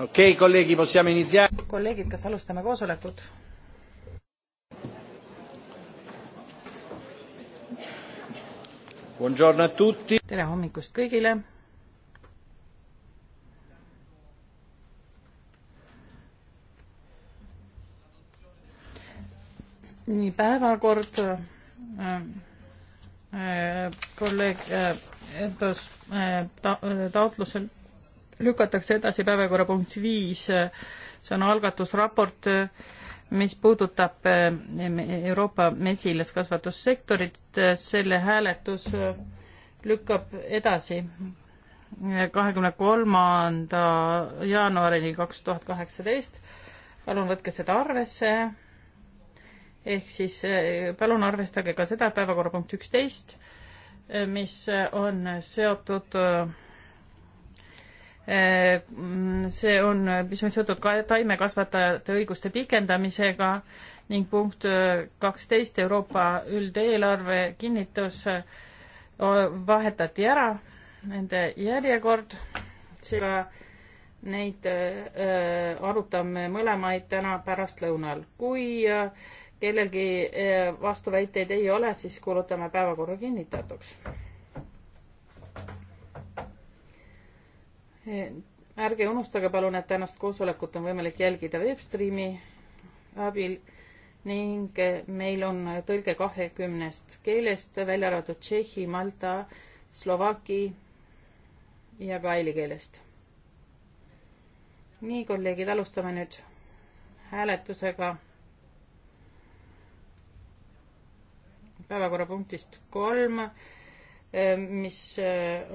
okei okay,, kolleegid, possiamo iniziare. kolleegid, kas alustame koosolekut? Buongiorno a tutti. tere hommikust kõigile. nii, päevakord äh,. Äh, kolleeg äh, Entos äh, ta, äh, taotlusel lükatakse edasi päevakorrapunkt viis, see on algatusraport, mis puudutab eh, Euroopa mesilaskasvatussektorit, selle hääletus lükkab edasi kahekümne kolmanda jaanuarini kaks tuhat kaheksateist. palun võtke seda arvesse. ehk siis eh, palun arvestage ka seda päevakorrapunkt üksteist, eh, mis on seotud Äh, see on, mis on seotud ka taimekasvatajate õiguste pikendamisega ning punkt äh, kaksteist Euroopa üldeelarve kinnitus äh, vahetati ära, nende järjekord, seega neid arutame mõlemaid täna pärastlõunal. kui kellelgi vastuväiteid ei ole, siis kuulutame päevakorra kinnitatuks Eh, ärge unustage palun, et tänast koosolekut on võimalik jälgida veebstriimi abil ning eh, meil on tõlge kahekümnest keelest, välja arvatud tšehhi, malta, slovaki ja gaeli keelest. nii, kolleegid, alustame nüüd hääletusega. päevakorrapunktist kolm, eh, mis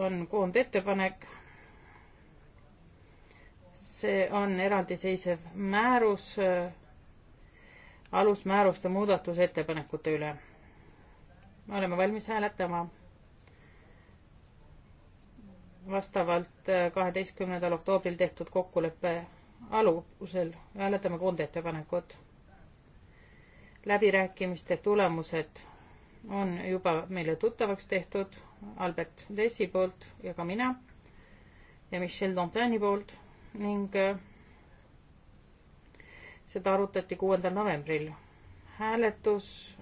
on koondettepanek see on eraldiseisev määrus äh, alusmääruste muudatusettepanekute üle. me oleme valmis hääletama vastavalt äh, kaheteistkümnendal oktoobril tehtud kokkuleppe alusel hääletame koondettepanekut. läbirääkimiste tulemused on juba meile tuttavaks tehtud Albert Desi poolt ja ka mina ja Michel Dantani poolt ning äh, seda arutati kuuendal novembril. hääletus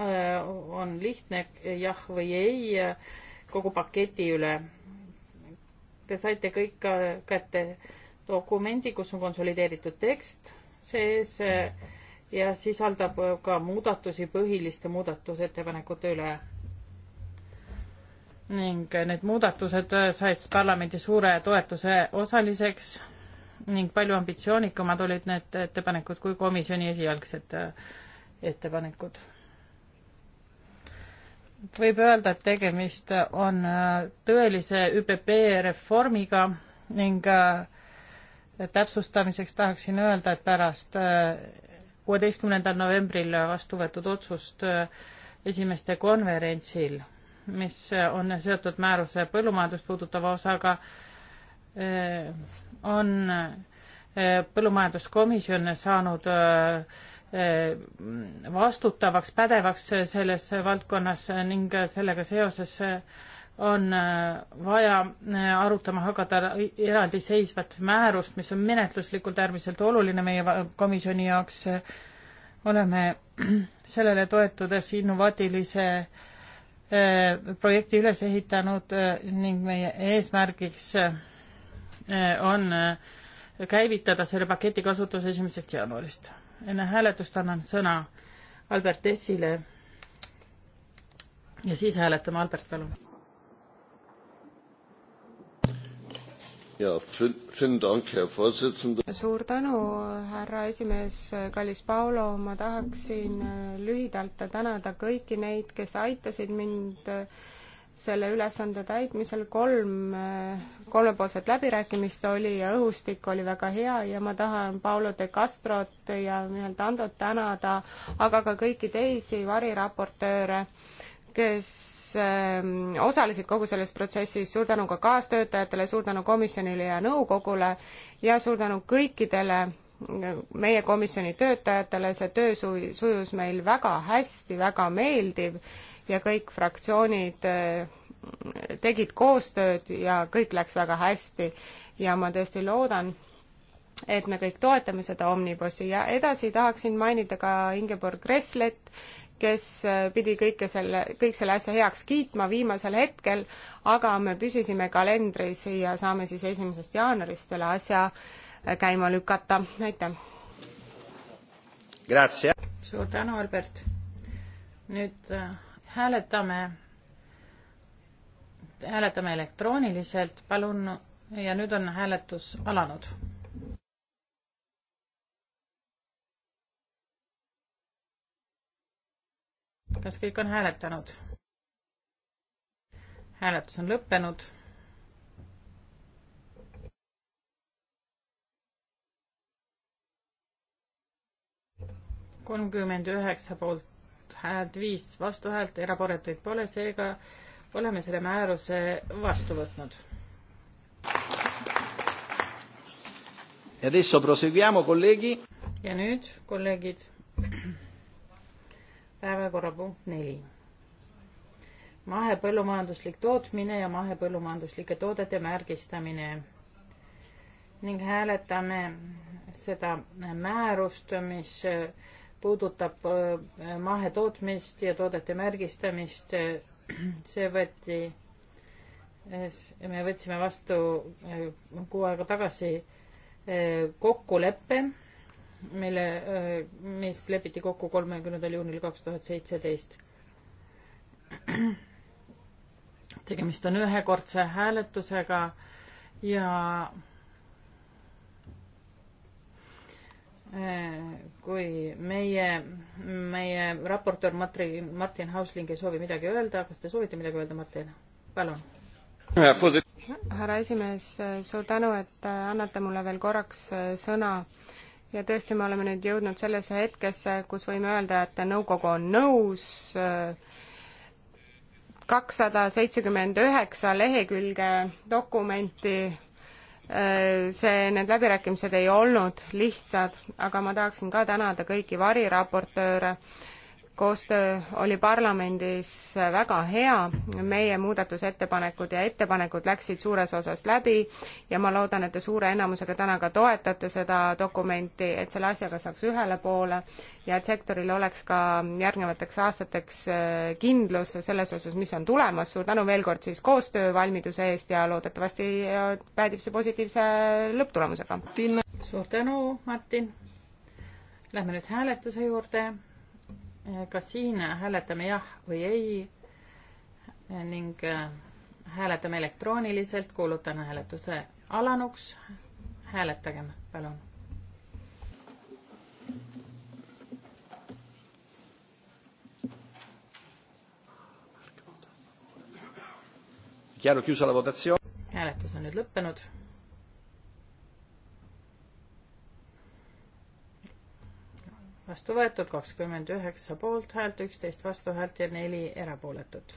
äh, on lihtne jah või ei kogu paketi üle. Te saite kõik ka kätte dokumendi, kus on konsolideeritud tekst sees äh, ja sisaldab ka muudatusi põhiliste muudatusettepanekute üle. ning need muudatused said parlamendi suure toetuse osaliseks ning palju ambitsioonikamad olid need ettepanekud kui komisjoni esialgsed äh, ettepanekud. võib öelda, et tegemist on äh, tõelise ÜPP reformiga ning äh, täpsustamiseks tahaksin öelda, et pärast kuueteistkümnendal novembril vastu võetud otsust esimeste konverentsil, mis on seotud määruse põllumajandust puudutava osaga, on äh, põllumajanduskomisjon saanud äh, äh, vastutavaks, pädevaks selles valdkonnas ning sellega seoses on vaja arutama hakata eraldiseisvat määrust, mis on menetluslikult äärmiselt oluline meie komisjoni jaoks. oleme sellele toetudes innovaatilise projekti üles ehitanud ning meie eesmärgiks Äh, on äh, käivitada selle paketi kasutus esimesest jaanuarist. enne hääletust annan sõna Albert Essile ja siis hääletame, Albert, palun. suur tänu, härra esimees, kallis Paolo, ma tahaksin äh, lühidalt tänada kõiki neid, kes aitasid mind äh, selle ülesande täitmisel, kolm eh, kolmepoolset läbirääkimist oli ja õhustik oli väga hea ja ma tahan Paulo de Castrot ja Mihhail Tandot tänada, aga ka kõiki teisi variraportööre, kes eh, osalesid kogu selles protsessis, suur tänu ka kaastöötajatele, suur tänu komisjonile ja nõukogule ja suur tänu kõikidele eh, meie komisjoni töötajatele, see töö sujus meil väga hästi, väga meeldiv ja kõik fraktsioonid eh, tegid koostööd ja kõik läks väga hästi ja ma tõesti loodan, et me kõik toetame seda Omnibussi ja edasi tahaksin mainida ka Ingeborg Gresslet, kes eh, pidi kõike selle, kõik selle asja heaks kiitma viimasel hetkel, aga me püsisime kalendris ja saame siis esimesest jaanuarist selle asja eh, käima lükata, aitäh! suur tänu, Albert! nüüd hääletame, hääletame elektrooniliselt, palun, ja nüüd on hääletus alanud. kas kõik on hääletanud? hääletus on lõppenud kolmkümmend üheksa poolt häält viis vastuhäält, erapooletuid pole, seega oleme selle määruse vastu võtnud. ja nüüd, kolleegid, päevakorrapunkt neli. mahepõllumajanduslik tootmine ja mahepõllumajanduslike toodete märgistamine ning hääletame seda määrust, mis puudutab äh, mahetootmist ja toodete märgistamist, äh, see võeti, äh, me võtsime vastu kuu aega tagasi kokkuleppe, mille, mis lepiti kokku kolmekümnendal juunil kaks tuhat seitseteist. tegemist on ühekordse hääletusega ja kui meie, meie raportöör Martin, Martin Hausling ei soovi midagi öelda, kas te soovite midagi öelda, Martin? palun. härra esimees, suur tänu, et annate mulle veel korraks sõna. ja tõesti, me oleme nüüd jõudnud sellesse hetkesse, kus võime öelda, et nõukogu on nõus kakssada seitsekümmend üheksa lehekülge dokumenti Äh, see, need läbirääkimised ei olnud lihtsad, aga ma tahaksin ka tänada kõiki variraportööre äh, koostöö oli parlamendis väga hea, meie muudatusettepanekud ja ettepanekud läksid suures osas läbi ja ma loodan, et te suure enamusega täna ka toetate seda dokumenti, et selle asjaga saaks ühele poole ja et sektoril oleks ka järgnevateks aastateks äh, kindlus selles osas, mis on tulemas, suur tänu veel kord siis koostöövalmiduse eest ja loodetavasti äh, päädib see positiivse lõpptulemusega. suur tänu, Martin! Lähme nüüd hääletuse juurde ka siin hääletame jah või ei ning äh, hääletame elektrooniliselt, kuulutan hääletuse alanuks. hääletagem, palun. hääletus on nüüd lõppenud vastu võetud, kakskümmend üheksa poolthäält, üksteist vastuhäält ja neli erapooletut.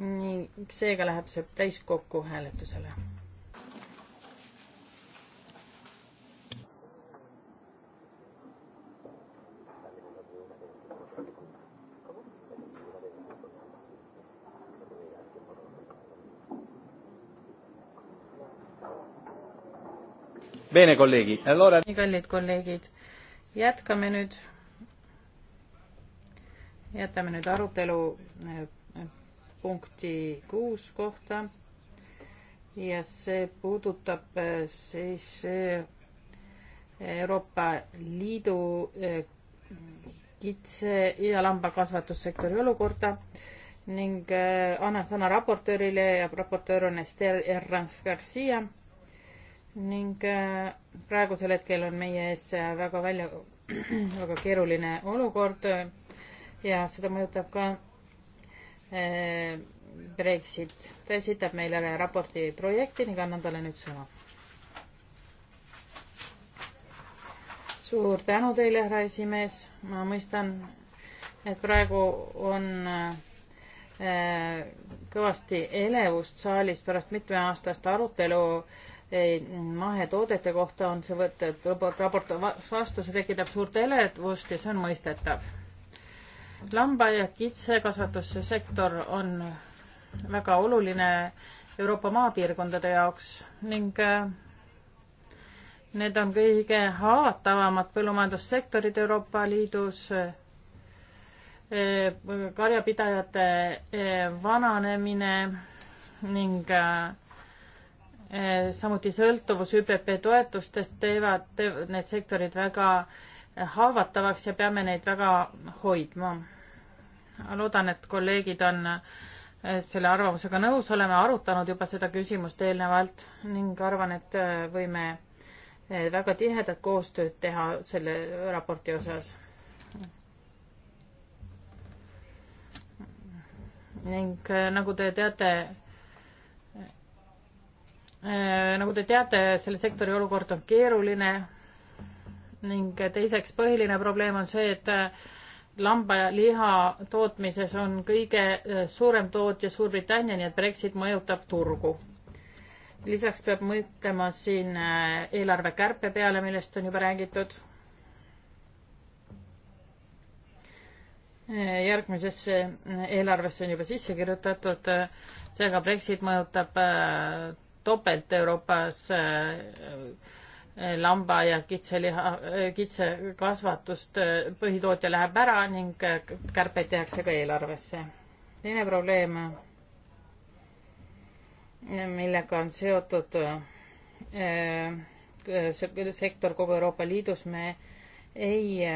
nii, seega läheb see täiskokku hääletusele Bene, kolleegid. Allora... kallid kolleegid, jätkame nüüd, jätame nüüd arutelu eh, punkti kuus kohta ja see puudutab eh, siis eh, Euroopa Liidu kitse- ja lambakasvatussektori olukorda ning annan sõna raportöörile ja raportöör on Ester Errans Garcia ning äh, praegusel hetkel on meie ees äh, väga välja, väga keeruline olukord äh, ja seda mõjutab ka Brexit. ta esitab meile raporti projekti ning annan talle nüüd sõna. suur tänu teile, härra esimees, ma mõistan, et praegu on kõvasti elevust saalis pärast mitmeaastast arutelu äh, mahetoodete kohta on see võte, et raport, raport vastu, see tekitab suurt elevust ja see on mõistetav. lamba- ja kitsekasvatuse sektor on väga oluline Euroopa maapiirkondade jaoks ning äh, need on kõige haavatavamad põllumajandussektorid Euroopa Liidus äh, karjapidajate äh, vananemine ning Eh, samuti sõltuvus ÜPP toetustest teevad te, need sektorid väga eh, haavatavaks ja peame neid väga hoidma. loodan, et kolleegid on eh, selle arvamusega nõus, oleme arutanud juba seda küsimust eelnevalt ning arvan, et võime väga tihedat koostööd teha selle raporti osas. ning nagu te teate, Äh, nagu te teate, selle sektori olukord on keeruline ning teiseks põhiline probleem on see, et äh, lambaliha tootmises on kõige äh, suurem tootja Suurbritannia, nii et Brexit mõjutab turgu. lisaks peab mõtlema siin eelarvekärpe peale, millest on juba räägitud. järgmisesse eelarvesse on juba sisse kirjutatud, seega Brexit mõjutab topelt Euroopas äh, äh, lamba ja kitseliha, äh, kitsekasvatust põhitootja läheb ära ning kärpeid tehakse ka eelarvesse. teine probleem, millega on seotud see sektor kogu Euroopa Liidus, me ei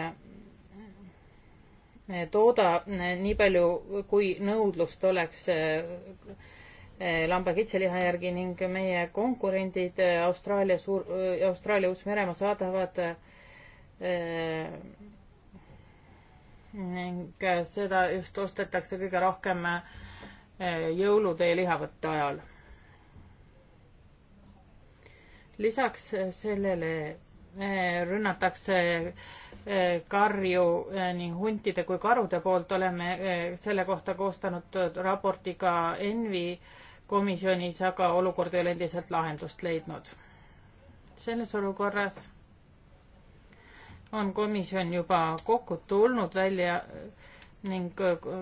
tooda nii palju, kui nõudlust oleks Eh, lamba kitseliha järgi ning meie konkurendid eh, Austraalia suur, eh, Austraalia Uus-Meremaa saadavad äh, ning seda just ostetakse kõige rohkem äh, jõulude ja lihavõtte ajal. lisaks sellele äh, rünnatakse karju nii huntide kui karude poolt, oleme selle kohta koostanud raporti ka Envi äh, komisjonis, aga olukord ei ole endiselt lahendust leidnud. selles olukorras on komisjon juba kokku tulnud välja ning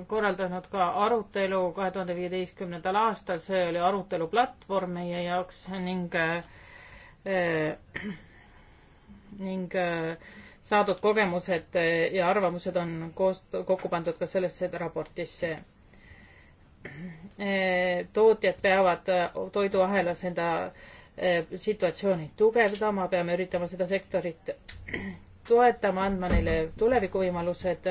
korraldanud ka arutelu kahe tuhande viieteistkümnendal aastal, see oli arutelu platvorm meie jaoks ning äh, ning äh, saadud kogemused ja arvamused on koos, kokku pandud ka sellesse raportisse Eh, tootjad peavad eh, toiduahelas enda eh, situatsiooni tugevdama, peame üritama seda sektorit toetama, andma neile tulevikuvõimalused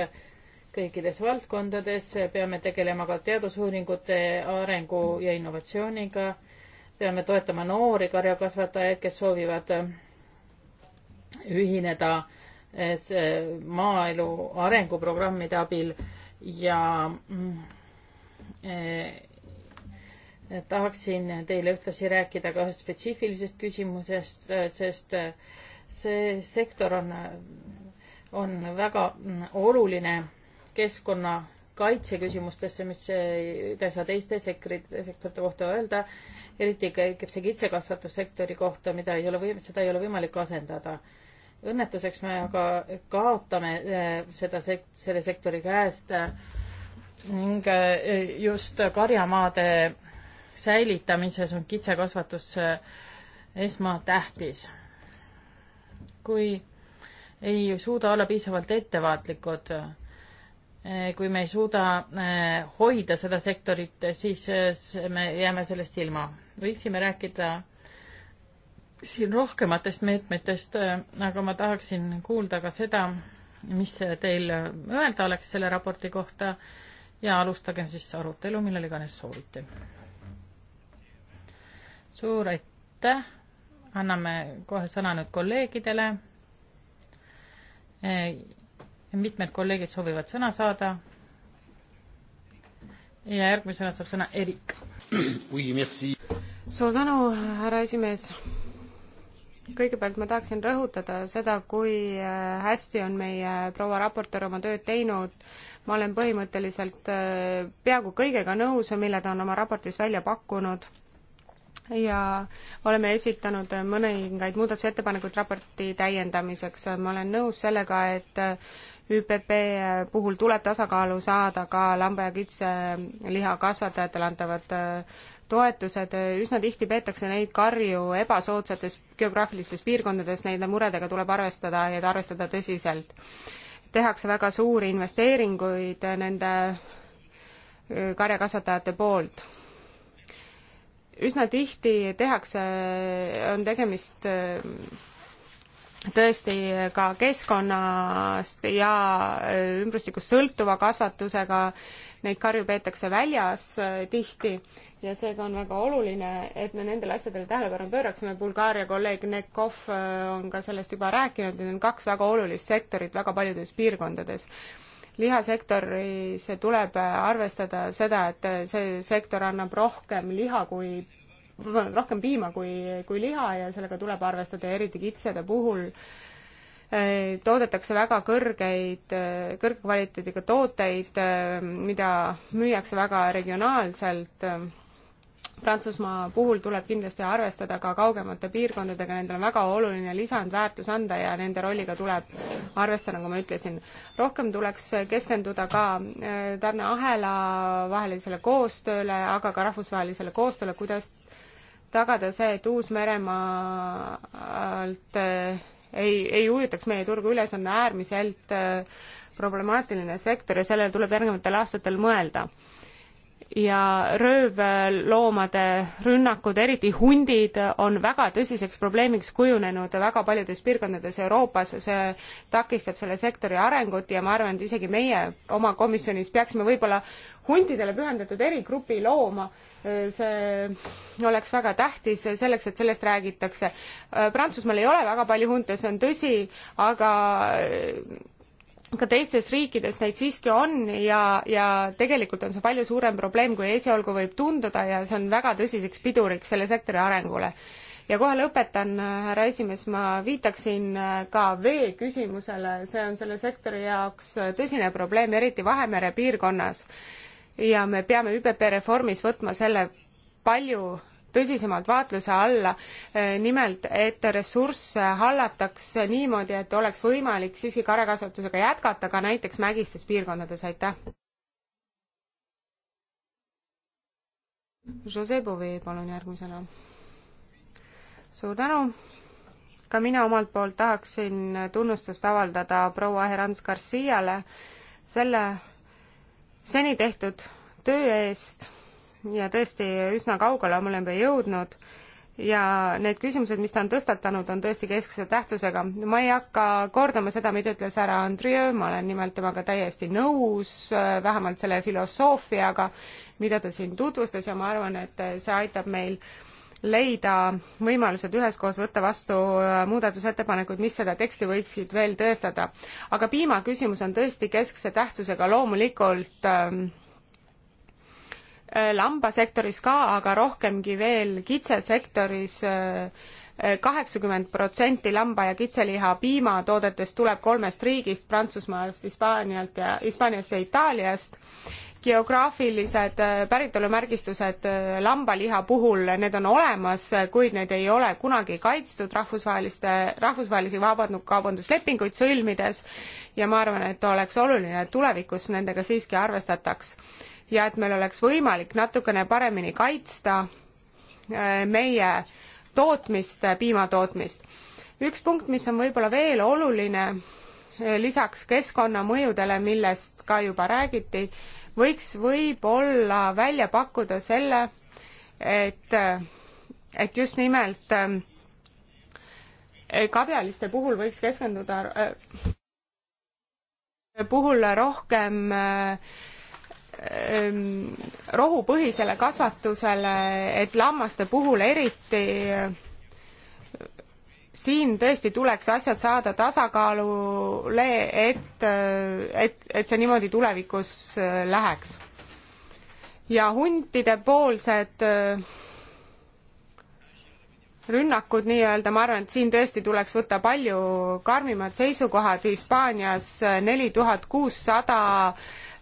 kõikides valdkondades, peame tegelema ka teadusuuringute arengu ja innovatsiooniga, peame toetama noori karjakasvatajaid, kes soovivad ühineda maaelu arenguprogrammide abil ja mm, Äh, tahaksin teile ühtlasi rääkida ka ühest spetsiifilisest küsimusest, äh, sest äh, see sektor on, on väga mm, oluline keskkonnakaitse küsimustesse, mis ei saa teiste sektorite, sektorite kohta öelda, eriti käib see kitsekasvatussektori kohta, mida ei ole või-, seda ei ole võimalik asendada. õnnetuseks me aga kaotame seda sek-, selle sektori käest äh, ning eh, just karjamaade säilitamises on kitsekasvatus eh, esmatähtis. kui ei suuda olla piisavalt ettevaatlikud, eh, kui me ei suuda hoida seda sektorit, siis me jääme sellest ilma. võiksime rääkida siin rohkematest meetmetest, aga ma tahaksin kuulda ka seda, mis teil öelda oleks selle raporti kohta ja alustage siis arutelu, millele iganes soovite. suur aitäh, anname kohe sõna nüüd kolleegidele. E, mitmed kolleegid soovivad sõna saada. ja järgmisena saab sõna Erik. suur tänu, härra esimees kõigepealt ma tahaksin rõhutada seda, kui äh, hästi on meie proua raportöör oma tööd teinud ma olen põhimõtteliselt äh, peaaegu kõigega nõus, mille ta on oma raportis välja pakkunud ja oleme esitanud mõningaid muudatusettepanekuid raporti täiendamiseks. ma olen nõus sellega, et äh, ÜPP puhul tuleb tasakaalu saada ka lamba- ja kitseliha kasvatajatele antavad äh, toetused, üsna tihti peetakse neid karju ebasoodsates geograafilistes piirkondades, nende muredega tuleb arvestada ja arvestada tõsiselt tehakse väga suuri investeeringuid nende äh, karjakasvatajate poolt. üsna tihti tehakse, on tegemist äh, tõesti ka keskkonnast ja äh, ümbrustikust sõltuva kasvatusega, neid karju peetakse väljas äh, tihti ja seega on väga oluline, et me nendele asjadele tähelepanu pööraksime. Bulgaaria kolleeg Nekov äh, on ka sellest juba rääkinud, need on kaks väga olulist sektorit väga paljudes piirkondades lihasektoris tuleb arvestada seda, et see sektor annab rohkem liha kui rohkem piima kui, kui liha ja sellega tuleb arvestada ja eriti kitsede puhul eh, toodetakse väga kõrgeid, eh, kõrge kvaliteediga tooteid, eh, mida müüakse väga regionaalselt. Prantsusmaa puhul tuleb kindlasti arvestada ka kaugemate piirkondadega, nendel on väga oluline lisandväärtus anda ja nende rolliga tuleb arvestada, nagu ma ütlesin. rohkem tuleks keskenduda ka tarneahela vahelisele koostööle, aga ka rahvusvahelisele koostööle, kuidas tagada see, et Uus-Meremaalt äh, ei, ei ujutaks meie turgu üles, on äärmiselt äh, problemaatiline sektor ja sellele tuleb järgnevatel aastatel mõelda ja röövloomade rünnakud, eriti hundid, on väga tõsiseks probleemiks kujunenud väga paljudes piirkondades Euroopas, see takistab selle sektori arengut ja ma arvan, et isegi meie oma komisjonis peaksime võib-olla huntidele pühendatud erigrupi looma, see oleks väga tähtis selleks, et sellest räägitakse. Prantsusmaal ei ole väga palju hunte, see on tõsi, aga ka teistes riikides neid siiski on ja, ja tegelikult on see palju suurem probleem, kui esialgu võib tunduda ja see on väga tõsiseks piduriks selle sektori arengule. ja kohe lõpetan, härra esimees, ma viitaksin äh, ka vee küsimusele, see on selle sektori jaoks äh, tõsine probleem, eriti Vahemere piirkonnas. ja me peame ÜPP reformis võtma selle palju tõsisemalt vaatluse alla, eh, nimelt et ressursse hallataks niimoodi, et oleks võimalik siiski karjakasvatusega jätkata ka näiteks mägistes piirkondades, aitäh! Jose Bove, palun järgmisena. suur tänu! ka mina omalt poolt tahaksin tunnustust avaldada proua Herans Garciale selle seni tehtud töö eest ja tõesti üsna kaugele oleme jõudnud ja need küsimused, mis ta on tõstatanud, on tõesti keskse tähtsusega. ma ei hakka kordama seda, mida ütles härra Andrieu, ma olen nimelt temaga täiesti nõus, vähemalt selle filosoofiaga, mida ta siin tutvustas ja ma arvan, et see aitab meil leida võimalused üheskoos võtta vastu äh, muudatusettepanekuid, mis seda teksti võiksid veel tõestada. aga piimaküsimus on tõesti keskse tähtsusega, loomulikult äh, Äh, lambasektoris ka, aga rohkemgi veel kitsesektoris äh, kaheksakümmend protsenti lamba- ja kitseliha piimatoodetest tuleb kolmest riigist, Prantsusmaalt, Hispaanialt ja, Hispaaniast ja Itaaliast. geograafilised äh, päritolumärgistused lambaliha puhul, need on olemas, kuid need ei ole kunagi kaitstud rahvusvaheliste, rahvusvahelisi vabandkaubanduslepinguid sõlmides ja ma arvan, et oleks oluline, et tulevikus nendega siiski arvestataks ja et meil oleks võimalik natukene paremini kaitsta äh, meie tootmist, äh, piimatootmist. üks punkt, mis on võib-olla veel oluline, äh, lisaks keskkonnamõjudele, millest ka juba räägiti, võiks võib-olla välja pakkuda selle, et, et just nimelt ähm, kabjaliste puhul võiks keskenduda äh, puhul rohkem äh, Ehm, rohupõhisele kasvatusele, et lammaste puhul eriti siin tõesti tuleks asjad saada tasakaalule, et, et, et see niimoodi tulevikus äh, läheks. ja huntide poolsed äh, rünnakud nii-öelda, ma arvan, et siin tõesti tuleks võtta palju karmimad seisukohad, Hispaanias äh, neli tuhat kuussada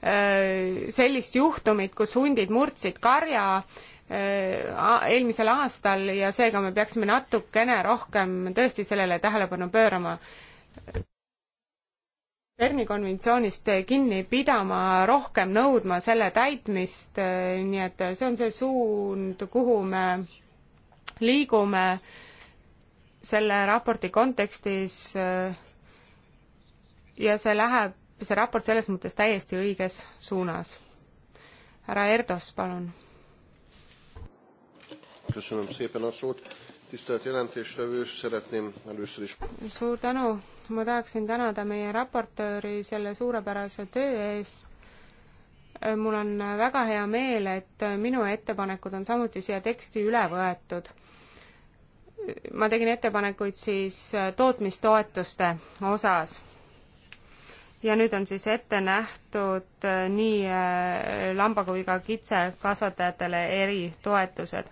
Äh, sellist juhtumit, kus hundid murdsid karja äh, eelmisel aastal ja seega me peaksime natukene rohkem tõesti sellele tähelepanu pöörama. Berni konventsioonist kinni pidama, rohkem nõudma selle täitmist, äh, nii et see on see suund, kuhu me liigume selle raporti kontekstis ja see läheb see raport selles mõttes täiesti õiges suunas. härra Erdos, palun. suur tänu, ma tahaksin tänada meie raportööri selle suurepärase töö eest. mul on väga hea meel, et minu ettepanekud on samuti siia teksti üle võetud ma tegin ettepanekuid siis tootmistoetuste osas ja nüüd on siis ette nähtud äh, nii äh, lamba kui ka kitse kasvatajatele eritoetused.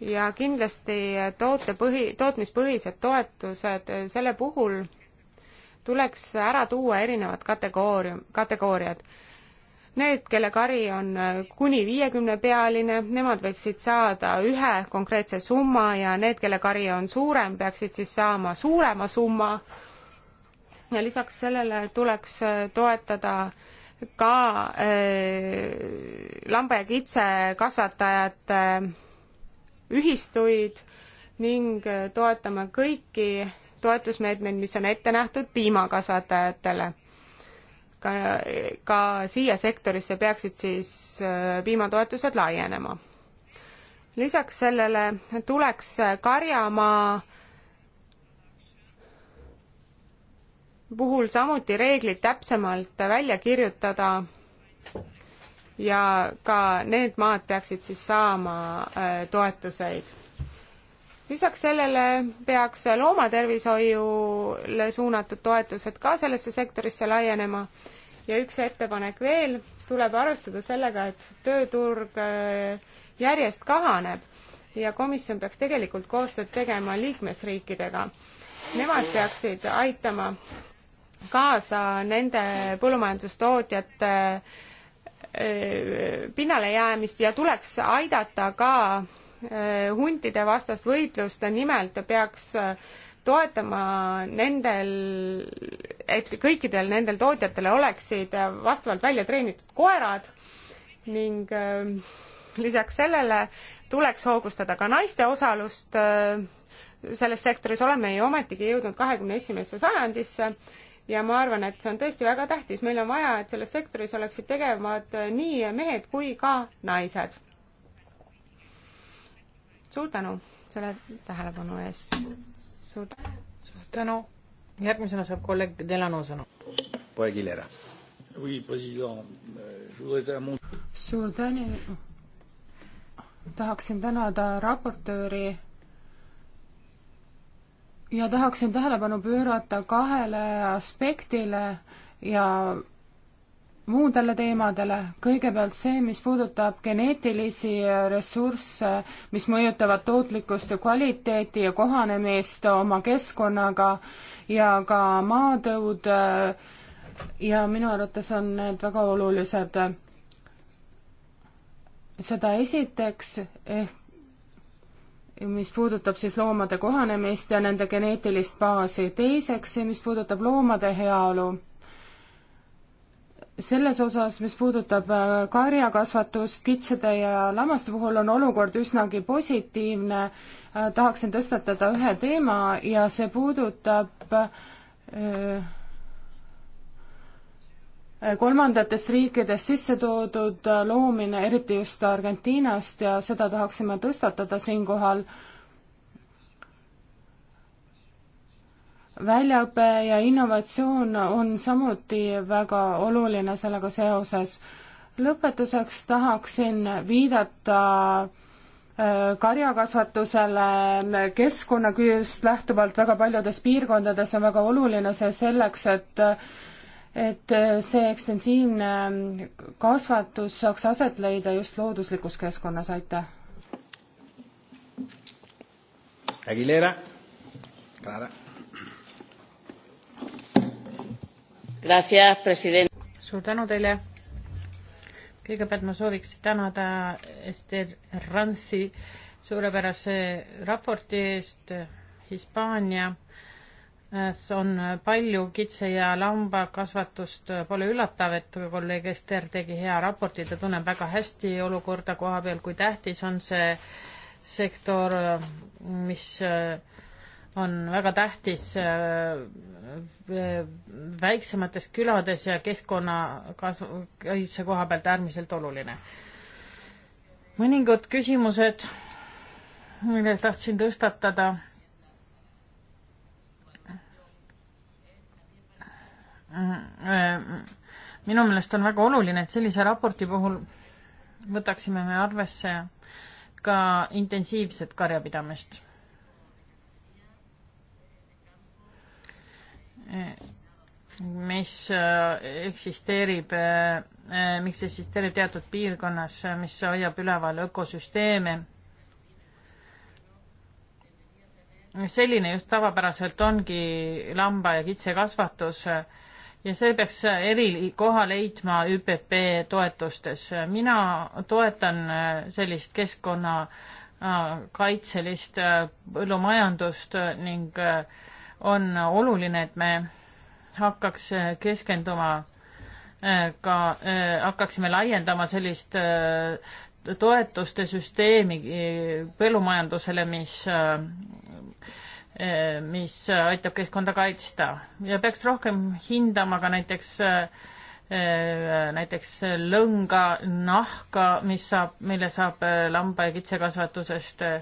ja kindlasti äh, tootepõhi, tootmispõhised toetused, selle puhul tuleks ära tuua erinevad kategoorium, kategooriad Need, kelle kari on äh, kuni viiekümne pealine, nemad võiksid saada ühe konkreetse summa ja need, kelle kari on suurem, peaksid siis saama suurema summa. ja lisaks sellele tuleks äh, toetada ka äh, lamba ja kitse kasvatajate äh, ühistuid ning äh, toetame kõiki toetusmeetmeid, mis on ette nähtud piimakasvatajatele ka, ka siia sektorisse peaksid siis äh, piimatoetused laienema. lisaks sellele tuleks äh, karjamaa puhul samuti reeglid täpsemalt välja kirjutada ja ka need maad peaksid siis saama äh, toetuseid lisaks sellele peaks loomatervishoiule suunatud toetused ka sellesse sektorisse laienema ja üks ettepanek veel, tuleb arvestada sellega, et tööturg äh, järjest kahaneb ja komisjon peaks tegelikult koostööd tegema liikmesriikidega. Nemad peaksid aitama kaasa nende põllumajandustootjate äh, pinnale jäämist ja tuleks aidata ka Eh, huntide vastast võitlust, nimelt peaks eh, toetama nendel, et kõikidel nendel tootjatel oleksid eh, vastavalt välja treenitud koerad ning lisaks sellele tuleks hoogustada ka naiste osalust selles sektoris, oleme ju ometigi jõudnud kahekümne esimesse sajandisse ja ma arvan, et see on tõesti väga tähtis, meil on vaja, et selles sektoris oleksid tegevad nii mehed kui ka naised suur tänu selle tähelepanu eest. suur tänu. suur tänu. järgmisena saab kolleeg Delano sõna. poeg Hilera. Euh, suur tänu. tahaksin tänada raportööri ja tahaksin tähelepanu pöörata kahele aspektile ja muudele teemadele, kõigepealt see, mis puudutab geneetilisi ressursse, mis mõjutavad tootlikkust ja kvaliteeti ja kohanemist oma keskkonnaga ja ka maatõud ja minu arvates on need väga olulised. seda esiteks, ehk mis puudutab siis loomade kohanemist ja nende geneetilist baasi, teiseks see, mis puudutab loomade heaolu selles osas, mis puudutab äh, karjakasvatust kitsede ja lammaste puhul, on olukord üsnagi positiivne. Äh, tahaksin tõstatada ühe teema ja see puudutab äh, kolmandatest riikidest sisse toodud loomine, eriti just Argentiinast ja seda tahaksime tõstatada siinkohal väljaõpe ja innovatsioon on samuti väga oluline sellega seoses. lõpetuseks tahaksin viidata äh, karjakasvatusele keskkonnaküljest lähtuvalt väga paljudes piirkondades on väga oluline see selleks, et et see ekstensiivne äh, kasvatus saaks aset leida just looduslikus keskkonnas, aitäh. Aguilera, Clara suur tänu teile. kõigepealt ma sooviks tänada Ester Ransi suurepärase raporti eest Hispaania on palju kitse- ja lambakasvatust, pole üllatav, et kolleeg Ester tegi hea raporti, ta tunneb väga hästi olukorda koha peal, kui tähtis on see sektor, mis äh, on väga tähtis äh, äh, väiksemates külades ja keskkonnakaitse koha pealt äärmiselt oluline. mõningad küsimused, mille tahtsin tõstatada. minu meelest on väga oluline, et sellise raporti puhul võtaksime me arvesse ka intensiivset karjapidamist mis äh, eksisteerib, äh, äh, miks eksisteerib teatud piirkonnas, mis hoiab üleval ökosüsteeme. selline just tavapäraselt ongi lamba- ja kitsekasvatus ja see peaks erikoha leidma ÜPP toetustes. mina toetan sellist keskkonnakaitselist põllumajandust ning äh, on oluline, et me hakkaks keskenduma äh, ka, äh, hakkaksime laiendama sellist äh, toetuste süsteemi põllumajandusele, mis, mis aitab keskkonda kaitsta ja peaks rohkem hindama ka näiteks näiteks lõnga, nahka, mis saab, mille saab lamba- ja kitsekasvatusest äh,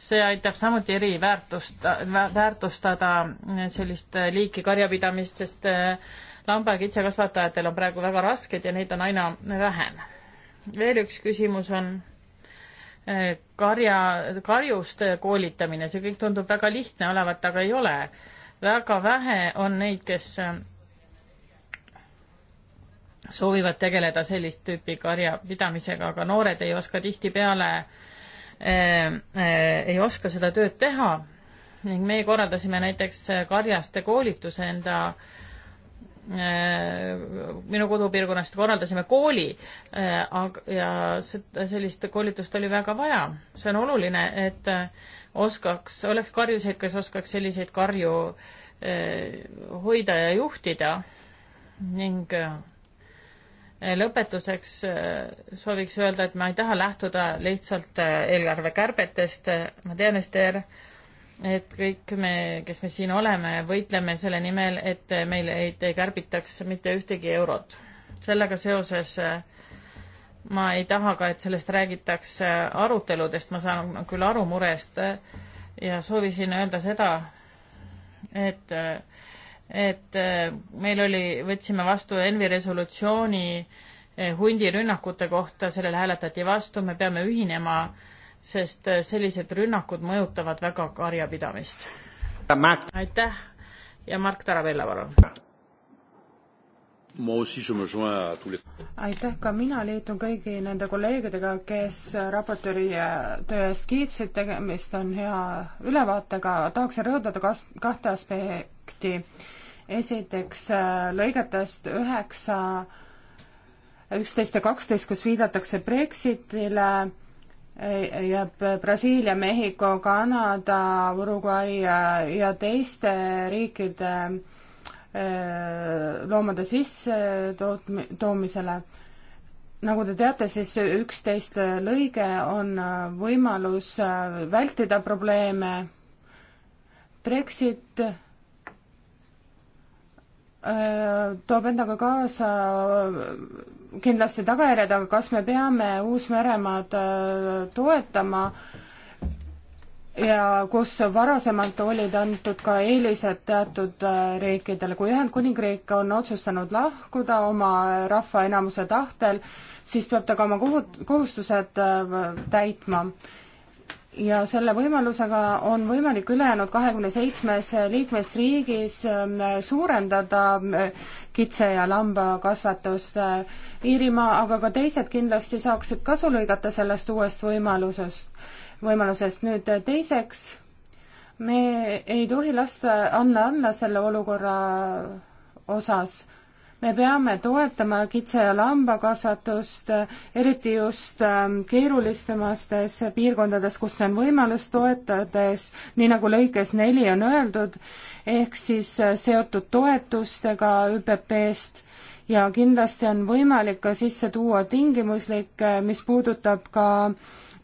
see aitab samuti eriväärtust, väärtustada sellist liiki karjapidamist, sest äh, lamba- ja kitsekasvatajatel on praegu väga rasked ja neid on aina vähem. veel üks küsimus on äh, karja, karjuste koolitamine, see kõik tundub väga lihtne olevat, aga ei ole. väga vähe on neid, kes äh, soovivad tegeleda sellist tüüpi karjapidamisega, aga noored ei oska tihtipeale äh, Äh, äh, ei oska seda tööd teha ning meie korraldasime näiteks karjaste koolituse enda äh, minu kodupiirkonnast korraldasime kooli ja sellist koolitust oli väga vaja. see on oluline, et oskaks, oleks karjuseid, kes oskaks selliseid karju hoida ja juhtida ning Eh, lõpetuseks eh, sooviks öelda, et ma ei taha lähtuda lihtsalt eh, eelarvekärbetest, ma tean, Ester, et kõik me, kes me siin oleme, võitleme selle nimel, et meil ei, ei kärbitaks mitte ühtegi eurot. sellega seoses ma ei taha ka, et sellest räägitakse aruteludest, ma saan küll aru murest ja soovisin öelda seda, et et äh, meil oli, võtsime vastu Envi resolutsiooni äh, hundirünnakute kohta, sellele hääletati vastu, me peame ühinema, sest äh, sellised rünnakud mõjutavad väga karjapidamist. aitäh ja Mark Tarabella, palun. aitäh, ka mina liitun kõigi nende kolleegidega, kes raportööri töö eest kiitsid, tegemist on hea ülevaatega, tahaksin rõhutada kas-, kahte aspekti aspekti esiteks äh, lõigetest üheksa, üksteist ja kaksteist, kus viidatakse Brexitile, äh, jääb Brasiilia, Mehhiko, Kanada, Uruguay äh, ja teiste riikide loomade sissetoomisele. nagu te teate, siis üksteist lõige on võimalus vältida probleeme. Brexit Äh, toob endaga kaasa kindlasti tagajärjed, aga kas me peame Uus-Meremaad äh, toetama ja kus varasemalt olid antud ka eelised teatud äh, riikidele, kui Ühendkuningriik on otsustanud lahkuda oma rahva enamuse tahtel, siis peab ta ka oma kohustused täitma ja selle võimalusega on võimalik ülejäänud kahekümne seitsmes liikmesriigis ähm, suurendada ähm, kitse- ja lambakasvatust. Äh, Iirimaa, aga ka teised kindlasti saaksid kasu lõigata sellest uuest võimalusest, võimalusest. nüüd äh, teiseks, me ei tohi lasta, anna, anna selle olukorra osas me peame toetama kitse- ja lambakasvatust, eriti just ähm, keerulistemates piirkondades, kus see on võimalus, toetades, nii nagu lõikes neli on öeldud, ehk siis äh, seotud toetustega ÜPP-st ja kindlasti on võimalik ka sisse tuua tingimuslik, äh, mis puudutab ka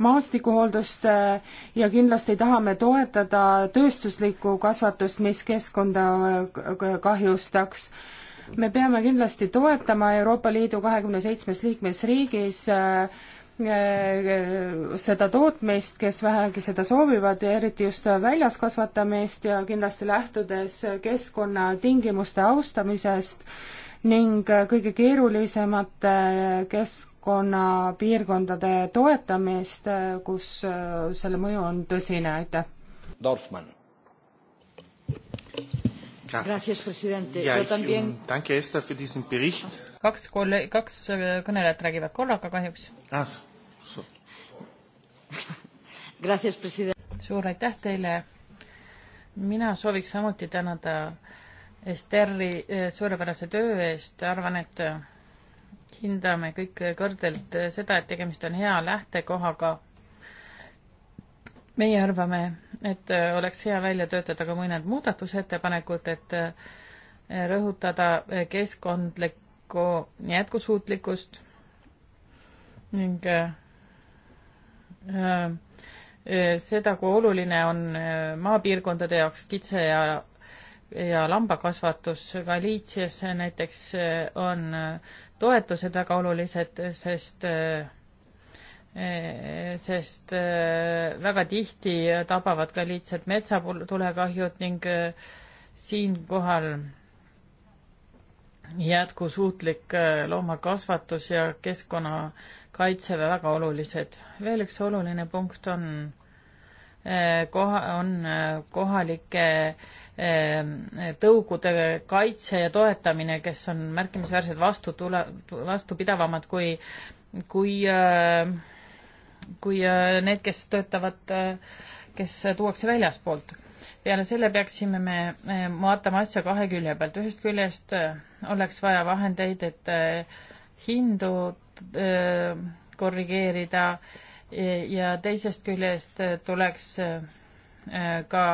maastikuhooldust äh, ja kindlasti tahame toetada tööstuslikku kasvatust, mis keskkonda kahjustaks me peame kindlasti toetama Euroopa Liidu kahekümne seitsmes liikmesriigis äh, äh, seda tootmist, kes vähegi seda soovivad, eriti just väljas kasvatamist ja kindlasti lähtudes keskkonnatingimuste austamisest ning kõige keerulisemate keskkonnapiirkondade toetamist, kus äh, selle mõju on tõsine, aitäh. Dorfmann. Gracias, presidente. ja también... Ähm, danke Esther für diesen Bericht. kaks kolle-, kaks äh, kõnelejat räägivad korraga kahjuks ah,. Gracias, president. suur aitäh teile. mina sooviks samuti tänada Esterli äh, suurepärase töö eest, arvan, et hindame kõik kõrgelt äh, seda, et tegemist on hea lähtekohaga meie arvame, et äh, oleks hea välja töötada ka mõned muudatusettepanekud, et äh, rõhutada äh, keskkondlikku jätkusuutlikkust ning seda, kui oluline on maapiirkondade jaoks kitse ja, ja lambakasvatus, Galiitsias näiteks on toetused väga olulised, sest äh, sest äh, väga tihti tabavad ka lihtsalt metsatulekahjud ning äh, siinkohal jätkusuutlik äh, loomakasvatus ja keskkonnakaitse väga olulised. veel üks oluline punkt on koha, on kohalike tõugude kaitse ja toetamine, kes on märkimisväärselt vastutule, vastupidavamad kui, kui äh, kui äh, need, kes töötavad, äh, kes tuuakse väljaspoolt. peale selle peaksime me äh, vaatama asja kahe külje pealt, ühest küljest oleks vaja vahendeid, et hindu korrigeerida ja teisest küljest tuleks ka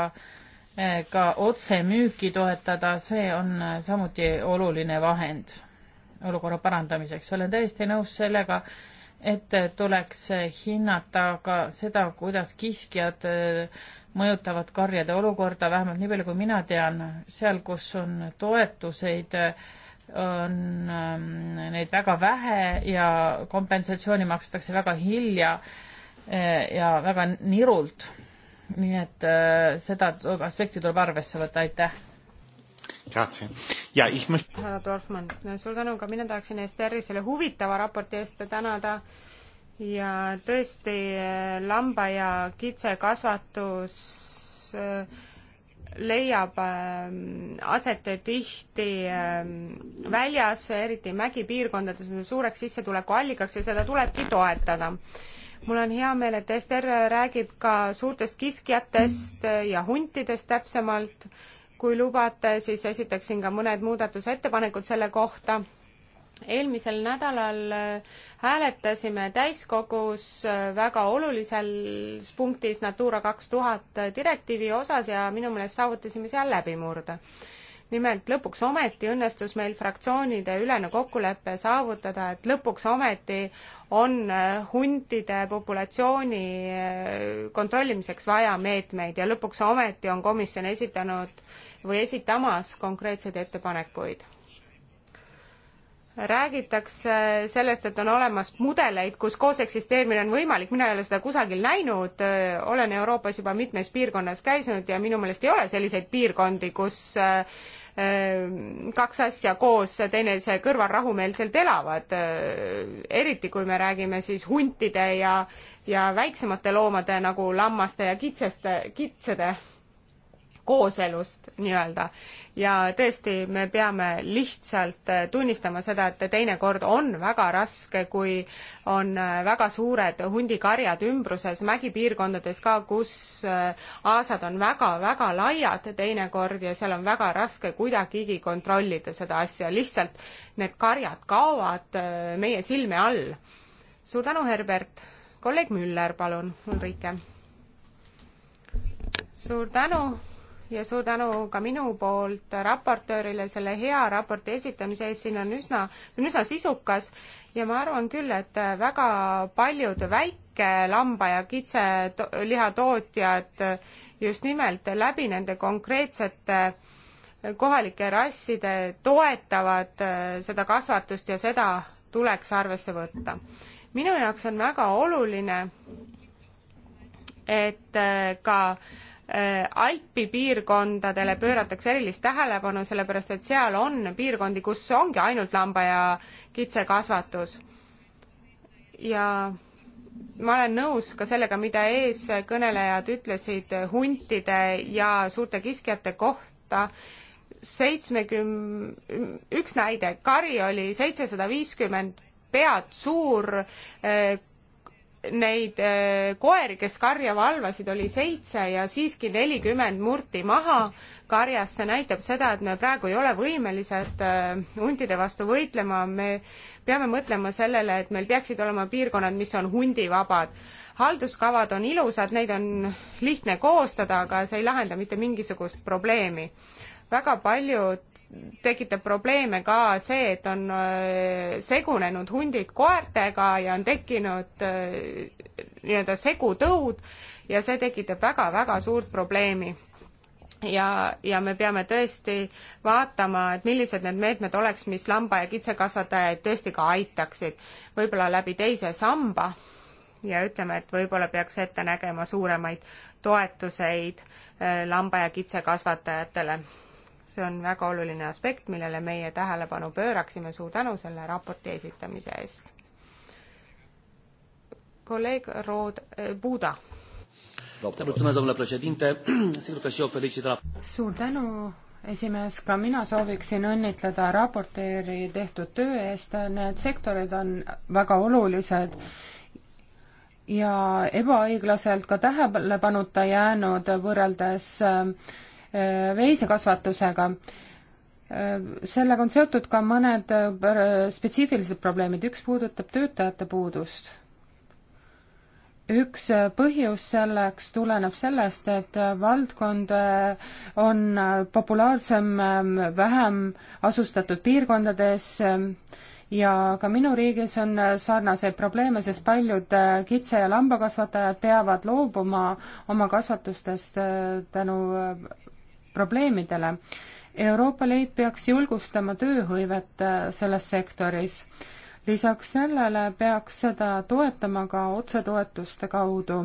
ka otsemüüki toetada, see on samuti oluline vahend olukorra parandamiseks. olen täiesti nõus sellega, et tuleks hinnata ka seda, kuidas kiskjad äh, mõjutavad karjade olukorda, vähemalt nii palju, kui mina tean, seal, kus on toetuseid, on ähm, neid väga vähe ja kompensatsiooni makstakse väga hilja äh, ja väga nirult. nii et äh, seda aspekti tuleb arvesse võtta, aitäh härra Dorfmann, suur tänu ka mina tahaksin ESTR-i selle huvitava raporti eest tänada ja tõesti lamba ja kitse kasvatus äh, leiab ähm, aset tihti ähm, väljas, eriti mägipiirkondades on see suureks sissetulekuallikaks ja seda tulebki toetada. mul on hea meel, et Ester räägib ka suurtest kiskjatest ja huntidest täpsemalt kui lubate, siis esitaksin ka mõned muudatusettepanekud selle kohta. eelmisel nädalal äh, hääletasime täiskogus äh, väga olulises punktis Natura kaks tuhat äh, direktiivi osas ja minu meelest saavutasime seal läbimurde nimelt lõpuks ometi õnnestus meil fraktsioonide ülene kokkulepe saavutada, et lõpuks ometi on huntide populatsiooni kontrollimiseks vaja meetmeid ja lõpuks ometi on komisjon esitanud või esitamas konkreetseid ettepanekuid. räägitakse sellest, et on olemas mudeleid, kus koos eksisteerimine on võimalik, mina ei ole seda kusagil näinud, olen Euroopas juba mitmes piirkonnas käinud ja minu meelest ei ole selliseid piirkondi, kus äh, kaks asja koos teineteise kõrval rahumeelselt elavad, äh, eriti kui me räägime siis huntide ja, ja väiksemate loomade nagu lammaste ja kitseste, kitsede kooselust nii-öelda. ja tõesti, me peame lihtsalt äh, tunnistama seda, et teinekord on väga raske, kui on äh, väga suured hundikarjad ümbruses, mägipiirkondades ka, kus äh, aasad on väga-väga laiad teinekord ja seal on väga raske kuidagigi kontrollida seda asja, lihtsalt need karjad kaovad meie silme all. suur tänu, Herbert! kolleeg Müller, palun, Ulrike. suur tänu ja suur tänu ka minu poolt raportöörile selle hea raporti esitamise eest, siin on üsna, see on üsna sisukas ja ma arvan küll, et väga paljud väikelamba- ja kitselihatootjad just nimelt läbi nende konkreetsete kohalike rasside toetavad seda kasvatust ja seda tuleks arvesse võtta. minu jaoks on väga oluline, et ka äh, Äh, Alpi piirkondadele pööratakse erilist tähelepanu, sellepärast et seal on piirkondi, kus ongi ainult lamba- ja kitsekasvatus. ja ma olen nõus ka sellega, mida eeskõnelejad ütlesid huntide ja suurte kiskjate kohta. seitsmekümne, üks näide, kari oli seitsesada viiskümmend pead suur äh, neid äh, koeri, kes karja valvasid, oli seitse ja siiski nelikümmend murti maha karjast, see näitab seda, et me praegu ei ole võimelised äh, huntide vastu võitlema, me peame mõtlema sellele, et meil peaksid olema piirkonnad, mis on hundivabad. halduskavad on ilusad, neid on lihtne koostada, aga see ei lahenda mitte mingisugust probleemi. väga paljud tekitab probleeme ka see, et on äh, segunenud hundid koertega ja on tekkinud äh, nii-öelda segutõud ja see tekitab väga-väga suurt probleemi ja, ja me peame tõesti vaatama, et millised need meetmed oleks, mis lamba- ja kitsekasvatajaid tõesti ka aitaksid, võib-olla läbi teise samba ja ütleme, et võib-olla peaks ette nägema suuremaid toetuseid äh, lamba- ja kitsekasvatajatele see on väga oluline aspekt, millele meie tähelepanu pööraksime, suur tänu selle raporti esitamise eest. kolleeg Rood-, Buda. Eh, suur tänu, esimees, ka mina sooviksin õnnitleda raporteeri tehtud töö eest, need sektorid on väga olulised ja ebaõiglaselt ka tähelepanuta jäänud võrreldes äh, Äh, veisekasvatusega. Äh, sellega on seotud ka mõned äh, spetsiifilised probleemid, üks puudutab töötajate puudust. üks põhjus selleks tuleneb sellest, et valdkond on populaarsem vähem asustatud piirkondades ja ka minu riigis on sarnaseid probleeme, sest paljud kitse- ja lambakasvatajad peavad loobuma oma kasvatustest tänu probleemidele. Euroopa Liit peaks julgustama tööhõivet äh, selles sektoris. lisaks sellele peaks seda toetama ka otsetoetuste kaudu.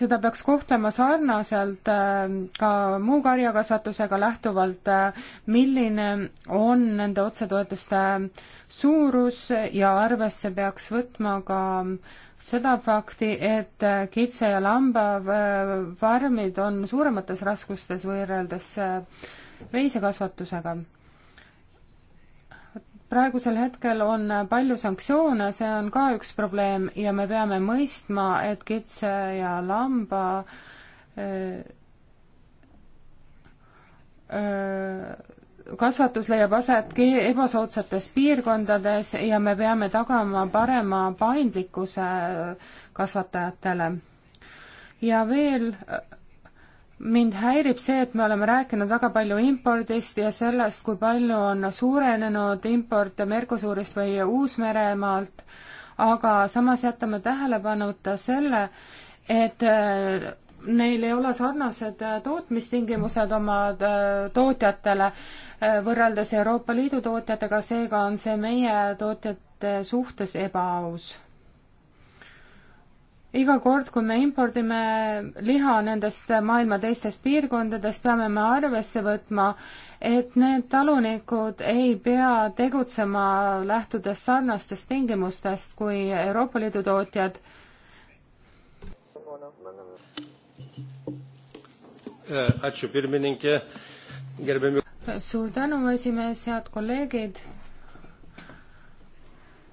seda peaks kohtlema sarnaselt äh, ka muu karjakasvatusega lähtuvalt, äh, milline on nende otsetoetuste suurus ja arvesse peaks võtma ka äh, seda fakti, et kitse- ja lambafarmid äh, on suuremates raskustes võrreldes äh, veisekasvatusega. praegusel hetkel on palju sanktsioone, see on ka üks probleem ja me peame mõistma, et kitse- ja lamba öö, äh, öö, kasvatus leiab aset ebasoodsates piirkondades ja me peame tagama parema paindlikkuse kasvatajatele. ja veel mind häirib see, et me oleme rääkinud väga palju impordist ja sellest, kui palju on suurenenud import Mercosurist või Uus-Meremaalt, aga samas jätame tähelepanuta selle, et neil ei ole sarnased äh, tootmistingimused oma äh, tootjatele äh, võrreldes Euroopa Liidu tootjatega, seega on see meie tootjate suhtes ebaaus. iga kord, kui me impordime liha nendest maailma teistest piirkondadest, peame me arvesse võtma, et need talunikud ei pea tegutsema lähtudes sarnastest tingimustest kui Euroopa Liidu tootjad suur tänu, esimees, head kolleegid.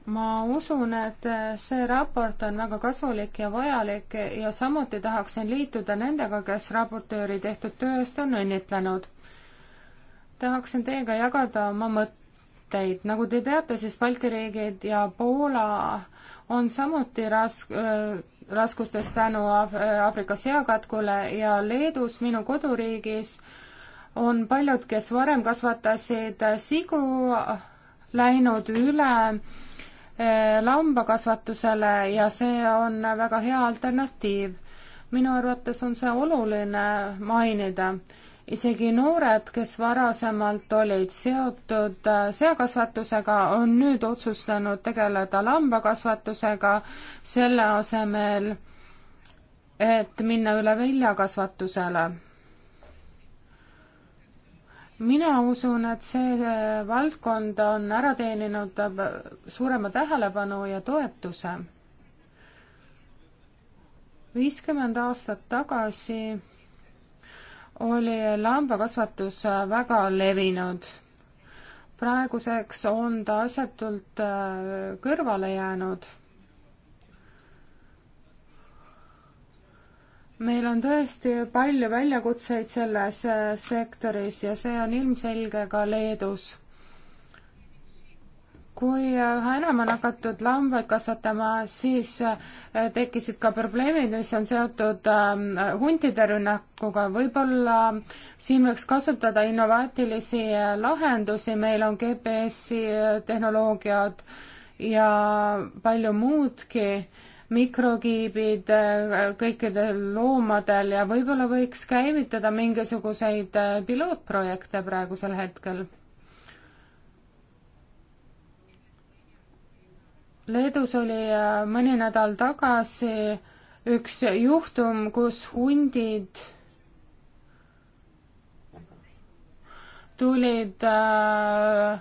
ma usun, et see raport on väga kasulik ja vajalik ja samuti tahaksin liituda nendega, kes raportööri tehtud töö eest on õnnitlenud. tahaksin teiega jagada oma mõtteid. nagu te teate, siis Balti riigid ja Poola on samuti rask-, raskustes tänu Aafrika seakatkule ja Leedus, minu koduriigis, on paljud, kes varem kasvatasid sigu, läinud üle eh, lambakasvatusele ja see on väga hea alternatiiv. minu arvates on see oluline mainida isegi noored, kes varasemalt olid seotud äh, seakasvatusega, on nüüd otsustanud tegeleda lambakasvatusega, selle asemel, et minna üle viljakasvatusele. mina usun, et see äh, valdkond on ära teeninud äh, suurema tähelepanu ja toetuse. viiskümmend aastat tagasi oli lambakasvatus väga levinud. praeguseks on ta asjatult äh, kõrvale jäänud meil on tõesti palju väljakutseid selles äh, sektoris ja see on ilmselge ka Leedus kui äh, üha enam on hakatud lambaid kasvatama, siis äh, tekkisid ka probleemid, mis on seotud ähm, huntide rünnakuga. võib-olla äh, siin võiks kasutada innovaatilisi lahendusi, meil on GPS-i tehnoloogiad ja palju muudki, mikrokiibid kõikidel loomadel ja võib-olla võiks käivitada mingisuguseid pilootprojekte praegusel hetkel Leedus oli äh, mõni nädal tagasi üks juhtum, kus hundid tulid äh,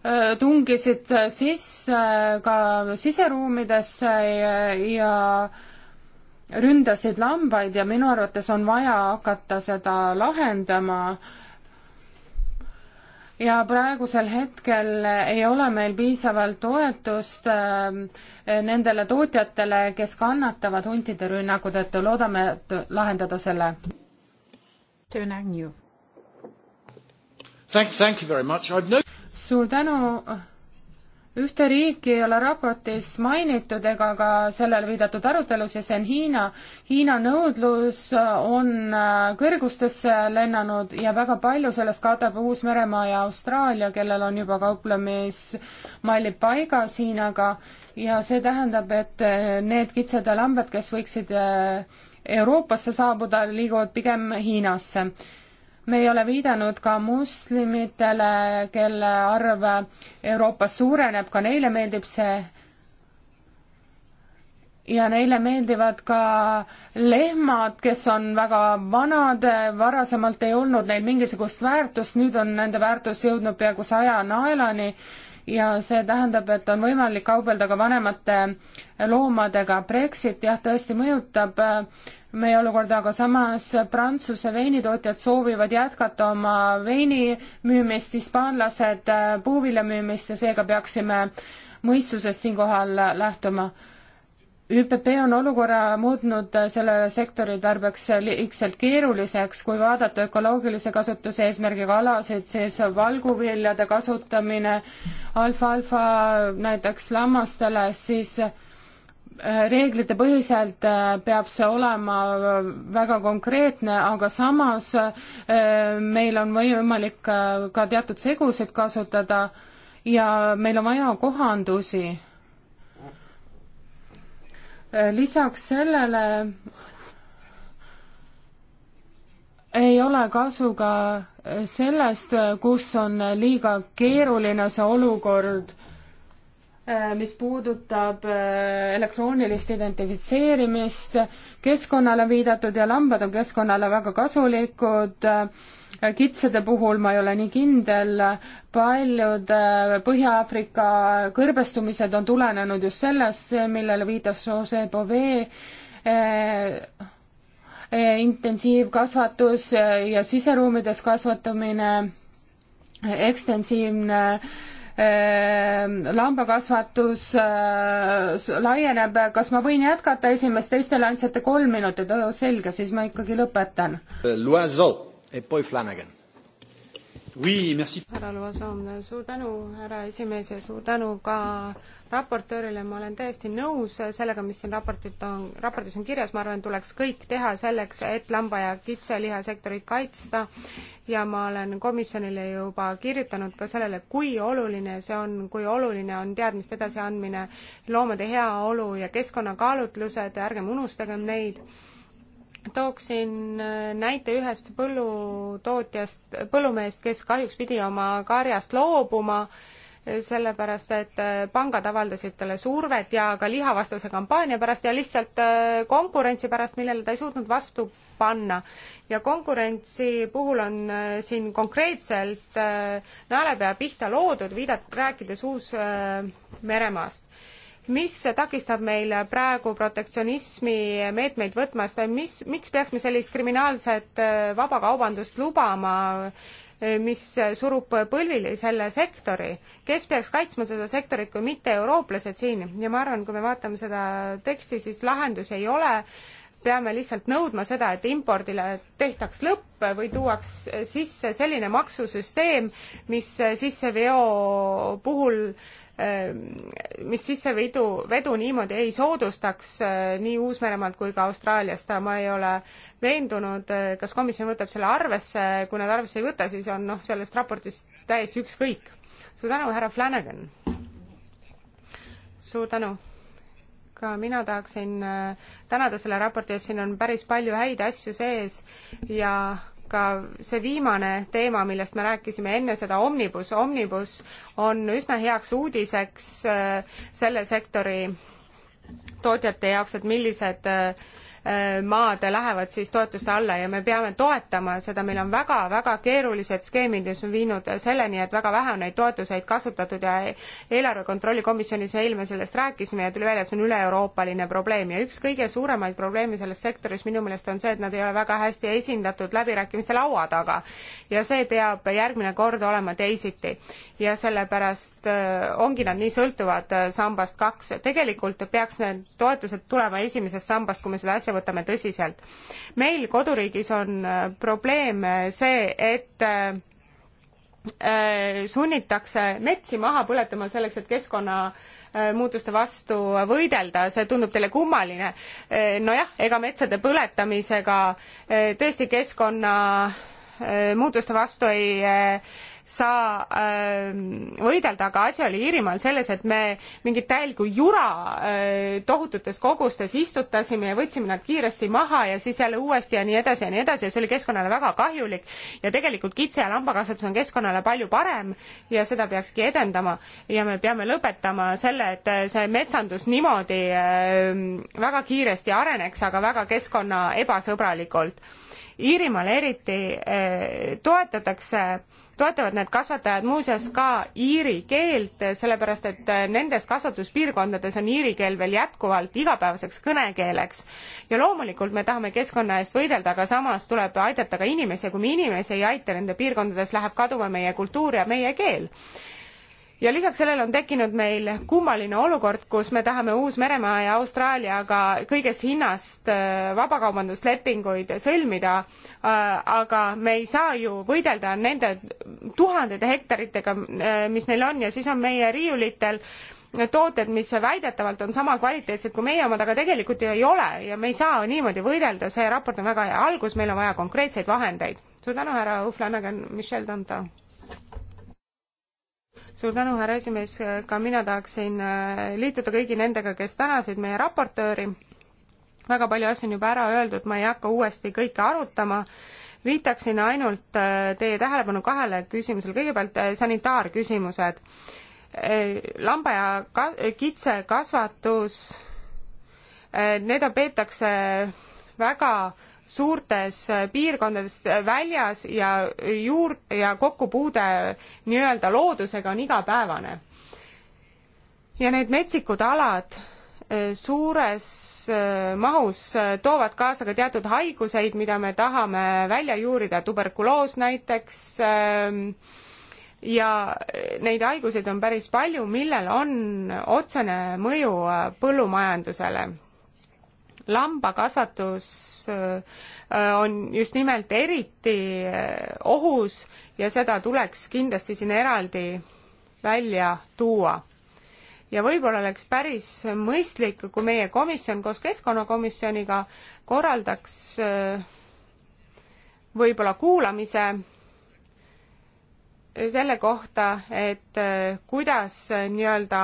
äh, tungisid sisse ka siseruumidesse ja, ja ründasid lambaid ja minu arvates on vaja hakata seda lahendama ja praegusel hetkel ei ole meil piisavalt toetust ähm, nendele tootjatele, kes kannatavad huntide rünnaku tõttu, loodame lahendada selle. suur tänu ühte riiki ei ole raportis mainitud ega ka sellele viidatud arutelus ja see on Hiina. Hiina nõudlus on äh, kõrgustesse lennanud ja väga palju sellest katab Uus-Meremaa ja Austraalia, kellel on juba kauplemismallid paigas Hiinaga ja see tähendab, et äh, need kitsed ja lambed, kes võiksid äh, Euroopasse saabuda, liiguvad pigem Hiinasse me ei ole viidanud ka moslemitele, kelle arv Euroopas suureneb, ka neile meeldib see. ja neile meeldivad ka lehmad, kes on väga vanad, varasemalt ei olnud neil mingisugust väärtust, nüüd on nende väärtus jõudnud peaaegu saja naelani ja see tähendab, et on võimalik kaubelda ka vanemate loomadega. Brexit jah, tõesti mõjutab äh, meie olukorda, aga samas Prantsuse veinitootjad soovivad jätkata oma veini müümist, hispaanlased äh, puuvilja müümist ja seega peaksime mõistusest siinkohal lähtuma. ÜPP on olukorra muutnud äh, selle sektori tarbeks liigselt keeruliseks, kui vaadata ökoloogilise kasutuse eesmärgiga alasid, siis valguviljade kasutamine alfa,, alfalfa näiteks lammastele, siis äh, Äh, reeglite põhiselt äh, peab see olema äh, väga konkreetne, aga samas meil on võimalik ka teatud segusid kasutada ja meil on vaja kohandusi. lisaks sellele ei ole kasu ka sellest, kus on liiga keeruline see olukord Äh, mis puudutab äh, elektroonilist identifitseerimist, keskkonnale viidatud ja lambad on keskkonnale väga kasulikud, äh, kitsede puhul ma ei ole nii kindel, paljud Põhja-Aafrika kõrbestumised on tulenenud just sellest, millele viitas Jose Bove, intensiivkasvatus ja siseruumides kasvatamine, ekstensiivne äh, Ehm, lambakasvatus äh, laieneb, kas ma võin jätkata esimest, teistele andsite kolm minutit, selge, siis ma ikkagi lõpetan. Loiseau ja siis Flanagan härra Loasoom, suur tänu, härra esimees ja suur tänu ka raportöörile, ma olen täiesti nõus sellega, mis siin raportit on, raportis on kirjas, ma arvan, tuleks kõik teha selleks, et lamba- ja kitselihasektorit kaitsta ja ma olen komisjonile juba kirjutanud ka sellele, kui oluline see on, kui oluline on teadmiste edasiandmine, loomade heaolu ja keskkonnakaalutlused, ärgem unustagem neid tooksin äh, näite ühest põllutootjast, põllumehest, kes kahjuks pidi oma karjast loobuma, äh, sellepärast et äh, pangad avaldasid talle survet ja ka lihavastase kampaania pärast ja lihtsalt konkurentsi pärast, millele ta ei suutnud vastu panna. ja konkurentsi puhul on siin konkreetselt naelapea pihta loodud, viidat-, rääkides Uus-Meremaast äh, mis takistab meil praegu protektsionismi meetmeid võtmast, mis, miks peaks me sellist kriminaalset äh, vabakaubandust lubama, äh, mis surub põlvili selle sektori, kes peaks kaitsma seda sektorit, kui mitte eurooplased siin ja ma arvan, kui me vaatame seda teksti, siis lahendusi ei ole, peame lihtsalt nõudma seda, et impordile tehtaks lõpp või tuuaks sisse selline maksusüsteem, mis sisseveo puhul äh, Ehm, mis sissevedu, vedu niimoodi ei soodustaks eh, nii Uus-Meremaalt kui ka Austraaliast, ma ei ole veendunud, eh, kas komisjon võtab selle arvesse, kui nad arvesse ei võta, siis on noh, sellest raportist täiesti ükskõik. suur tänu, härra Flanagan! suur tänu! ka mina tahaksin eh, tänada selle raporti eest, siin on päris palju häid asju sees ja ka see viimane teema, millest me rääkisime enne seda Omnibus. Omnibus on üsna heaks uudiseks äh, selle sektori tootjate jaoks, et millised äh, Äh, maad lähevad siis toetuste alla ja me peame toetama seda, meil on väga-väga keerulised skeemid, mis on viinud selleni, et väga vähe on neid toetuseid kasutatud ja eelarve kontrolli komisjonis eile me sellest rääkisime ja tuli välja, et see on üle-euroopaline probleem ja üks kõige suuremaid probleeme selles sektoris minu meelest on see, et nad ei ole väga hästi esindatud läbirääkimiste laua taga ja see peab järgmine kord olema teisiti. ja sellepärast äh, ongi nad nii sõltuvad äh, sambast kaks, tegelikult peaks need toetused tulema esimesest sambast, kui me seda asja kõike võtame tõsiselt. meil koduriigis on äh, probleem äh, see, et äh, sunnitakse metsi maha põletama selleks, et keskkonnamuutuste vastu võidelda, see tundub teile kummaline. nojah, ega metsade põletamisega tõesti keskkonna muutuste vastu ei saa äh, võidelda, aga asi oli Iirimaal selles, et me mingit täielikku jura äh, tohututes kogustes istutasime ja võtsime nad kiiresti maha ja siis jälle uuesti ja nii edasi ja nii edasi ja see oli keskkonnale väga kahjulik. ja tegelikult kitse- ja lambakasvatus on keskkonnale palju parem ja seda peakski edendama ja me peame lõpetama selle, et äh, see metsandus niimoodi äh, väga kiiresti areneks, aga väga keskkonna ebasõbralikult. Iirimaal eriti äh, toetatakse äh, toetavad need kasvatajad muuseas ka iiri keelt, sellepärast et eh, nendes kasvatuspiirkondades on iiri keel veel jätkuvalt igapäevaseks kõnekeeleks. ja loomulikult me tahame keskkonna eest võidelda, aga samas tuleb aidata ka inimesi ja kui me inimesi ei aita nende piirkondades, läheb kaduma meie kultuur ja meie keel ja lisaks sellele on tekkinud meil kummaline olukord, kus me tahame Uus-Meremaa ja Austraaliaga kõigest hinnast äh, vabakaubanduslepinguid sõlmida, äh, aga me ei saa ju võidelda nende tuhandete hektaritega, äh, mis neil on ja siis on meie riiulitel tooted, mis väidetavalt on sama kvaliteetsed kui meie omad, aga tegelikult ju ei ole ja me ei saa niimoodi võidelda, see raport on väga hea algus, meil on vaja konkreetseid vahendeid. suur tänu, härra Uflanagan, Michel Danton suur tänu, härra esimees, ka mina tahaksin äh, liituda kõigi nendega, kes tänasid meie raportööri. väga palju asju on juba ära öeldud, ma ei hakka uuesti kõike arutama viitaksin ainult äh, teie tähelepanu kahele küsimusele, kõigepealt äh, sanitaarküsimused. lamba ja ka-, kitsekasvatus, neid peetakse väga suurtes piirkondades väljas ja juur- ja kokkupuude nii-öelda loodusega on igapäevane. ja need metsikud alad eh, suures eh, mahus eh, toovad kaasa ka teatud haiguseid, mida me tahame välja juurida, tuberkuloos näiteks, ehm, ja neid haiguseid on päris palju, millel on otsene mõju põllumajandusele lambakasvatus äh, on just nimelt eriti äh, ohus ja seda tuleks kindlasti siin eraldi välja tuua. ja võib-olla oleks päris mõistlik, kui meie komisjon koos keskkonnakomisjoniga korraldaks äh, võib-olla kuulamise selle kohta, et äh, kuidas äh, nii-öelda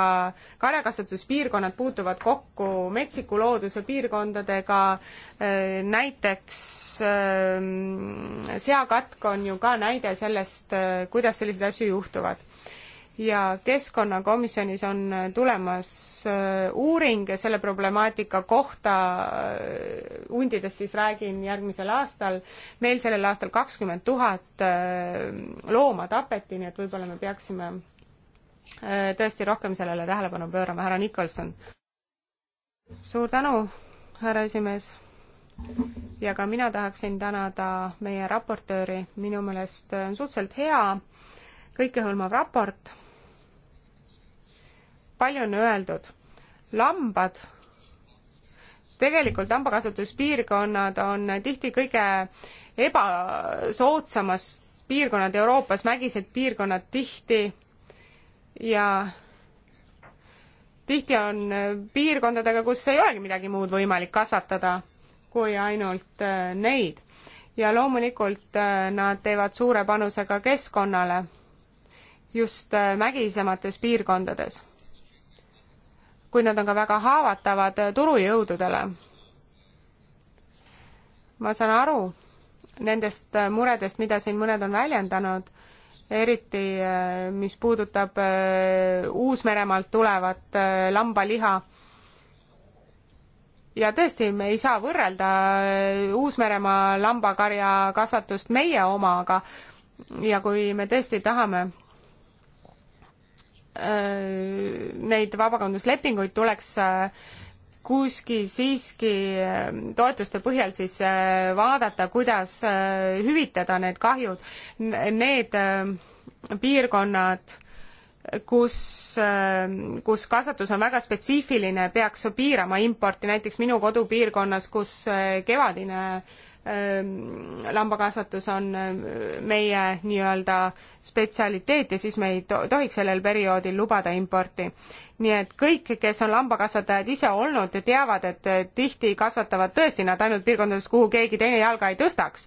karjakasvatuspiirkonnad puutuvad kokku metsiku looduse piirkondadega, äh, näiteks ähm, seakatk on ju ka näide sellest, kuidas selliseid asju juhtuvad ja keskkonnakomisjonis on tulemas äh, uuring selle problemaatika kohta, äh, hundidest siis räägin järgmisel aastal. meil sellel aastal kakskümmend tuhat äh, looma tapeti, nii et võib-olla me peaksime tõesti rohkem sellele tähelepanu pöörama, härra Nikolson. suur tänu, härra esimees ja ka mina tahaksin tänada meie raportööri, minu meelest on suhteliselt hea, kõikehõlmav raport palju on öeldud. lambad, tegelikult lambakasvatuspiirkonnad on tihti kõige ebasoodsamas piirkonnad Euroopas, mägised piirkonnad tihti ja tihti on piirkondadega, kus ei olegi midagi muud võimalik kasvatada kui ainult äh, neid. ja loomulikult äh, nad teevad suure panuse ka keskkonnale just äh, mägisemates piirkondades kuid nad on ka väga haavatavad turujõududele. ma saan aru nendest muredest, mida siin mõned on väljendanud, eriti eh, mis puudutab eh, Uus-Meremaalt tulevat eh, lambaliha ja tõesti, me ei saa võrrelda Uus-Meremaa lambakarja kasvatust meie omaga ja kui me tõesti tahame Äh, neid vabakaubanduslepinguid tuleks äh, kuskil siiski äh, toetuste põhjal siis vaadata, kuidas hüvitada need kahjud. Need piirkonnad, kus, kus kasvatus on väga spetsiifiline, peaks piirama importi, näiteks minu kodupiirkonnas, kus kevadine Ehm, lambakasvatus on ehm, meie nii-öelda spetsialiteet ja siis me ei tohiks sellel perioodil lubada importi. nii et kõik, kes on lambakasvatajad ise olnud, teavad, et eh, tihti kasvatavad tõesti nad ainult piirkondades, kuhu keegi teine jalga ei tõstaks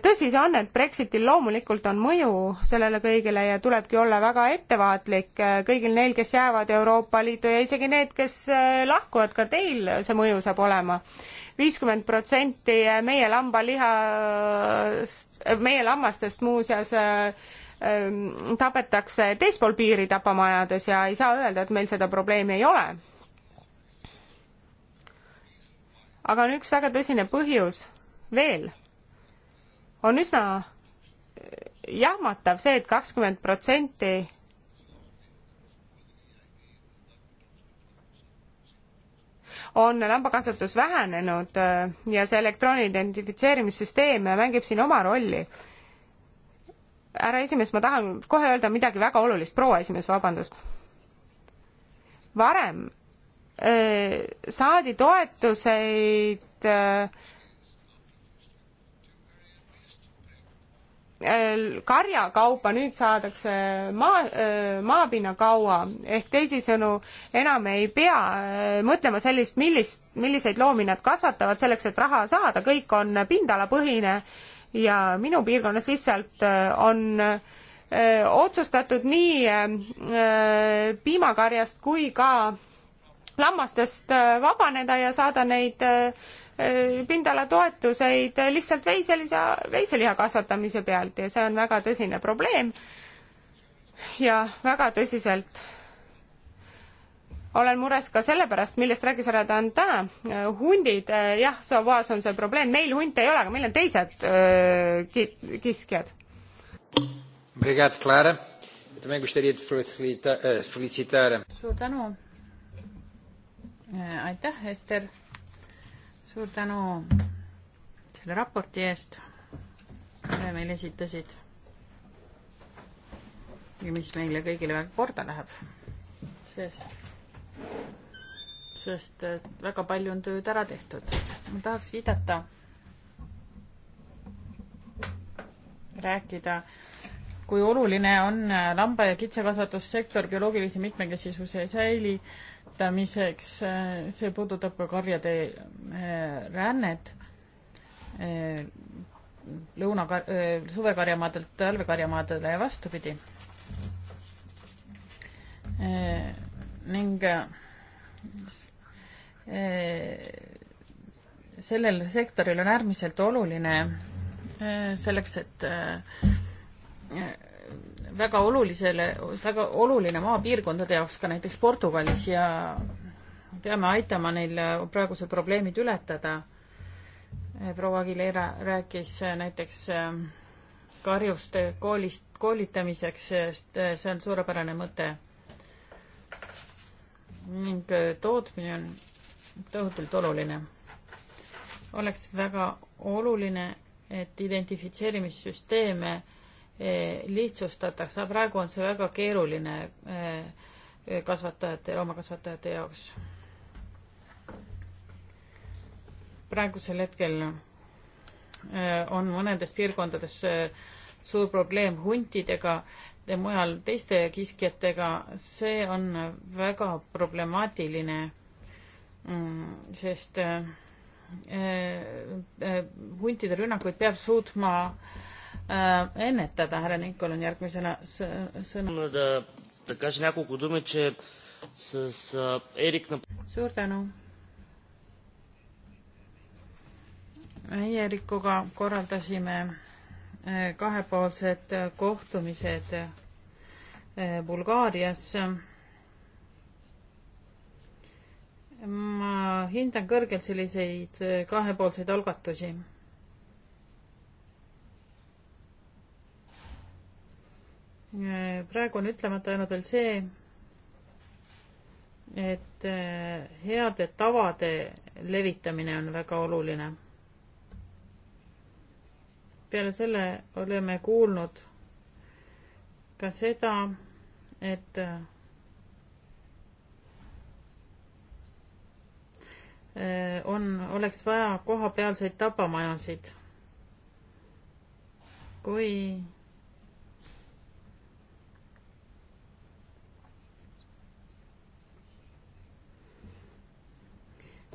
tõsi see on, et Brexitil loomulikult on mõju sellele kõigele ja tulebki olla väga ettevaatlik äh, kõigil neil, kes jäävad Euroopa Liitu ja isegi need, kes äh, lahkuvad, ka teil see mõju saab olema. viiskümmend protsenti meie lambalihast, äh, meie lammastest muuseas ähm, tapetakse teispool piiri tapamajades ja ei saa öelda, et meil seda probleemi ei ole. aga on üks väga tõsine põhjus veel on üsna äh, jahmatav see et, et kakskümmend protsenti on lambakasvatus vähenenud äh, ja see elektrooni identifitseerimissüsteem mängib siin oma rolli. härra esimees, ma tahan kohe öelda midagi väga olulist, proua esimees, vabandust. varem öö, äh, saadi toetuseid öö, Äh, karjakaupa nüüd saadakse maa, äh, maapinnakaua ehk teisisõnu enam ei pea äh, mõtlema sellist, millist, milliseid loomi nad kasvatavad selleks, et raha saada, kõik on pindalapõhine ja minu piirkonnas lihtsalt on otsustatud nii piimakarjast kui ka lammastest vabaneda ja saada neid Eh, pindalatoetuseid lihtsalt veiselisa, veiseliha kasvatamise pealt ja see on väga tõsine probleem. ja väga tõsiselt olen mures ka selle pärast, millest rääkis härra Dantin, eh, hundid, eh, jah, Sauvaas on see probleem, meil hunte ei ole, aga meil on teised öö, ki-, kiskjad. Brigad Clara, também gostaria de felicita-, felicitar. suur tänu. aitäh, Ester suur tänu selle raporti eest, mille meile esitasid ja mis meile kõigile väga korda läheb, sest, sest väga palju on tööd ära tehtud. ma tahaks viidata, rääkida, kui oluline on lamba- ja kitsekasvatussektor bioloogilise mitmekesisuse säili- toetamiseks, see puudutab ka karjade eh, rännet eh, lõuna, eh, suvekarjamaadelt talvekarjamaadele ja vastupidi. ning sellel sektoril on äärmiselt oluline selleks, et väga olulisele, väga oluline maapiirkondade jaoks ka näiteks Portugalis ja peame aitama neil praegused probleemid ületada. proua Aguilera rääkis näiteks äh, karjust koolist, koolitamiseks, sest äh, see on suurepärane mõte. ning äh, tootmine on tohutult oluline. oleks väga oluline, et identifitseerimissüsteeme Eh, lihtsustatakse, aga praegu on see väga keeruline eh, kasvatajate, loomakasvatajate jaoks. praegusel hetkel eh, on mõnedes piirkondades suur probleem huntidega ja mujal teiste kiskjatega, see on väga problemaatiline, mm, sest huntide rünnakuid peab suutma äh, Äh, ennetada. härra Nikol on järgmisena sõna. Äh, suur tänu. Erikuga korraldasime äh, kahepoolsed kohtumised Bulgaarias. ma hindan kõrgelt selliseid kahepoolseid algatusi praegu on ütlemata jäänud veel see, et eh, heade tavade levitamine on väga oluline. peale selle oleme kuulnud ka seda, et eh, on, oleks vaja kohapealseid tapamajasid. kui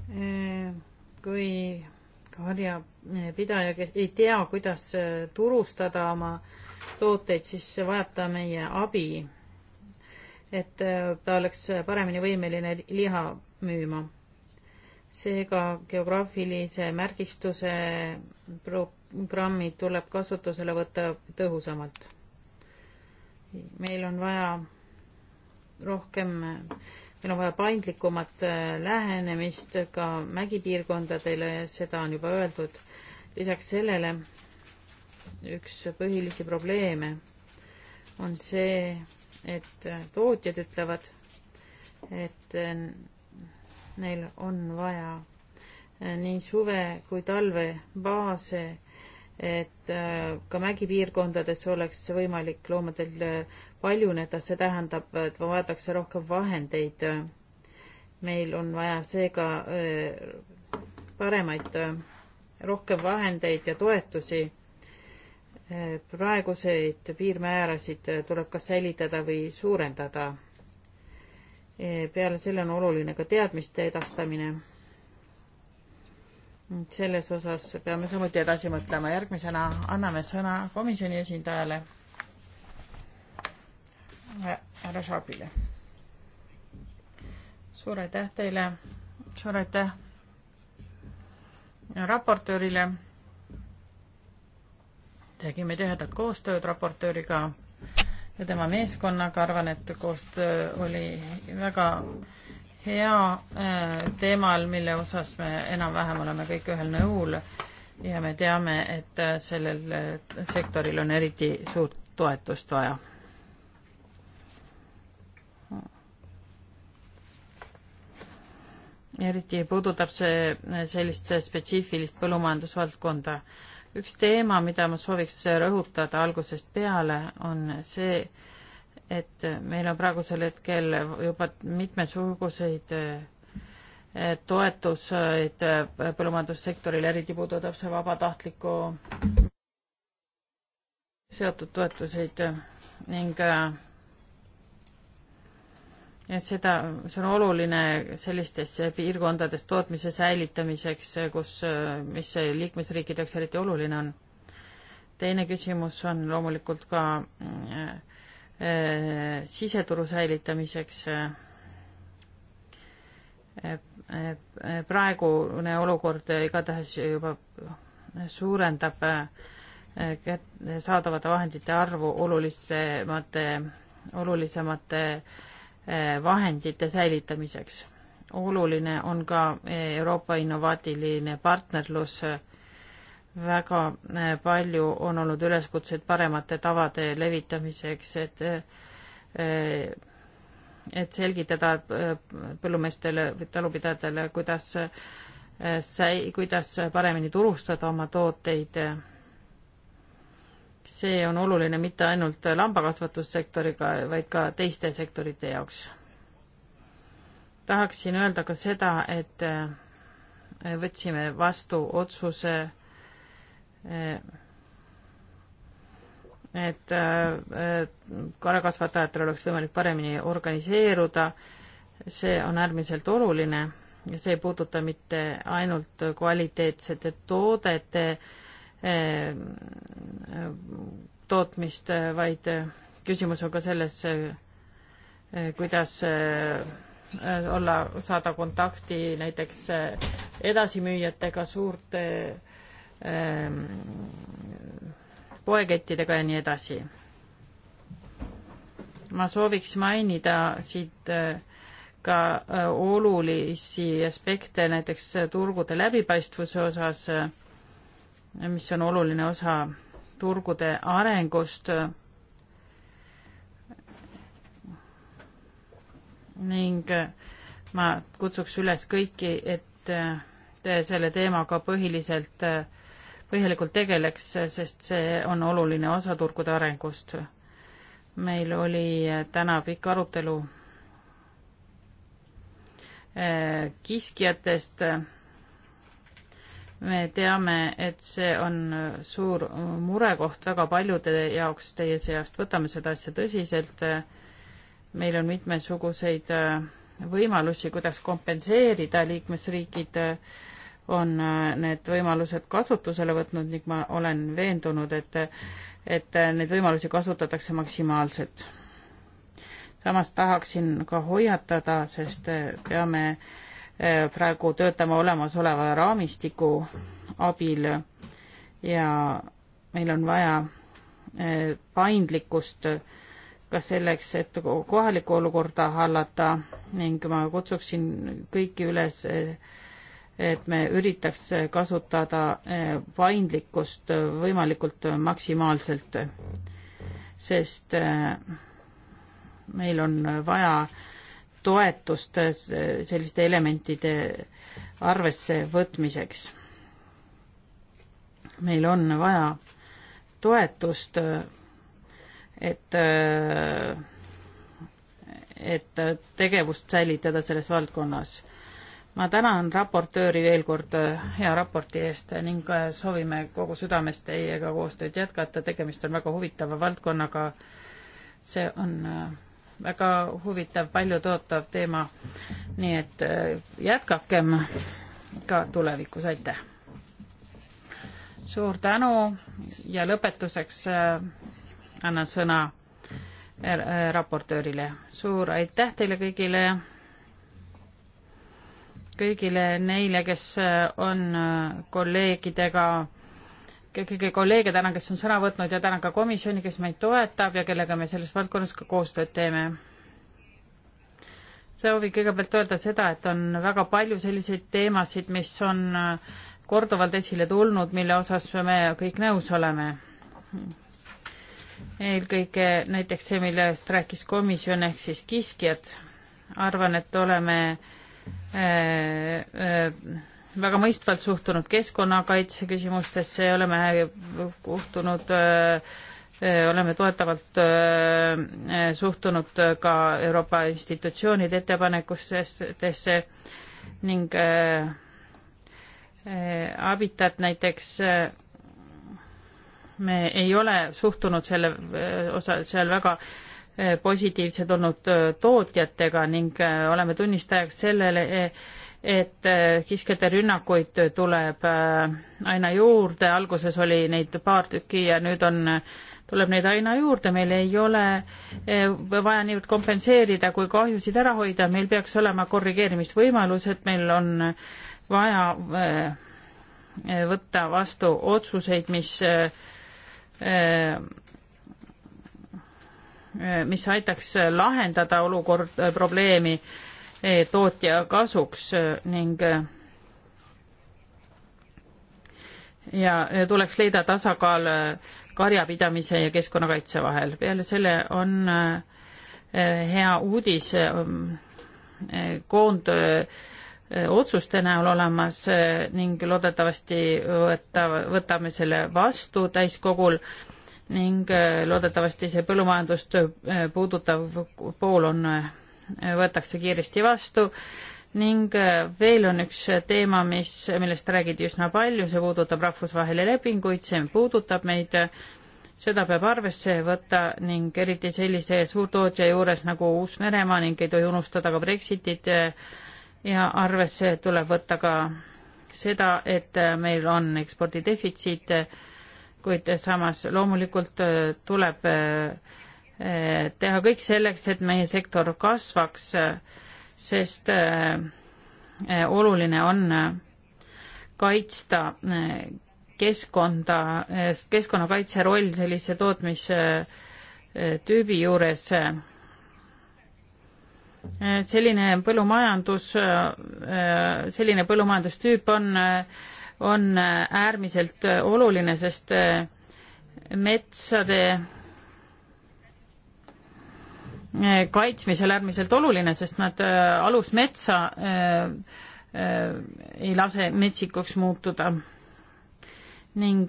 Äh, kui karjapidaja, kes ei tea, kuidas äh, turustada oma tooteid, siis vajab ta meie abi, et äh, ta oleks paremini võimeline liha müüma. seega geograafilise märgistuse programmid tuleb kasutusele võtta tõhusamalt. meil on vaja rohkem meil on vaja paindlikumat äh, lähenemist ka mägipiirkondadele ja seda on juba öeldud. lisaks sellele üks põhilisi probleeme on see, et äh, tootjad ütlevad, et äh, neil on vaja nii suve kui talve baase et äh, ka mägipiirkondades oleks võimalik loomadel äh, paljuneda, see tähendab, et vajatakse rohkem vahendeid. meil on vaja seega äh, paremaid, rohkem vahendeid ja toetusi. praeguseid piirmäärasid tuleb kas säilitada või suurendada. peale selle on oluline ka teadmiste edastamine selles osas peame samuti edasi mõtlema. järgmisena anname sõna komisjoni esindajale äh, härra Šabile. suur aitäh teile, suur aitäh raportöörile. tegime tihedat koostööd raportööriga ja tema meeskonnaga, arvan, et koostöö oli väga hea äh, teemal, mille osas me enam-vähem oleme kõik ühel nõul ja me teame, et äh, sellel äh, sektoril on eriti suurt toetust vaja. eriti puudutab see sellist spetsiifilist põllumajandusvaldkonda. üks teema, mida ma sooviks rõhutada algusest peale, on see, et meil on praegusel hetkel juba mitmesuguseid eh, toetuseid eh, põllumajandussektorile, eriti puudutab see vabatahtlikku seotud toetuseid eh, ning ja seda, see on oluline sellistes piirkondades tootmise säilitamiseks, kus, mis liikmesriikide jaoks eriti oluline on. teine küsimus on loomulikult ka äh, siseturu säilitamiseks. praegune olukord igatahes juba suurendab saadavate vahendite arvu olulisemate, olulisemate vahendite säilitamiseks. oluline on ka Euroopa innovaatiline partnerlus väga äh, palju on olnud üleskutseid paremate tavade levitamiseks, et äh, et selgitada äh, põllumeestele või talupidajatele, kuidas sai, kuidas paremini turustada oma tooteid. see on oluline mitte ainult lambakasvatussektoriga, vaid ka teiste sektorite jaoks. tahaksin öelda ka seda, et võtsime vastu otsuse Äh, et äh, karakasvatajatel oleks võimalik paremini organiseeruda, see on äärmiselt oluline ja see ei puuduta mitte ainult kvaliteetsete toodete äh, tootmist, vaid küsimus on ka selles, kuidas olla, saada kontakti näiteks edasimüüjatega, suurte Ehm, poekettidega ja nii edasi. ma sooviks mainida siit eh, ka eh, olulisi aspekte näiteks eh, turgude läbipaistvuse osas, mis on oluline osa turgude arengust ning ma kutsuks üles kõiki, et te selle teemaga põhiliselt äh, põhjalikult tegeleks, sest see on oluline osa turgude arengust. meil oli äh, täna pikk arutelu äh, kiskjatest. me teame, et see on äh, suur murekoht väga paljude jaoks teie seast, võtame seda asja tõsiselt. meil on mitmesuguseid võimalusi, kuidas kompenseerida liikmesriigid äh, on äh, need võimalused kasutusele võtnud ning ma olen veendunud, et, et äh, neid võimalusi kasutatakse maksimaalselt. samas tahaksin ka hoiatada, sest äh, peame praegu töötama olemasoleva raamistiku abil ja meil on vaja paindlikkust ka selleks, et kohalikku olukorda hallata ning ma kutsuksin kõiki üles et me üritaks kasutada eh, paindlikkust võimalikult maksimaalselt, sest eh, meil on vaja toetust eh, selliste elementide arvesse võtmiseks. meil on vaja toetust, et, et tegevust säilitada selles valdkonnas ma tänan raportööri veel kord äh, hea raporti eest ning äh, soovime kogu südamest teiega koostööd jätkata, tegemist on väga huvitava valdkonnaga. see on äh, väga huvitav, paljutootav teema. nii et jätkakem ka tulevikus, aitäh! suur tänu ja lõpetuseks annan sõna raportöörile. suur aitäh teile kõigile kõigile neile, kes äh, on äh, kolleegidega, kõigi kolleege tänan, kes on sõna võtnud ja tänan ka komisjoni, kes meid toetab ja kellega me selles valdkonnas ka koostööd teeme. soovin kõigepealt öelda seda, et on väga palju selliseid teemasid, mis on äh, korduvalt esile tulnud, mille osas me kõik nõus oleme. eelkõige näiteks see, millest rääkis komisjon ehk siis kiskjad. arvan, et oleme äh, Äh, äh, väga mõistvalt suhtunud keskkonnakaitse küsimustesse ja oleme kohtunud, äh, oleme toetavalt suhtunud ka Euroopa institutsioonide ettepanekustesse ning Habitat näiteks me ei ole suhtunud selle osa, seal väga äh, Eh, positiivsed olnud eh, tootjatega ning eh, oleme tunnistajaks sellele, et kiskjate rünnakuid tuleb aina juurde, alguses oli neid paar tükki ja nüüd on, tuleb neid aina juurde, meil ei ole vaja niivõrd kompenseerida kui kahjusid ära hoida, meil peaks olema korrigeerimisvõimalused, meil on vaja võtta vastu otsuseid, mis Eh, mis aitaks lahendada olukord, eh, probleemi eh, tootja kasuks ning ja tuleks leida tasakaal karjapidamise ja keskkonnakaitse vahel. peale selle on hea uudis koondotsuste näol olemas ning loodetavasti võta, võtame selle vastu täiskogul ning äh, loodetavasti see põllumajandust äh, puudutav pool on, äh, võetakse kiiresti vastu ning veel on üks teema, mis, millest räägiti üsna palju, see puudutab rahvusvahelisi lepinguid, see puudutab meid, seda peab arvesse võtta ning eriti sellise suurtootja juures nagu Uus-Meremaa ning ei tohi unustada ka Brexitit ja arvesse tuleb võtta ka seda, et meil on ekspordidefitsiit kuid samas loomulikult äh, tuleb äh, äh, teha kõik selleks, et meie sektor kasvaks, sest oluline on kaitsta keskkonda, sest keskkonnakaitse roll sellise tootmistüübi juures selline põllumajandus, selline põllumajandustüüp on äh, on äärmiselt oluline, sest eh, metsade eh, kaitsmisel äärmiselt oluline, sest nad eh, alusmetsa ei lase metsikuks muutuda. ning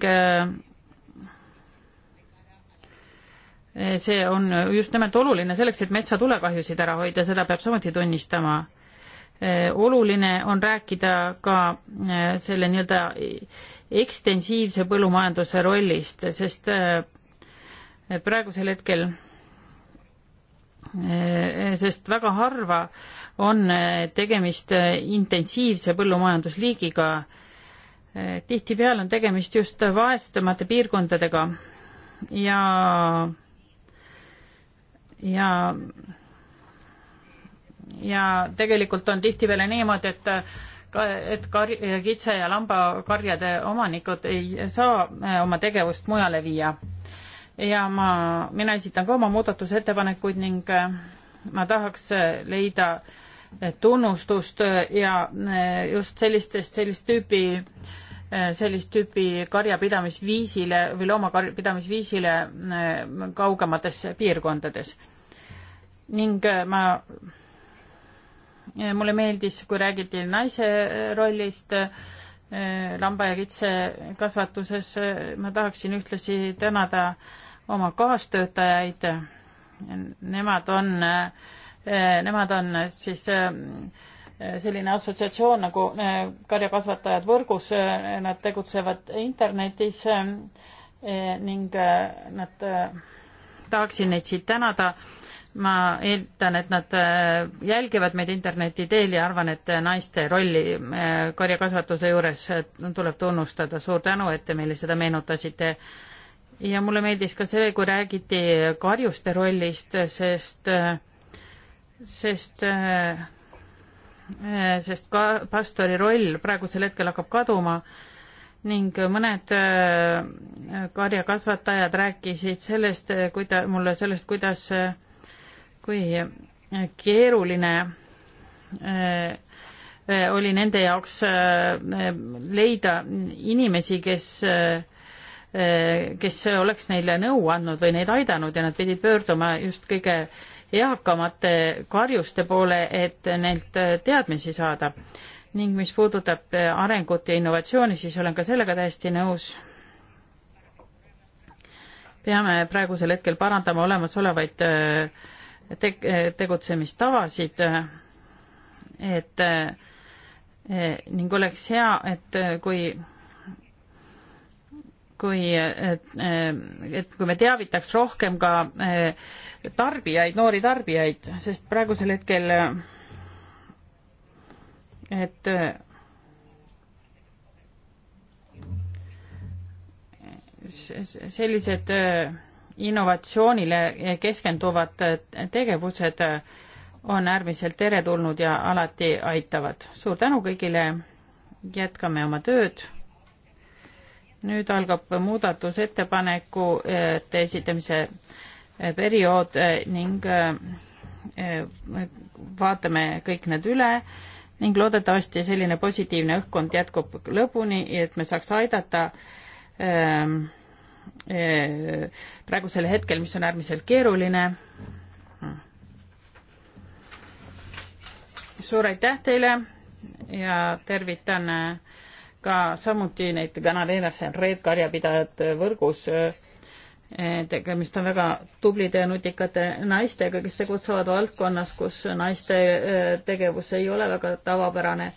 see on just nimelt oluline selleks, et metsatulekahjusid ära hoida, seda peab samuti tunnistama Äh, oluline on rääkida ka äh, selle nii-öelda ekstensiivse põllumajanduse rollist, sest äh, praegusel hetkel, sest väga harva on tegemist intensiivse põllumajandusliigiga. tihtipeale on tegemist just vaestemate piirkondadega ja, ja ja tegelikult on tihtipeale niimoodi, et ka, et kar-, kitse- ja lambakarjade omanikud ei saa äh, oma tegevust mujale viia. ja ma, mina esitan ka oma muudatusettepanekuid ning äh, ma tahaks äh, leida tunnustust ja just sellistest, sellist tüüpi, sellist tüüpi karjapidamisviisile või loomakarbidamisviisile kaugemates piirkondades. ning ma mulle meeldis, kui räägiti naise äh, rollist äh, lamba ja kitse kasvatuses. ma tahaksin ühtlasi tänada oma kaastöötajaid. Nemad on, äh, nemad on siis selline assotsiatsioon nagu Karjakasvatajad võrgus, nad tegutsevad internetis ning nad, tahaksin neid siit tänada ma eeldan, et nad äh, jälgivad meid interneti teel ja arvan, et äh, naiste rolli äh, karjakasvatuse juures tuleb tunnustada. suur tänu, et te meile seda meenutasite. ja mulle meeldis ka see, kui räägiti karjuste rollist, sest, sest sest ka pastori roll praegusel hetkel hakkab kaduma ning mõned karjakasvatajad rääkisid sellest, kuida-, mulle sellest, kuidas kui keeruline äh, äh, oli nende jaoks äh, leida inimesi, kes, kes oleks neile nõu andnud või neid aidanud ja nad pidid pöörduma just kõige eakamate karjuste poole, et neilt teadmisi saada. ning mis puudutab arengut ja innovatsiooni, siis olen ka sellega täiesti nõus. peame praegusel hetkel parandama olemasolevaid äh, tegutsemistavasid, et ning oleks hea, et kui kui, et, et kui me teavitaks rohkem ka tarbijaid, noori tarbijaid, sest praegusel hetkel et sellised innovatsioonile keskenduvad tegevused on äärmiselt teretulnud ja alati aitavad. suur tänu kõigile, jätkame oma tööd. nüüd algab muudatusettepanekute esitamise periood eh, ning eh, vaatame kõik need üle ning loodetavasti selline positiivne õhkkond jätkub lõpuni, et me saaks aidata ähm, Eh, praegusel hetkel, mis on äärmiselt keeruline. suur aitäh teile ja tervitan eh, ka samuti neid kanaleelasi, Red Karjapidajad eh, võrgus, tegemist on väga tublide ja nutikate naistega, kes tegutsevad valdkonnas, kus naiste tegevus ei ole väga tavapärane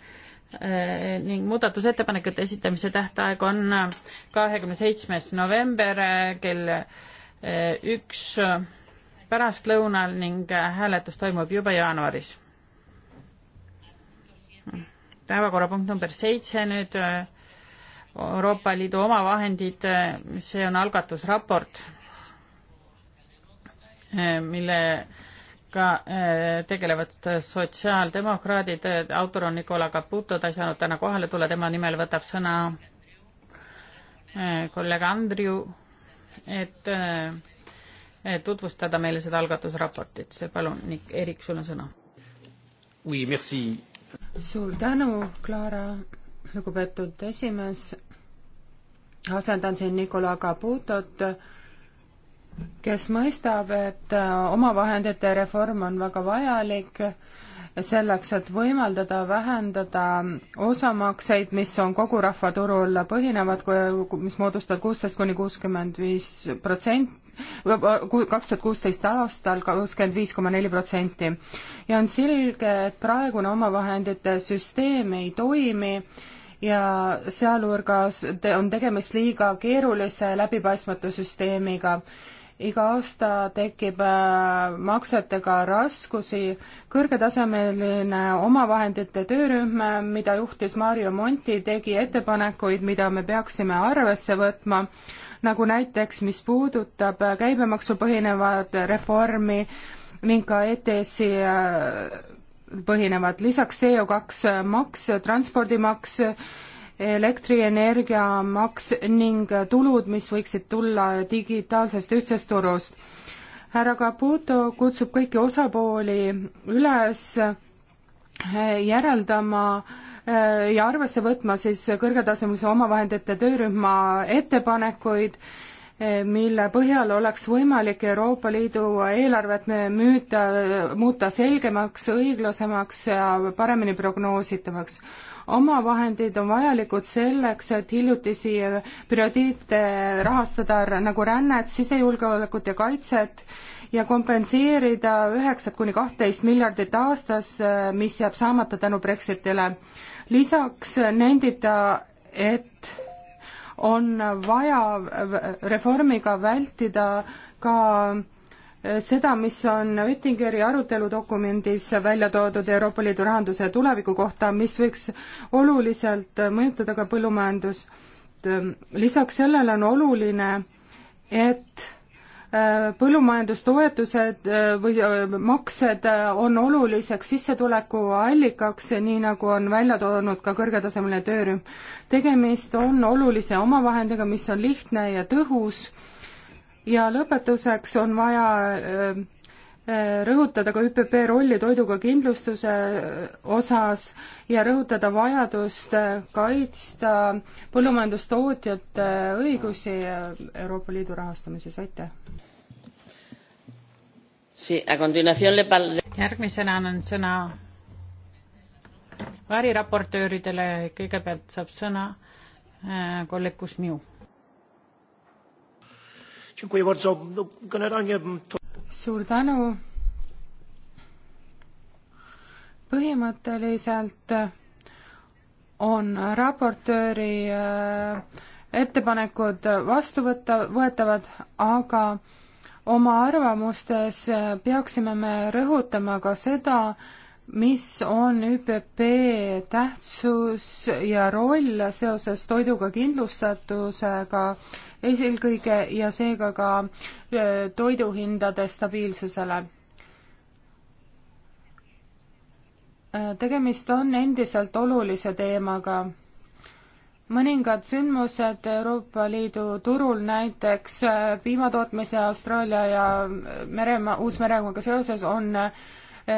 Äh, ning muudatusettepanekute esitamise tähtaeg on äh, kahekümne seitsmes november äh, kell üks pärastlõunal ning hääletus toimub juba jaanuaris. päevakorrapunkt number seitse nüüd Euroopa Liidu omavahendid, see on algatusraport, mille ka äh, tegelevad sotsiaaldemokraadid, autor on Nicola Caputo, ta ei saanud täna kohale tulla, tema nimel võtab sõna äh, kolleeg Andriu, äh, et tutvustada meile seda algatusraportit, see palun, Nik-, Erik, sul on sõna. Oui, merci. suur tänu, Clara, lugupeetud esimees, asendan siin Nicola Caputot, kes mõistab, et äh, omavahendite reform on väga vajalik selleks, et võimaldada vähendada osamakseid, mis on kogu rahvaturul põhinevad, mis moodustavad kuusteist kuni kuuskümmend viis protsenti, kaks tuhat kuusteist aastal kuuskümmend viis koma neli protsenti. ja on selge, et praegune omavahendite süsteem ei toimi ja sealhulgas on tegemist liiga keerulise läbipaistmatu süsteemiga iga aasta tekib äh, maksetega raskusi, kõrgetasemeline omavahendite töörühm, mida juhtis Mario Monti, tegi ettepanekuid, mida me peaksime arvesse võtma, nagu näiteks, mis puudutab äh, käibemaksu põhinevat reformi ning ka ETS-i äh, põhinevat, lisaks CO2 maks, transpordimaks, elektrienergiamaks ning tulud, mis võiksid tulla digitaalsest ühtsest turust. härra Caputo kutsub kõiki osapooli üles eh, järeldama eh, ja arvesse võtma siis kõrgetasemelise omavahendite töörühma ettepanekuid, eh, mille põhjal oleks võimalik Euroopa Liidu eelarvet müüda, muuta selgemaks, õiglasemaks ja paremini prognoositavaks omavahendid on vajalikud selleks, et hiljutisi prioriteete rahastada nagu rännet, sisejulgeolekut ja kaitset ja kompenseerida üheksat kuni kahtteist miljardit aastas, mis jääb saamata tänu Brexitile. lisaks nendib ta, et on vaja reformiga vältida ka Äh, seda, mis on Oettingeri aruteludokumendis välja toodud Euroopa Liidu rahanduse tuleviku kohta, mis võiks oluliselt äh, mõjutada ka põllumajandust. Äh, lisaks sellele on oluline, et põllumajandustoetused või maksed on oluliseks sissetulekuallikaks, nii nagu on välja toonud ka kõrgetasemeline töörühm. tegemist on olulise omavahendiga, mis on lihtne ja tõhus ja lõpetuseks on vaja äh, äh, rõhutada ka ÜPP rolli toiduga kindlustuse äh, osas ja rõhutada vajadust kaitsta põllumajandustootjate õigusi Euroopa Liidu rahastamises, aitäh! järgmisena annan sõna variraportööridele, kõigepealt saab sõna kolleeg Kusmiu suur tänu. põhimõtteliselt eh, on raportööri eh, ettepanekud vastu võtta, võetavad, aga oma arvamustes eh, peaksime me rõhutama ka seda, mis on ÜPP tähtsus ja roll seoses toiduga kindlustatusega eelkõige ja seega ka äh, toiduhindade stabiilsusele. Äh, tegemist on endiselt olulise teemaga. mõningad sündmused Euroopa Liidu turul, näiteks äh, piimatootmise Austraalia ja meremaa, Uus-Meremaaga seoses on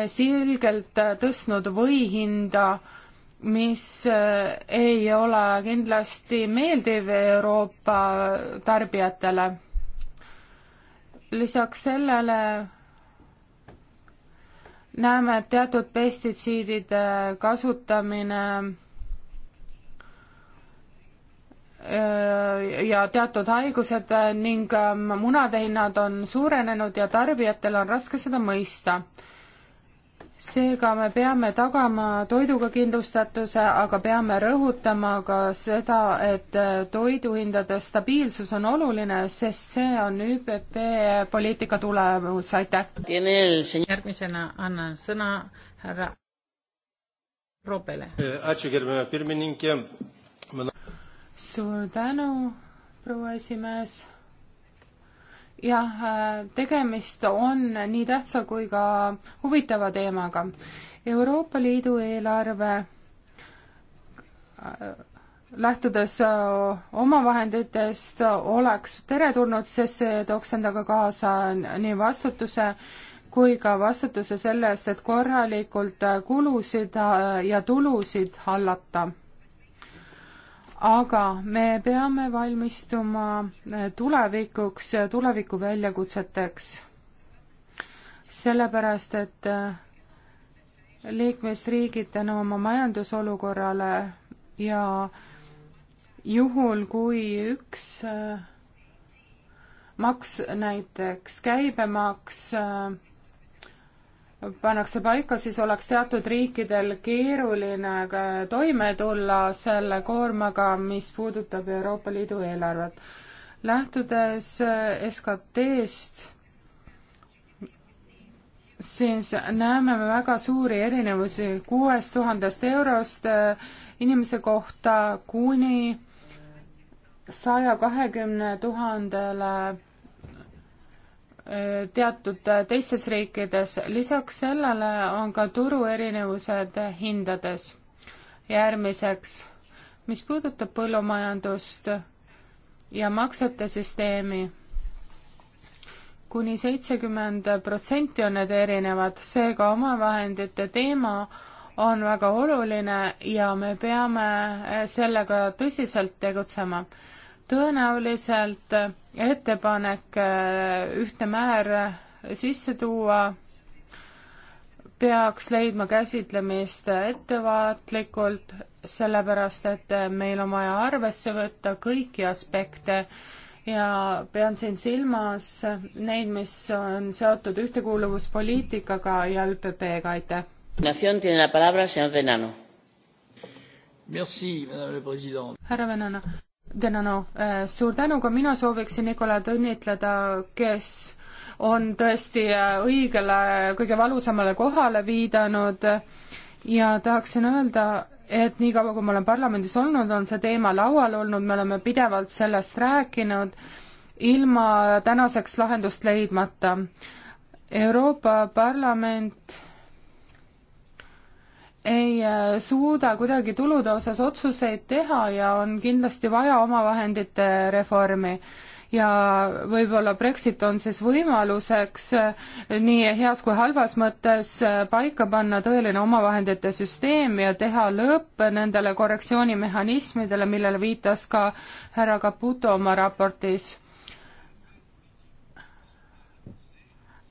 selgelt tõstnud või hinda äh, mis eh, ei ole kindlasti meeldiv Euroopa tarbijatele. lisaks sellele näeme, et teatud pestitsiidide kasutamine eh, ja teatud haigused eh, ning munade hinnad on suurenenud ja tarbijatel on raske seda mõista seega me peame tagama toiduga kindlustatuse, aga peame rõhutama ka seda, et äh, toiduhindade stabiilsus on oluline, sest see on ÜPP poliitika tulemus, aitäh. järgmisena annan sõna härra Robele. Eh, suur tänu, proua esimees jah, tegemist on nii tähtsa kui ka huvitava teemaga. Euroopa Liidu eelarve äh, lähtudes äh, omavahenditest oleks teretulnud, sest see tooks endaga kaasa nii vastutuse kui ka vastutuse selle eest, et korralikult äh, kulusid ja tulusid hallata aga me peame valmistuma eh, tulevikuks ja eh, tuleviku väljakutseteks. sellepärast, et eh, liikmesriigid tänu oma majandusolukorrale ja juhul, kui üks maks, näiteks käibemaks äh, pannakse paika, siis oleks teatud riikidel keeruline toime tulla selle koormaga, mis puudutab Euroopa Liidu eelarvet. lähtudes SKT-st, siis näeme me väga suuri erinevusi kuuest tuhandest eurost äh, inimese kohta kuni saja kahekümne tuhandele teatud teistes riikides. lisaks sellele on ka turu erinevused hindades. järgmiseks, mis puudutab põllumajandust ja maksete süsteemi kuni seitsekümmend protsenti on need erinevad, seega omavahendite teema on väga oluline ja me peame sellega tõsiselt tegutsema. tõenäoliselt ettepanek äh, ühtne määr äh, sisse tuua peaks leidma käsitlemist ettevaatlikult, sellepärast et äh, meil on vaja arvesse võtta kõiki aspekte ja pean siin silmas neid, mis on seotud ühtekuuluvuspoliitikaga ja ÜPP-ga, aitäh. härra Venana. Denano, äh, suur tänu, ka mina sooviksin Nikolat õnnitleda, kes on tõesti äh, õigele, kõige valusamale kohale viidanud ja tahaksin öelda, et niikaua, kui ma olen parlamendis olnud, on see teema laual olnud, me oleme pidevalt sellest rääkinud, ilma tänaseks lahendust leidmata. Euroopa Parlament ei äh, suuda kuidagi tulude osas otsuseid teha ja on kindlasti vaja omavahendite reformi. ja võib-olla Brexit on siis võimaluseks äh, nii heas kui halvas mõttes äh, paika panna tõeline omavahendite süsteem ja teha lõpp nendele korrektsioonimehhanismidele, millele viitas ka härra Caputo oma raportis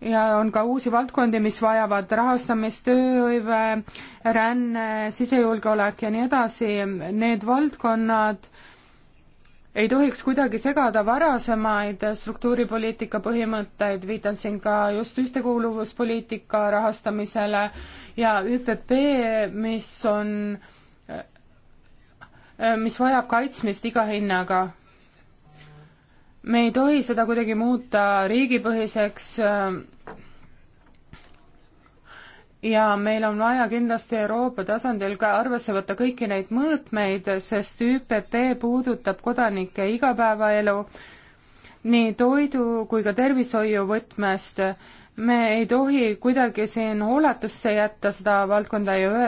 ja on ka uusi valdkondi, mis vajavad rahastamist, tööhõive, ränne, sisejulgeolek ja nii edasi, need valdkonnad ei tohiks kuidagi segada varasemaid struktuuripoliitika põhimõtteid, viitan siin ka just ühtekuuluvuspoliitika rahastamisele ja ÜPP, mis on, mis vajab kaitsmist iga hinnaga me ei tohi seda kuidagi muuta riigipõhiseks äh, ja meil on vaja kindlasti Euroopa tasandil ka arvesse võtta kõiki neid mõõtmeid, sest ÜPP puudutab kodanike igapäevaelu nii toidu kui ka tervishoiu võtmest. me ei tohi kuidagi siin hooletusse jätta seda valdkonda ja,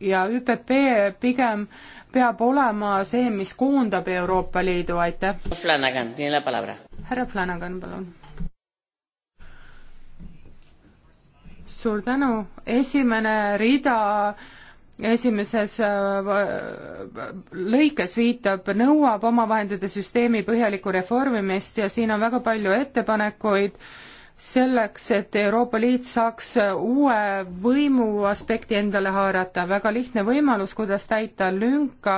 ja ÜPP pigem äh, peab olema see, mis koondab Euroopa Liidu, aitäh. härra Flanagan, palun. suur tänu, esimene rida esimeses äh, lõikes viitab, nõuab omavahendite süsteemi põhjalikku reformimist ja siin on väga palju ettepanekuid selleks, et Euroopa Liit saaks uue võimu aspekti endale haarata. väga lihtne võimalus, kuidas täita lünka,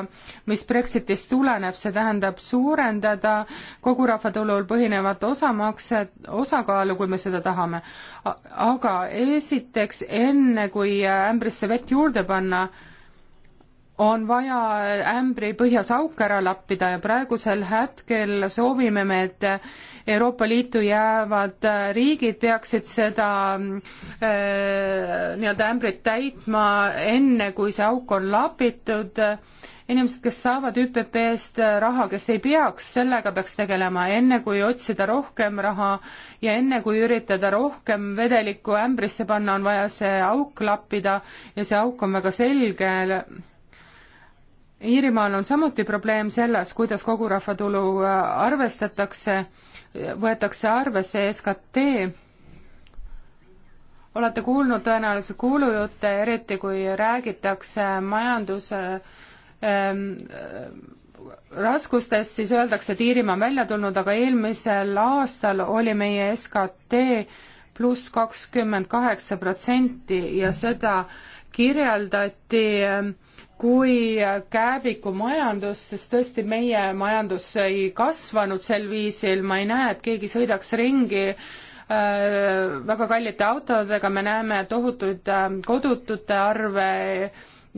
mis Brexitist tuleneb, see tähendab suurendada kogu rahvatulul põhinevat osamakse, osakaalu, kui me seda tahame. aga esiteks, enne kui ämbrisse vett juurde panna, on vaja ämbri põhjas auk ära lappida ja praegusel hetkel soovime me, et Euroopa Liitu jäävad äh, riigid peaksid seda äh, nii-öelda ämbrit täitma enne, kui see auk on lapitud. inimesed, kes saavad ÜPP-st äh, raha, kes ei peaks, sellega peaks tegelema enne, kui otsida rohkem raha ja enne, kui üritada rohkem vedelikku ämbrisse panna, on vaja see auk lappida ja see auk on väga selge Iirimaal on samuti probleem selles, kuidas kogu rahvatulu äh, arvestatakse, võetakse arvesse SKT. olete kuulnud tõenäoliselt kuulujutte, eriti kui räägitakse majanduse ähm, äh, raskustest, siis öeldakse, et Iirimaa on välja tulnud, aga eelmisel aastal oli meie SKT pluss kakskümmend kaheksa protsenti ja seda kirjeldati äh, kui kääbiku majandus, sest tõesti meie majandus ei kasvanud sel viisil, ma ei näe, et keegi sõidaks ringi äh, väga kallite autodega, me näeme tohutuid äh, kodutute arve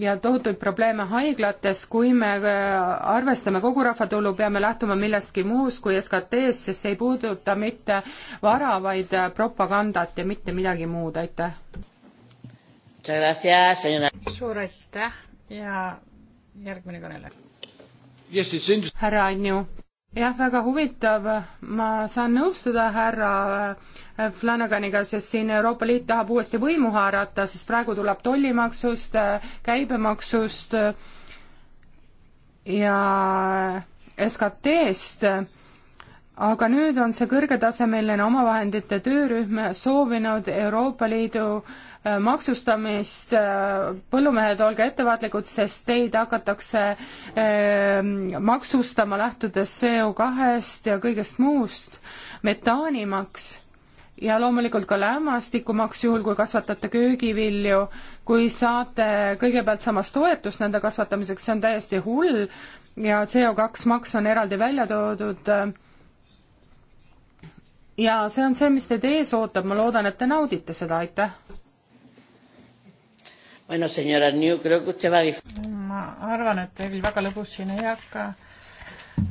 ja tohutuid probleeme haiglates, kui me äh, arvestame kogu rahvatulu, peame lähtuma millestki muust kui SKT-st, sest see ei puuduta mitte vara, vaid propagandat ja mitte midagi muud, aitäh. suur aitäh, ja järgmine kõneleja. härra Anju jah, väga huvitav, ma saan nõustuda härra äh, Flanaganiga, sest siin Euroopa Liit tahab uuesti võimu haarata, sest praegu tuleb tollimaksust, äh, käibemaksust äh, ja SKT-st, aga nüüd on see kõrgetasemeline omavahendite töörühm soovinud Euroopa Liidu äh, Äh, maksustamist, äh, põllumehed, olge ettevaatlikud, sest teid hakatakse ähm, maksustama lähtudes CO2-st ja kõigest muust, metaanimaks ja loomulikult ka lämmastikumaks, juhul kui kasvatate köögivilju, kui saate kõigepealt samas toetust nende kasvatamiseks, see on täiesti hull ja CO2 maks on eraldi välja toodud ja see on see, mis teid ees ootab, ma loodan, et te naudite seda, aitäh! Bueno, señora New, creo que usted va a... ma arvan, et teil väga lõbus siin ei hakka.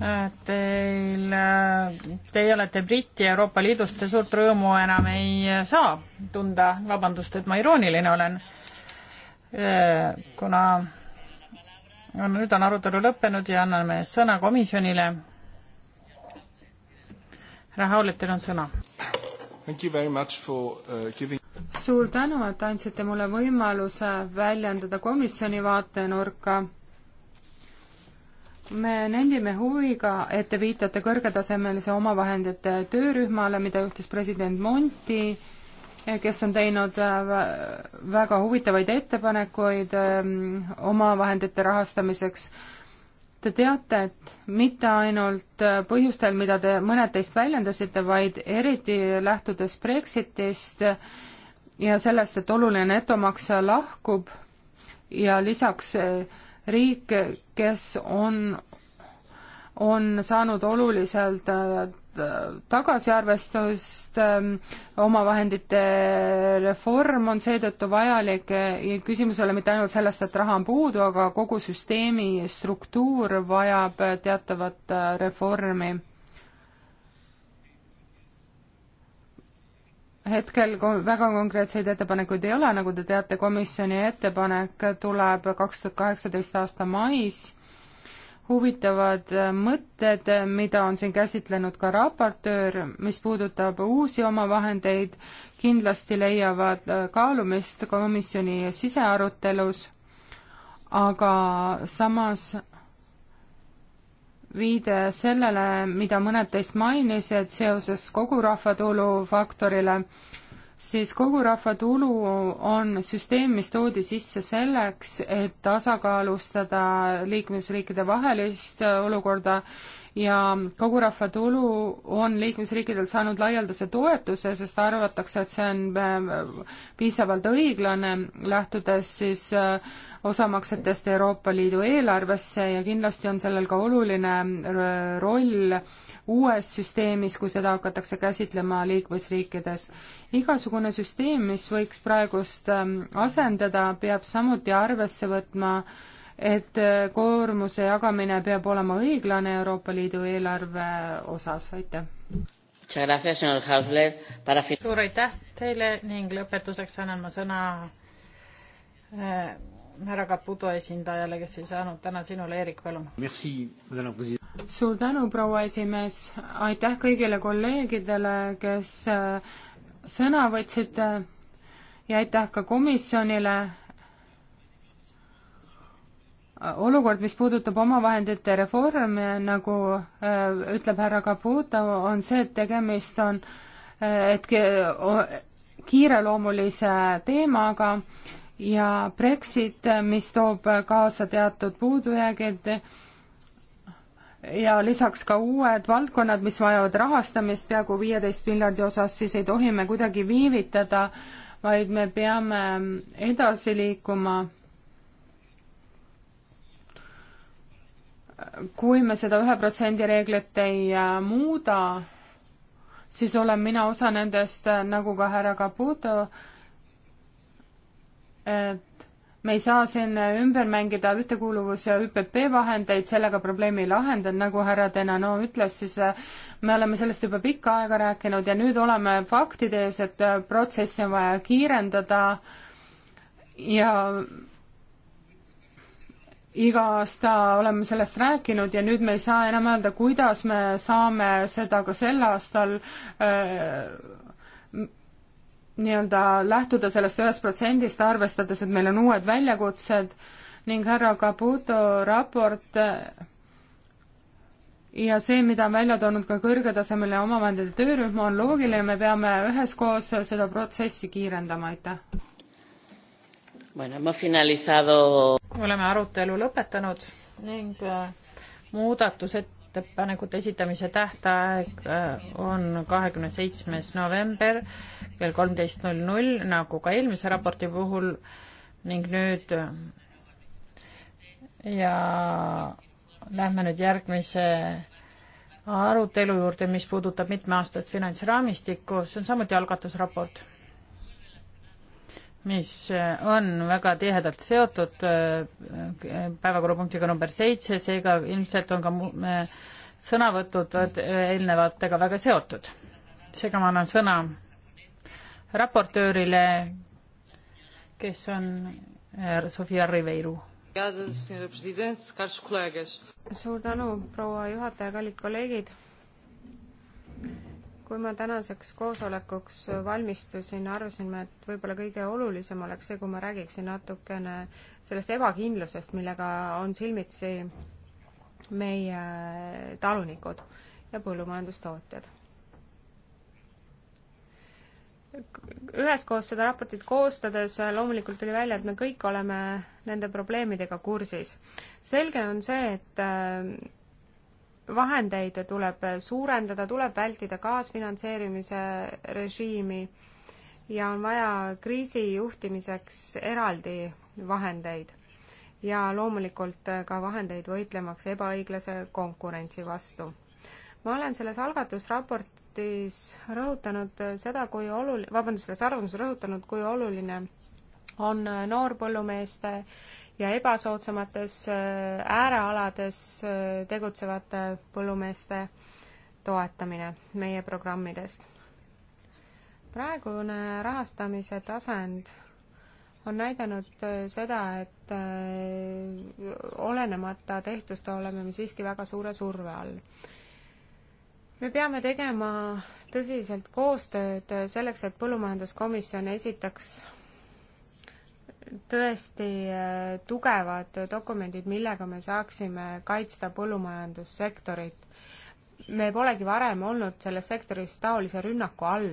Äh, teil, äh, teie olete britt ja Euroopa Liidust te suurt rõõmu enam ei äh, saa tunda, vabandust, et ma irooniline olen. kuna no, nüüd on arutelu lõppenud ja anname sõna komisjonile. härra Hauletil on sõna. Thank you very much for uh, giving suur tänu, et andsite mulle võimaluse väljendada komisjoni vaatenurka. me nendime huviga, et te viitate kõrgetasemelise omavahendite töörühmale, mida juhtis president Monti, kes on teinud äh, väga huvitavaid ettepanekuid ähm, omavahendite rahastamiseks te teate, et mitte ainult äh, põhjustel, mida te mõned teist väljendasite, vaid eriti lähtudes Brexitist ja sellest, et oluline netomaksja lahkub ja lisaks eh, riik, kes on, on saanud oluliselt eh, tagasiarvestust, eh, omavahendite reform on seetõttu vajalik, küsimus ei ole mitte ainult sellest, et raha on puudu, aga kogu süsteemi struktuur vajab teatavat reformi hetkel väga konkreetseid ettepanekuid ei ole, nagu te teate, komisjoni ettepanek tuleb kaks tuhat kaheksateist aasta mais. huvitavad mõtted, mida on siin käsitlenud ka raportöör, mis puudutab uusi omavahendeid, kindlasti leiavad kaalumist komisjoni sisearutelus, aga samas viide sellele, mida mõned teist mainisid seoses kogu rahvatulu faktorile, siis kogu rahvatulu on süsteem, mis toodi sisse selleks, et tasakaalustada liikmesriikide vahelist olukorda ja kogu rahvatulu on liikmesriikidel saanud laialdase toetuse, sest arvatakse, et see on äh, piisavalt õiglane, lähtudes siis äh, osamaksetest Euroopa Liidu eelarvesse ja kindlasti on sellel ka oluline roll uues süsteemis, kui seda hakatakse käsitlema liikmesriikides. igasugune süsteem, mis võiks praegust ähm, asendada, peab samuti arvesse võtma et äh, koormuse jagamine peab olema õiglane Euroopa Liidu eelarve osas, aitäh. suur aitäh teile ning lõpetuseks annan ma sõna äh, härra Caputo esindajale, kes ei saanud täna sinule, Eerik, palun. suur tänu, proua esimees, aitäh kõigile kolleegidele, kes äh, sõna võtsid äh, ja aitäh ka komisjonile. Äh, olukord, mis puudutab omavahendite reformi, nagu ütleb härra Caputo, on see, et tegemist on, et kiireloomulise teemaga ja Brexit, mis toob kaasa teatud puudujäägid ja lisaks ka uued valdkonnad, mis vajavad rahastamist peaaegu viieteist miljardi osas, siis ei tohi me kuidagi viivitada, vaid me peame edasi liikuma. kui me seda ühe protsendi reeglit ei äh, muuda, siis olen mina osa nendest, äh, nagu ka härra Caputo, et me ei saa siin ümber mängida ühtekuuluvus- ja ÜPP vahendeid, sellega probleemi ei lahenda, nagu härra Denano ütles, siis äh, me oleme sellest juba pikka aega rääkinud ja nüüd oleme faktide ees, et äh, protsessi on vaja kiirendada ja iga aasta oleme sellest rääkinud ja nüüd me ei saa enam öelda, kuidas me saame seda ka sel aastal öö, äh, nii-öelda lähtuda sellest ühest protsendist, arvestades, et meil on uued väljakutsed ning härra Caputo raport ja see, mida on välja toonud ka kõrgetasemeline omavahendite töörühm, on loogiline, me peame üheskoos seda protsessi kiirendama, aitäh. oleme arutelu lõpetanud ning äh, muudatusettepanekute muudatusettepanekute esitamise tähtaeg äh, on kahekümne seitsmes november kell kolmteist null null, nagu ka eelmise raporti puhul ning nüüd ja lähme nüüd järgmise arutelu juurde, mis puudutab mitmeaastast finantsraamistikku, see on samuti algatusraport mis äh, on väga tihedalt seotud äh, päevakorrapunktiga number seitse, seega ilmselt on ka äh, sõnavõtud eelnevatega väga seotud. seega ma annan sõna raportöörile, kes on Sofia Riveiru. suur tänu, proua juhataja, kallid kolleegid kui ma tänaseks koosolekuks valmistusin, arvasin ma, et võib-olla kõige olulisem oleks see, kui ma räägiksin natukene sellest ebakindlusest, millega on silmitsi meie talunikud ja põllumajandustootjad. üheskoos seda raportit koostades loomulikult tuli välja, et me kõik oleme nende probleemidega kursis. selge on see, et vahendeid tuleb suurendada, tuleb vältida kaasfinantseerimise režiimi ja on vaja kriisi juhtimiseks eraldi vahendeid ja loomulikult ka vahendeid võitlemaks ebaõiglase konkurentsi vastu. ma olen selles algatusraportis rõhutanud seda, kui olul-, vabandust, selles arvamuses rõhutanud, kui oluline on noorpõllumeeste ja ebasoodsamates äh, äärealades äh, tegutsevate põllumeeste toetamine meie programmidest. praegune rahastamise tasand on näidanud äh, seda, et olenemata tehtust oleme me siiski väga suure surve all. me peame tegema tõsiselt koostööd selleks, et põllumajanduskomisjon esitaks tõesti äh, tugevad dokumendid, millega me saaksime kaitsta põllumajandussektorit. me polegi varem olnud selles sektoris taolise rünnaku all,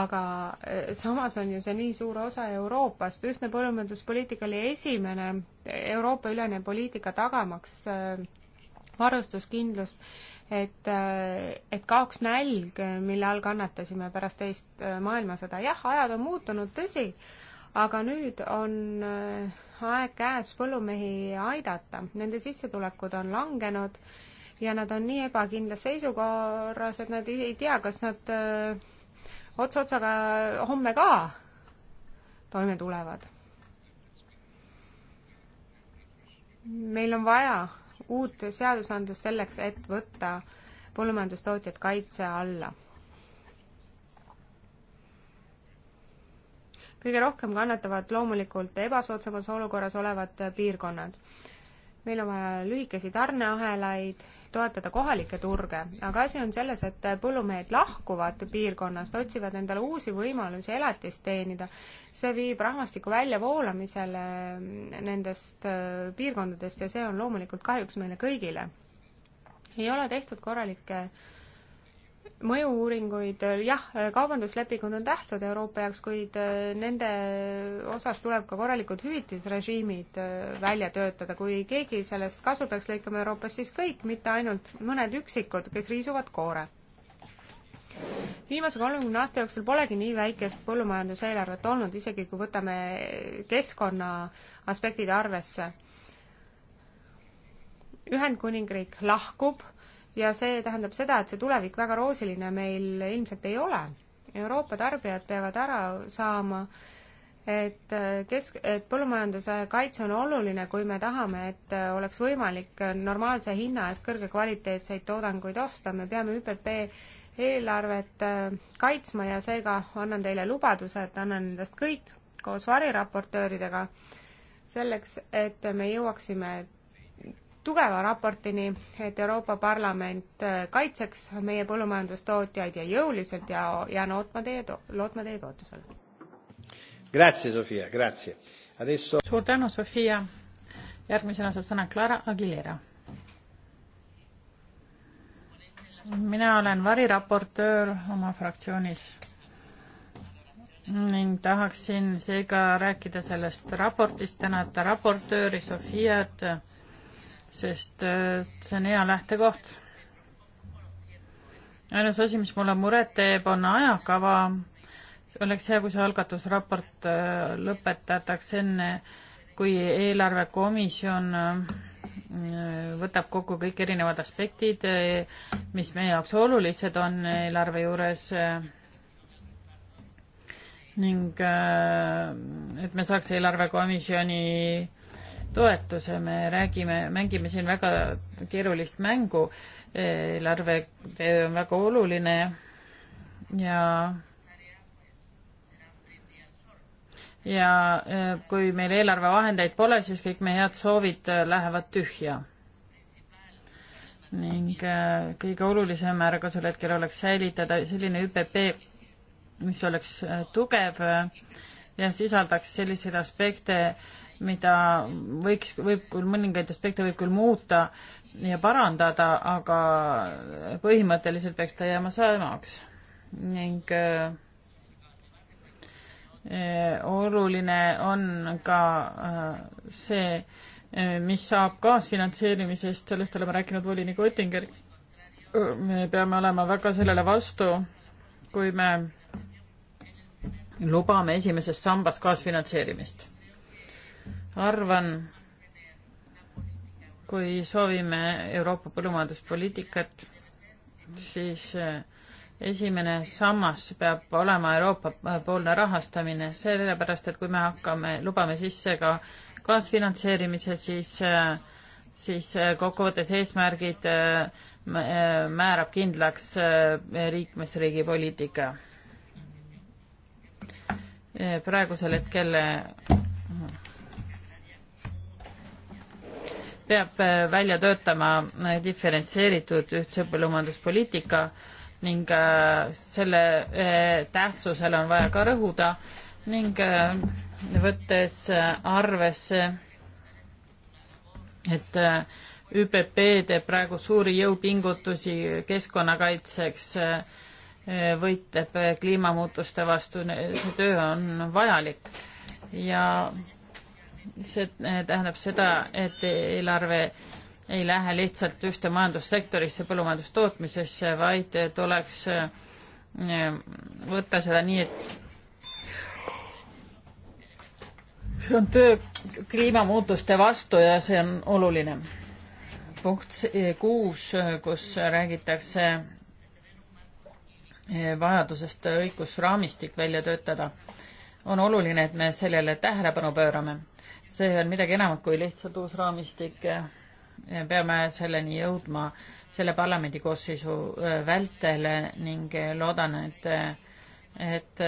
aga äh, samas on ju see nii suur osa Euroopast, ühtne põllumajanduspoliitika oli esimene Euroopa-ülene poliitika tagamaks äh, varustuskindlust, et, et kaoks nälg, mille all kannatasime pärast teist maailmasõda. jah, ajad on muutunud, tõsi aga nüüd on äh, aeg käes põllumehi aidata, nende sissetulekud on langenud ja nad on nii ebakindlas seisukorras, et nad ei tea, kas nad äh, ots otsaga homme ka toime tulevad. meil on vaja uut seadusandlust selleks, et võtta põllumajandustootjad kaitse alla kõige rohkem kannatavad loomulikult ebasoodsamas olukorras olevad piirkonnad. meil on vaja lühikesi tarneahelaid, toetada kohalikke turge, aga asi on selles, et põllumehed lahkuvad piirkonnast, otsivad endale uusi võimalusi elatist teenida. see viib rahvastiku väljavoolamisele nendest äh, piirkondadest ja see on loomulikult kahjuks meile kõigile. ei ole tehtud korralikke äh, mõju-uuringuid, äh, jah, kaubanduslepingud on tähtsad Euroopa jaoks, kuid äh, nende osas tuleb ka korralikud hüvitisrežiimid äh, välja töötada. kui keegi sellest kasu peaks lõikama Euroopas, siis kõik, mitte ainult mõned üksikud, kes riisuvad koore. viimase kolmekümne aasta jooksul polegi nii väikest põllumajanduseelarvet olnud, isegi kui võtame keskkonna aspektid arvesse. Ühendkuningriik lahkub ja see tähendab seda, et see tulevik väga roosiline meil ilmselt ei ole. Euroopa tarbijad peavad ära saama, et äh, kesk, et põllumajanduse kaitse on oluline, kui me tahame, et äh, oleks võimalik äh, normaalse hinna eest kõrgekvaliteetseid toodanguid osta, me peame ÜPP eelarvet kaitsma ja seega annan teile lubaduse, et annan endast kõik koos variraportööridega selleks, et me jõuaksime tugeva raportini, et Euroopa Parlament äh, kaitseks meie põllumajandustootjaid ja jõuliselt ja jään ootma teie, lootma teie toetusele. Grazie, Sofia, grazie. Adesso... suur tänu, Sofia. järgmisena saab sõna Clara Aguilera. mina olen variraportöör oma fraktsioonis ning tahaksin seega rääkida sellest raportist, tänada raportööri Sofiat sest äh, see on hea lähtekoht. ainus asi, mis mulle muret teeb, on ajakava. oleks hea, kui see algatusraport äh, lõpetataks enne, kui eelarvekomisjon äh, võtab kokku kõik erinevad aspektid, mis meie jaoks olulised on eelarve juures ning et me saaks eelarvekomisjoni toetuse, me räägime, mängime siin väga keerulist mängu, eelarve on väga oluline ja ja e, kui meil eelarvevahendeid pole, siis kõik meie head soovid e, lähevad tühja. ning e, kõige olulisem praegusel hetkel oleks säilitada selline ÜPP, mis oleks tugev ja sisaldaks selliseid aspekte, mida võiks, võib küll, mõningaid aspekte võib küll muuta ja parandada, aga põhimõtteliselt peaks ta jääma samaks. ning äh, äh oluline on ka äh, see, äh, mis saab kaasfinantseerimisest, sellest oleme rääkinud volinik Oettinger. me peame olema väga sellele vastu, kui me lubame esimeses sambas kaasfinantseerimist arvan, kui soovime Euroopa põllumajanduspoliitikat, siis eh, esimene sammas peab olema Euroopa-poolne eh, rahastamine, sellepärast et kui me hakkame, lubame sisse ka kaasfinantseerimise, siis, eh, siis kokkuvõttes eesmärgid määrab kindlaks liikmesriigi poliitika. praegusel hetkel peab äh, välja töötama äh, diferentseeritud ühtse põllumajanduspoliitika ning äh, selle tähtsusele on vaja ka rõhuda ning võttes arvesse, et ÜPP teeb praegu suuri jõupingutusi keskkonnakaitseks, võitleb kliimamuutuste vastu, see töö on vajalik ja see eh, tähendab seda, et eelarve ei lähe lihtsalt ühte majandussektorisse, põllumajandustootmisesse, vaid et oleks eh, võtta seda nii, et see on töö kliimamuutuste vastu ja see on oluline. punkt eh, kuus, kus räägitakse vajadusest õigusraamistik välja töötada, on oluline, et me sellele tähelepanu pöörame see on midagi enamat kui lihtsalt uus raamistik. peame selleni jõudma selle parlamendi koosseisu äh, vältel ning äh, loodan, et äh, et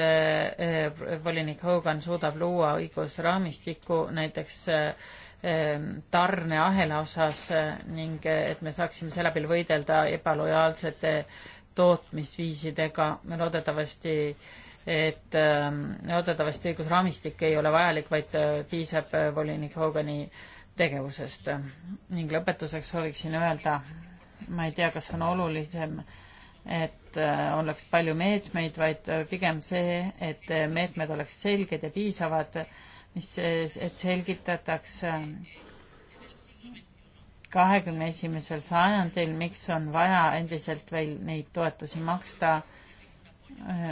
volinik Hogan suudab luua õigusraamistiku näiteks ähm, tarneahela osas ning et me saaksime selle abil võidelda ebalojaalsete tootmisviisidega. me loodetavasti äh, et ähm, loodetavasti õigusraamistik ei ole vajalik, vaid äh, piisab äh, volinik Hogani tegevusest. ning lõpetuseks sooviksin öelda, ma ei tea, kas on olulisem, et äh, oleks palju meetmeid, vaid pigem see, et meetmed oleks selged ja piisavad, mis, et selgitataks kahekümne esimesel sajandil, miks on vaja endiselt veel neid toetusi maksta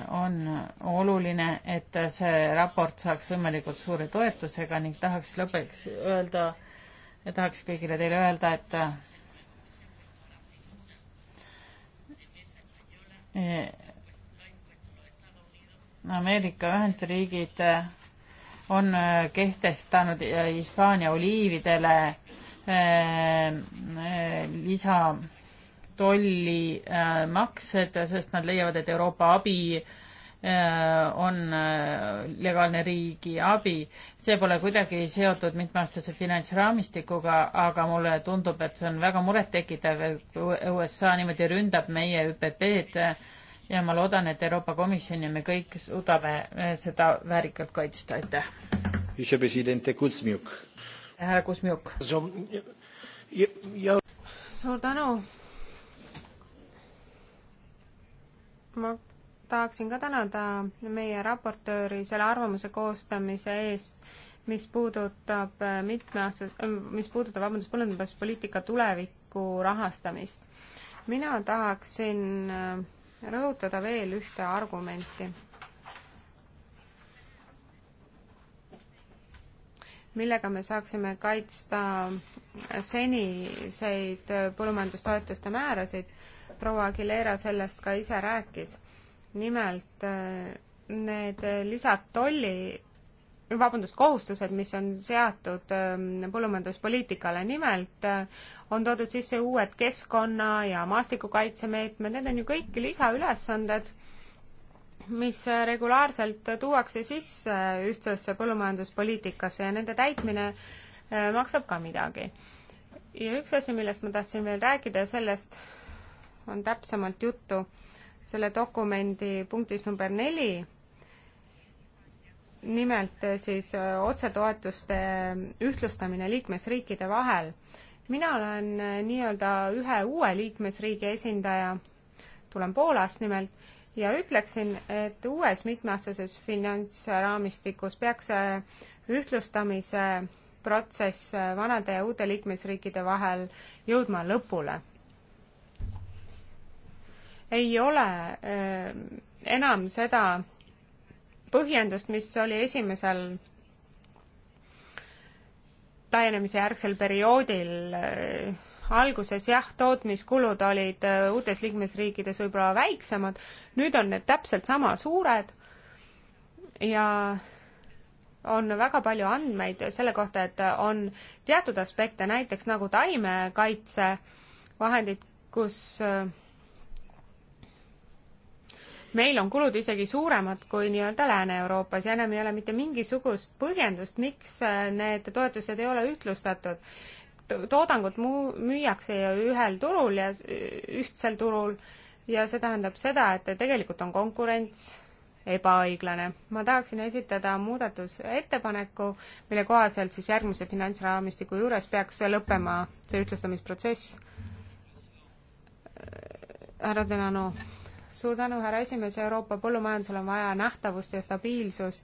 on oluline, et see raport saaks võimalikult suure toetusega ning tahaks lõpuks öelda, tahaks kõigile teile öelda, et Ameerika Ühendriigid on kehtestanud Hispaania oliividele eh, eh, lisa tollimaksed, äh, sest nad leiavad, et Euroopa abi äh, on äh, legaalne riigi abi. see pole kuidagi seotud mitmeaastase finantsraamistikuga, aga mulle tundub, et see on väga murettekitav, et USA niimoodi ründab meie ÜPP-d ja ma loodan, et Euroopa Komisjon ja me kõik suudame seda väärikalt kaitsta, aitäh. härra Kuzmjuk. suur tänu ma tahaksin ka tänada meie raportööri selle arvamuse koostamise eest, mis puudutab äh, mitmeaastast, äh, mis puudutab, vabandust, põllumajanduspoliitika tuleviku rahastamist. mina tahaksin äh, rõhutada veel ühte argumenti millega me saaksime kaitsta seniseid põllumajandustoetuste määrasid proua Aguilera sellest ka ise rääkis. nimelt äh, need lisad tolli, vabandust, kohustused, mis on seatud ähm, põllumajanduspoliitikale, nimelt äh, on toodud sisse uued keskkonna- ja maastikukaitsemeetmed, need on ju kõik lisaülesanded, mis äh, regulaarselt tuuakse sisse ühtsesse põllumajanduspoliitikasse ja nende täitmine maksab ka midagi ja üks asi, millest ma tahtsin veel rääkida ja sellest on täpsemalt juttu selle dokumendi punktis number neli, nimelt siis äh, otsetoetuste ühtlustamine liikmesriikide vahel. mina olen äh, nii-öelda ühe uue liikmesriigi esindaja, tulen Poolast nimelt, ja ütleksin, et uues mitmeaastases finantsraamistikus peaks see äh, ühtlustamise protsess vanade ja uute liikmesriikide vahel jõudma lõpule ei ole äh, enam seda põhjendust, mis oli esimesel laienemise järgsel perioodil äh, alguses jah, tootmiskulud olid äh, uutes liikmesriikides võib-olla väiksemad, nüüd on need täpselt sama suured ja on väga palju andmeid selle kohta, et on teatud aspekte, näiteks nagu taimekaitsevahendid, kus äh, meil on kulud isegi suuremad kui nii-öelda Lääne-Euroopas ja enam ei ole mitte mingisugust põhjendust, miks äh, need toetused ei ole ühtlustatud. toodangut muu-, müüakse ju ühel turul ja ühtsel turul ja see tähendab seda, et tegelikult on konkurents ebaõiglane. ma tahaksin esitada muudatusettepaneku, mille kohaselt siis järgmise finantsraamistiku juures peaks lõppema see ühtlustamisprotsess. härra Denano no suur tänu, härra esimees, Euroopa põllumajandusel on vaja nähtavust ja stabiilsust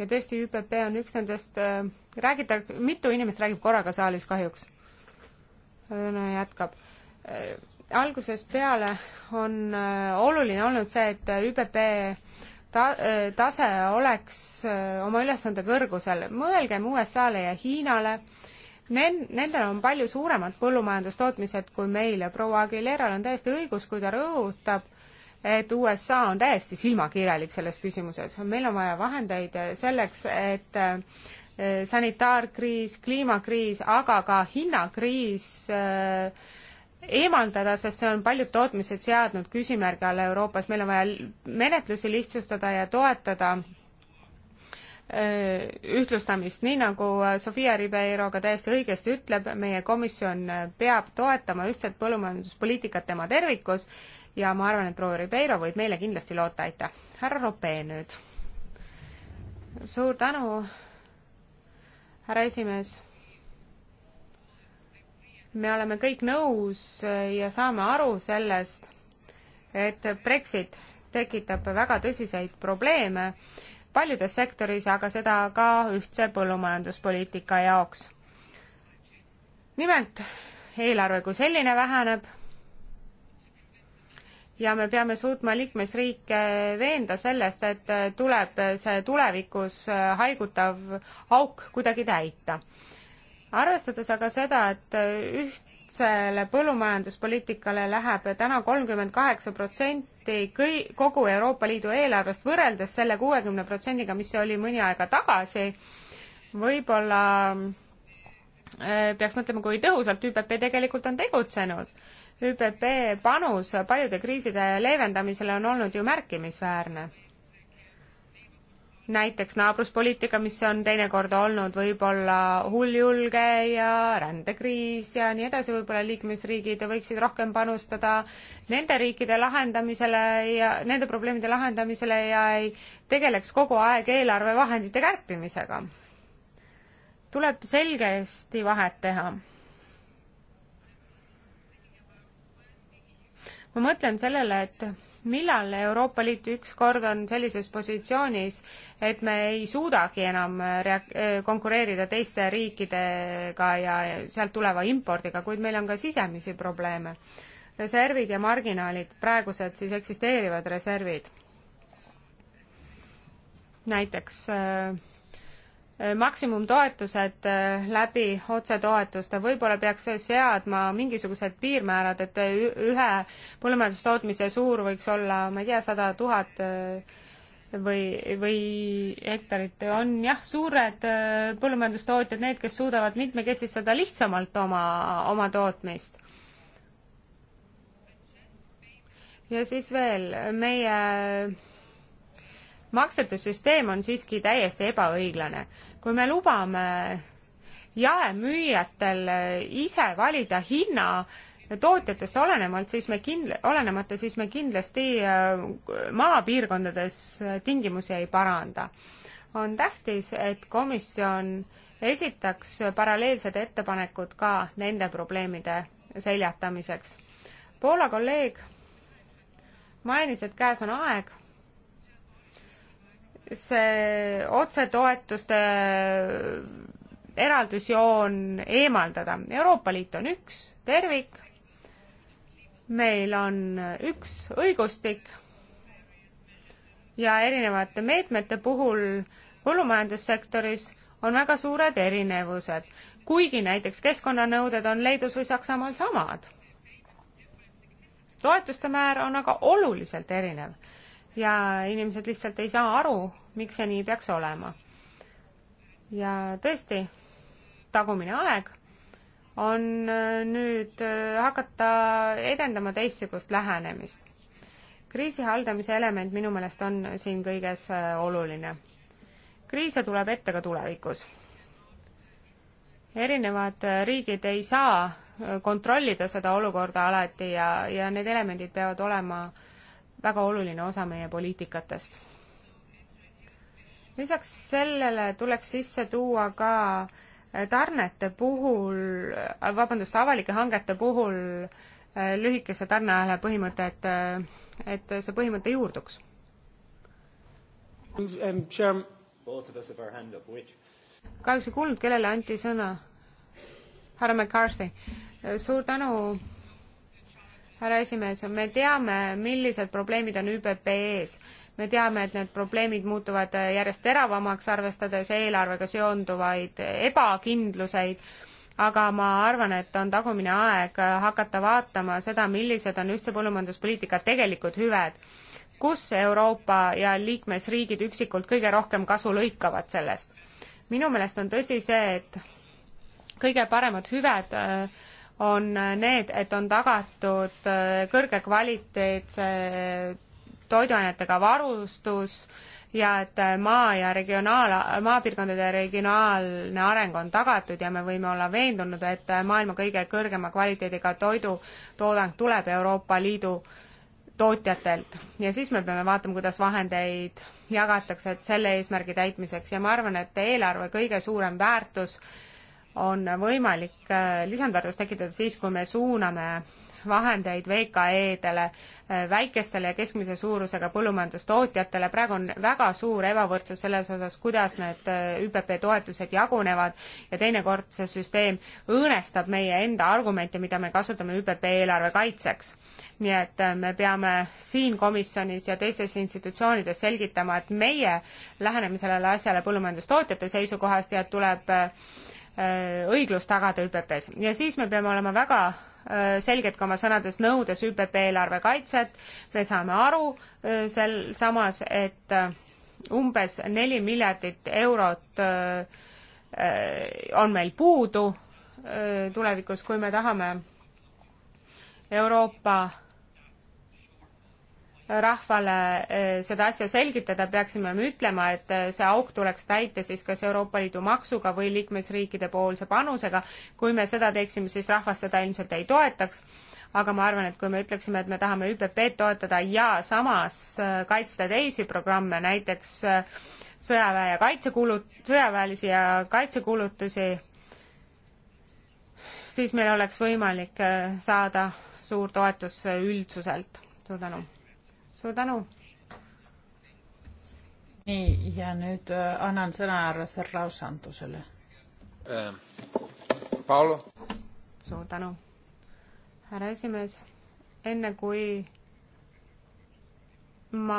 ja tõesti, ÜPP on üks nendest äh,, räägita, mitu inimest räägib korraga saalis kahjuks no,. jätkab äh,. algusest peale on äh, oluline olnud see, et ÜPP ta-, äh, tase oleks äh, oma ülesande kõrgusel. mõelgem USA-le ja Hiinale, Nen-, nendel on palju suuremad põllumajandustootmised kui meil ja proua Aguileral on täiesti õigus, kui ta rõhutab, et USA on täiesti silmakirjalik selles küsimuses. meil on vaja vahendeid selleks, et eh, sanitaarkriis, kliimakriis, aga ka hinnakriis eh, eemaldada, sest see on paljud tootmised seadnud küsimärgi alla Euroopas. meil on vaja menetlusi lihtsustada ja toetada eh, ühtlustamist, nii nagu Sofia Ribeiro ka täiesti õigesti ütleb, meie komisjon peab toetama ühtset põllumajanduspoliitikat tema tervikus ja ma arvan, et proua Ribeiro võib meile kindlasti loota, aitäh. härra Rope nüüd. suur tänu, härra esimees me oleme kõik nõus ja saame aru sellest, et Brexit tekitab väga tõsiseid probleeme paljudes sektoris, aga seda ka ühtse põllumajanduspoliitika jaoks. nimelt eelarve kui selline väheneb ja me peame suutma liikmesriike veenda sellest, et tuleb see tulevikus äh, haigutav auk kuidagi täita. arvestades aga seda, et äh, ühtsele põllumajanduspoliitikale läheb täna kolmkümmend kaheksa protsenti kõi-, kogu Euroopa Liidu eelarvest, võrreldes selle kuuekümne protsendiga, mis see oli mõni aega tagasi, võib-olla äh, peaks mõtlema, kui tõhusalt ÜPP tegelikult on tegutsenud ÜPP panus paljude kriiside leevendamisele on olnud ju märkimisväärne. näiteks naabruspoliitika, mis on teinekord olnud võib-olla hulljulge ja rändekriis ja nii edasi, võib-olla liikmesriigid võiksid rohkem panustada nende riikide lahendamisele ja nende probleemide lahendamisele ja ei tegeleks kogu aeg eelarvevahendite kärpimisega tuleb selgesti vahet teha ma mõtlen sellele, et millal Euroopa Liit ükskord on sellises positsioonis, et me ei suudagi enam rea-, eh, konkureerida teiste riikidega ja sealt tuleva impordiga, kuid meil on ka sisemisi probleeme. reservid ja marginaalid, praegused siis eksisteerivad reservid. näiteks äh, Äh, maksimumtoetused äh, läbi otsetoetuste, võib-olla peaks seadma mingisugused piirmäärad, et äh, ühe põllumajandustootmise suur võiks olla, ma ei tea, sada tuhat või, või hektarit, on jah, suured põllumajandustootjad, need, kes suudavad mitmekesistada lihtsamalt oma, oma tootmist. ja siis veel meie maksete süsteem on siiski täiesti ebaõiglane. kui me lubame jaemüüjatel eh, ise valida hinna tootjatest olenemalt, siis me kindla-, olenemata, siis me kindlasti eh, maapiirkondades eh, tingimusi ei paranda. on tähtis, et komisjon esitaks paralleelsed ettepanekud ka nende probleemide seljatamiseks. Poola kolleeg mainis, et käes on aeg see otsetoetuste eraldusjoon eemaldada. Euroopa Liit on üks tervik, meil on üks õigustik ja erinevate meetmete puhul põllumajandussektoris on väga suured erinevused, kuigi näiteks keskkonnanõuded on Leedus või Saksamaal samad. toetuste määr on aga oluliselt erinev ja inimesed lihtsalt ei saa aru, miks see nii peaks olema. ja tõesti, tagumine aeg on äh, nüüd äh, hakata edendama teistsugust lähenemist. kriisi haldamise element minu meelest on siin kõiges äh, oluline. kriise tuleb ette ka tulevikus. erinevad riigid ei saa kontrollida seda olukorda alati ja, ja need elemendid peavad olema äh, väga oluline osa meie poliitikatest. lisaks sellele tuleks sisse tuua ka eh, tarnete puhul, eh, vabandust, avalike hangete puhul eh, lühikese tarneahela põhimõte, et, et see põhimõte juurduks. Um, kahjuks ei kuulnud, kellele anti sõna. härra McCarthy, suur tänu härra esimees, me teame, millised probleemid on ÜPP ees. me teame, et need probleemid muutuvad järjest teravamaks, arvestades eelarvega seonduvaid ebakindluseid, aga ma arvan, et on tagumine aeg hakata vaatama seda, millised on ühtse põllumajanduspoliitika tegelikud hüved. kus Euroopa ja liikmesriigid üksikult kõige rohkem kasu lõikavad sellest? minu meelest on tõsi see, et kõige paremad hüved äh, on need, et on tagatud äh, kõrge kvaliteetse toiduainetega varustus ja et äh, maa ja regionaal, maapiirkondade regionaalne areng on tagatud ja me võime olla veendunud, et äh, maailma kõige kõrgema kvaliteediga toidutoodang tuleb Euroopa Liidu tootjatelt ja siis me peame vaatama, kuidas vahendeid jagatakse, et selle eesmärgi täitmiseks ja ma arvan, et eelarve kõige suurem väärtus äh, on võimalik äh, lisandväärtust tekitada siis, kui me suuname vahendeid VKE-dele, äh, väikestele ja keskmise suurusega põllumajandustootjatele, praegu on väga suur ebavõrdsus selles osas, kuidas need äh, ÜPP toetused jagunevad ja teinekord see süsteem õõnestab meie enda argumente, mida me kasutame ÜPP eelarve kaitseks. nii et me peame siin komisjonis ja teistes institutsioonides selgitama, et meie lähenemisele asjale põllumajandustootjate seisukohast ja tuleb äh, Äh, õiglus tagada ÜPP-s ja siis me peame olema väga äh, selgelt ka oma sõnades nõudes ÜPP eelarve kaitset, me saame aru äh, sel samas, et umbes neli miljardit eurot on meil puudu tulevikus, kui me tahame Euroopa rahvale eh, seda asja selgitada, peaksime me ütlema, et eh, see auk tuleks täita siis kas Euroopa Liidu maksuga või liikmesriikide poolse panusega. kui me seda teeksime, siis rahvas seda ilmselt ei toetaks. aga ma arvan, et kui me ütleksime, et me tahame ÜPP-d toetada ja samas eh, kaitsta teisi programme, näiteks sõjaväe ja kaitsekulud, sõjaväelisi ja kaitsekulutusi, siis meil oleks võimalik saada suur toetus üldsuselt. suur tänu! suur tänu. nii ja nüüd äh, annan sõna härra Serrao Santosele ähm,. Paolo. suur tänu, härra esimees. enne kui ma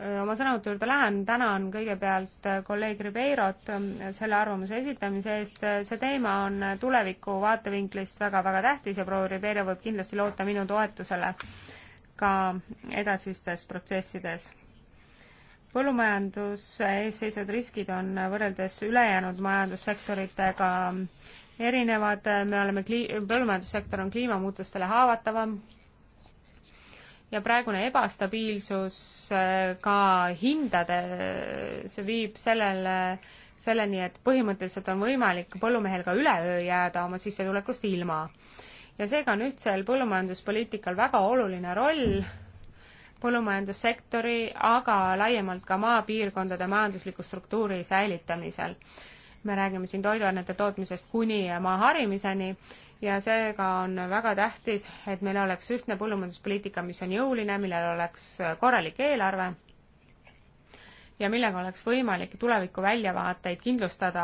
äh, oma sõnavõtu juurde lähen, tänan kõigepealt äh, kolleeg Ribeirot ähm, selle arvamuse esitamise eest, see teema on tuleviku vaatevinklist väga-väga tähtis ja proua Ribeiro võib kindlasti loota minu toetusele ka edasistes protsessides. põllumajanduse ees seisvad riskid on võrreldes ülejäänud majandussektoritega erinevad, me oleme kli-, põllumajandussektor on kliimamuutustele haavatavam ja praegune ebastabiilsus eh, ka hindades viib sellele, selleni, et põhimõtteliselt on võimalik põllumehel ka üleöö jääda oma sissetulekust ilma ja seega on ühtsel põllumajanduspoliitikal väga oluline roll põllumajandussektori, aga laiemalt ka maapiirkondade majandusliku struktuuri säilitamisel. me räägime siin toiduainete tootmisest kuni maa harimiseni ja seega on väga tähtis, et meil oleks ühtne põllumajanduspoliitika, mis on jõuline, millel oleks korralik eelarve ja millega oleks võimalik tuleviku väljavaateid kindlustada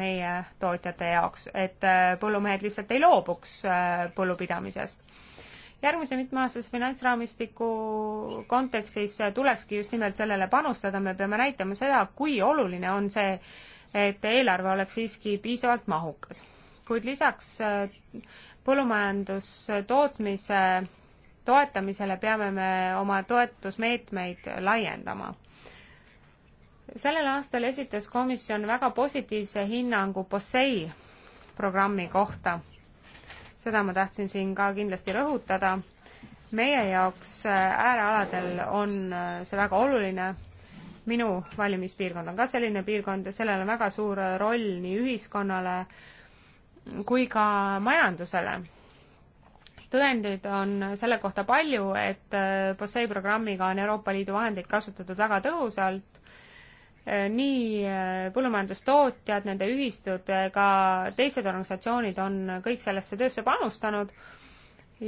meie tootjate jaoks, et äh, põllumehed lihtsalt ei loobuks äh, põllupidamisest. järgmise mitmeaastase finantsraamistiku kontekstis äh, tulekski just nimelt sellele panustada, me peame näitama seda, kui oluline on see, et eelarve oleks siiski piisavalt mahukas. kuid lisaks põllumajandustootmise toetamisele peame me oma toetusmeetmeid laiendama sellel aastal esitas komisjon väga positiivse hinnangu POSEI programmi kohta. seda ma tahtsin siin ka kindlasti rõhutada. meie jaoks äh, äärealadel on äh, see väga oluline. minu valimispiirkond on ka selline piirkond ja sellel on väga suur roll nii ühiskonnale kui ka majandusele. tõendeid on selle kohta palju, et äh, POSEI programmiga on Euroopa Liidu vahendeid kasutatud väga tõhusalt Äh, nii äh, põllumajandustootjad, nende ühistud, äh, ka teised organisatsioonid on kõik sellesse töösse panustanud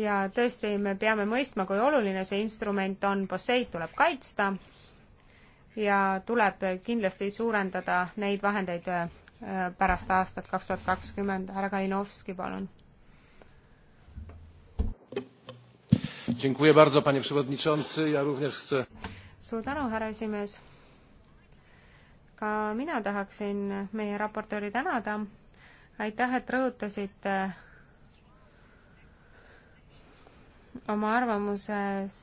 ja tõesti, me peame mõistma, kui oluline see instrument on, Posseid tuleb kaitsta ja tuleb kindlasti suurendada neid vahendeid pärast aastat kaks tuhat kakskümmend. härra Kalinovski, palun. suur tänu, härra esimees ka mina tahaksin meie raportööri tänada. aitäh, et rõhutasite oma arvamuses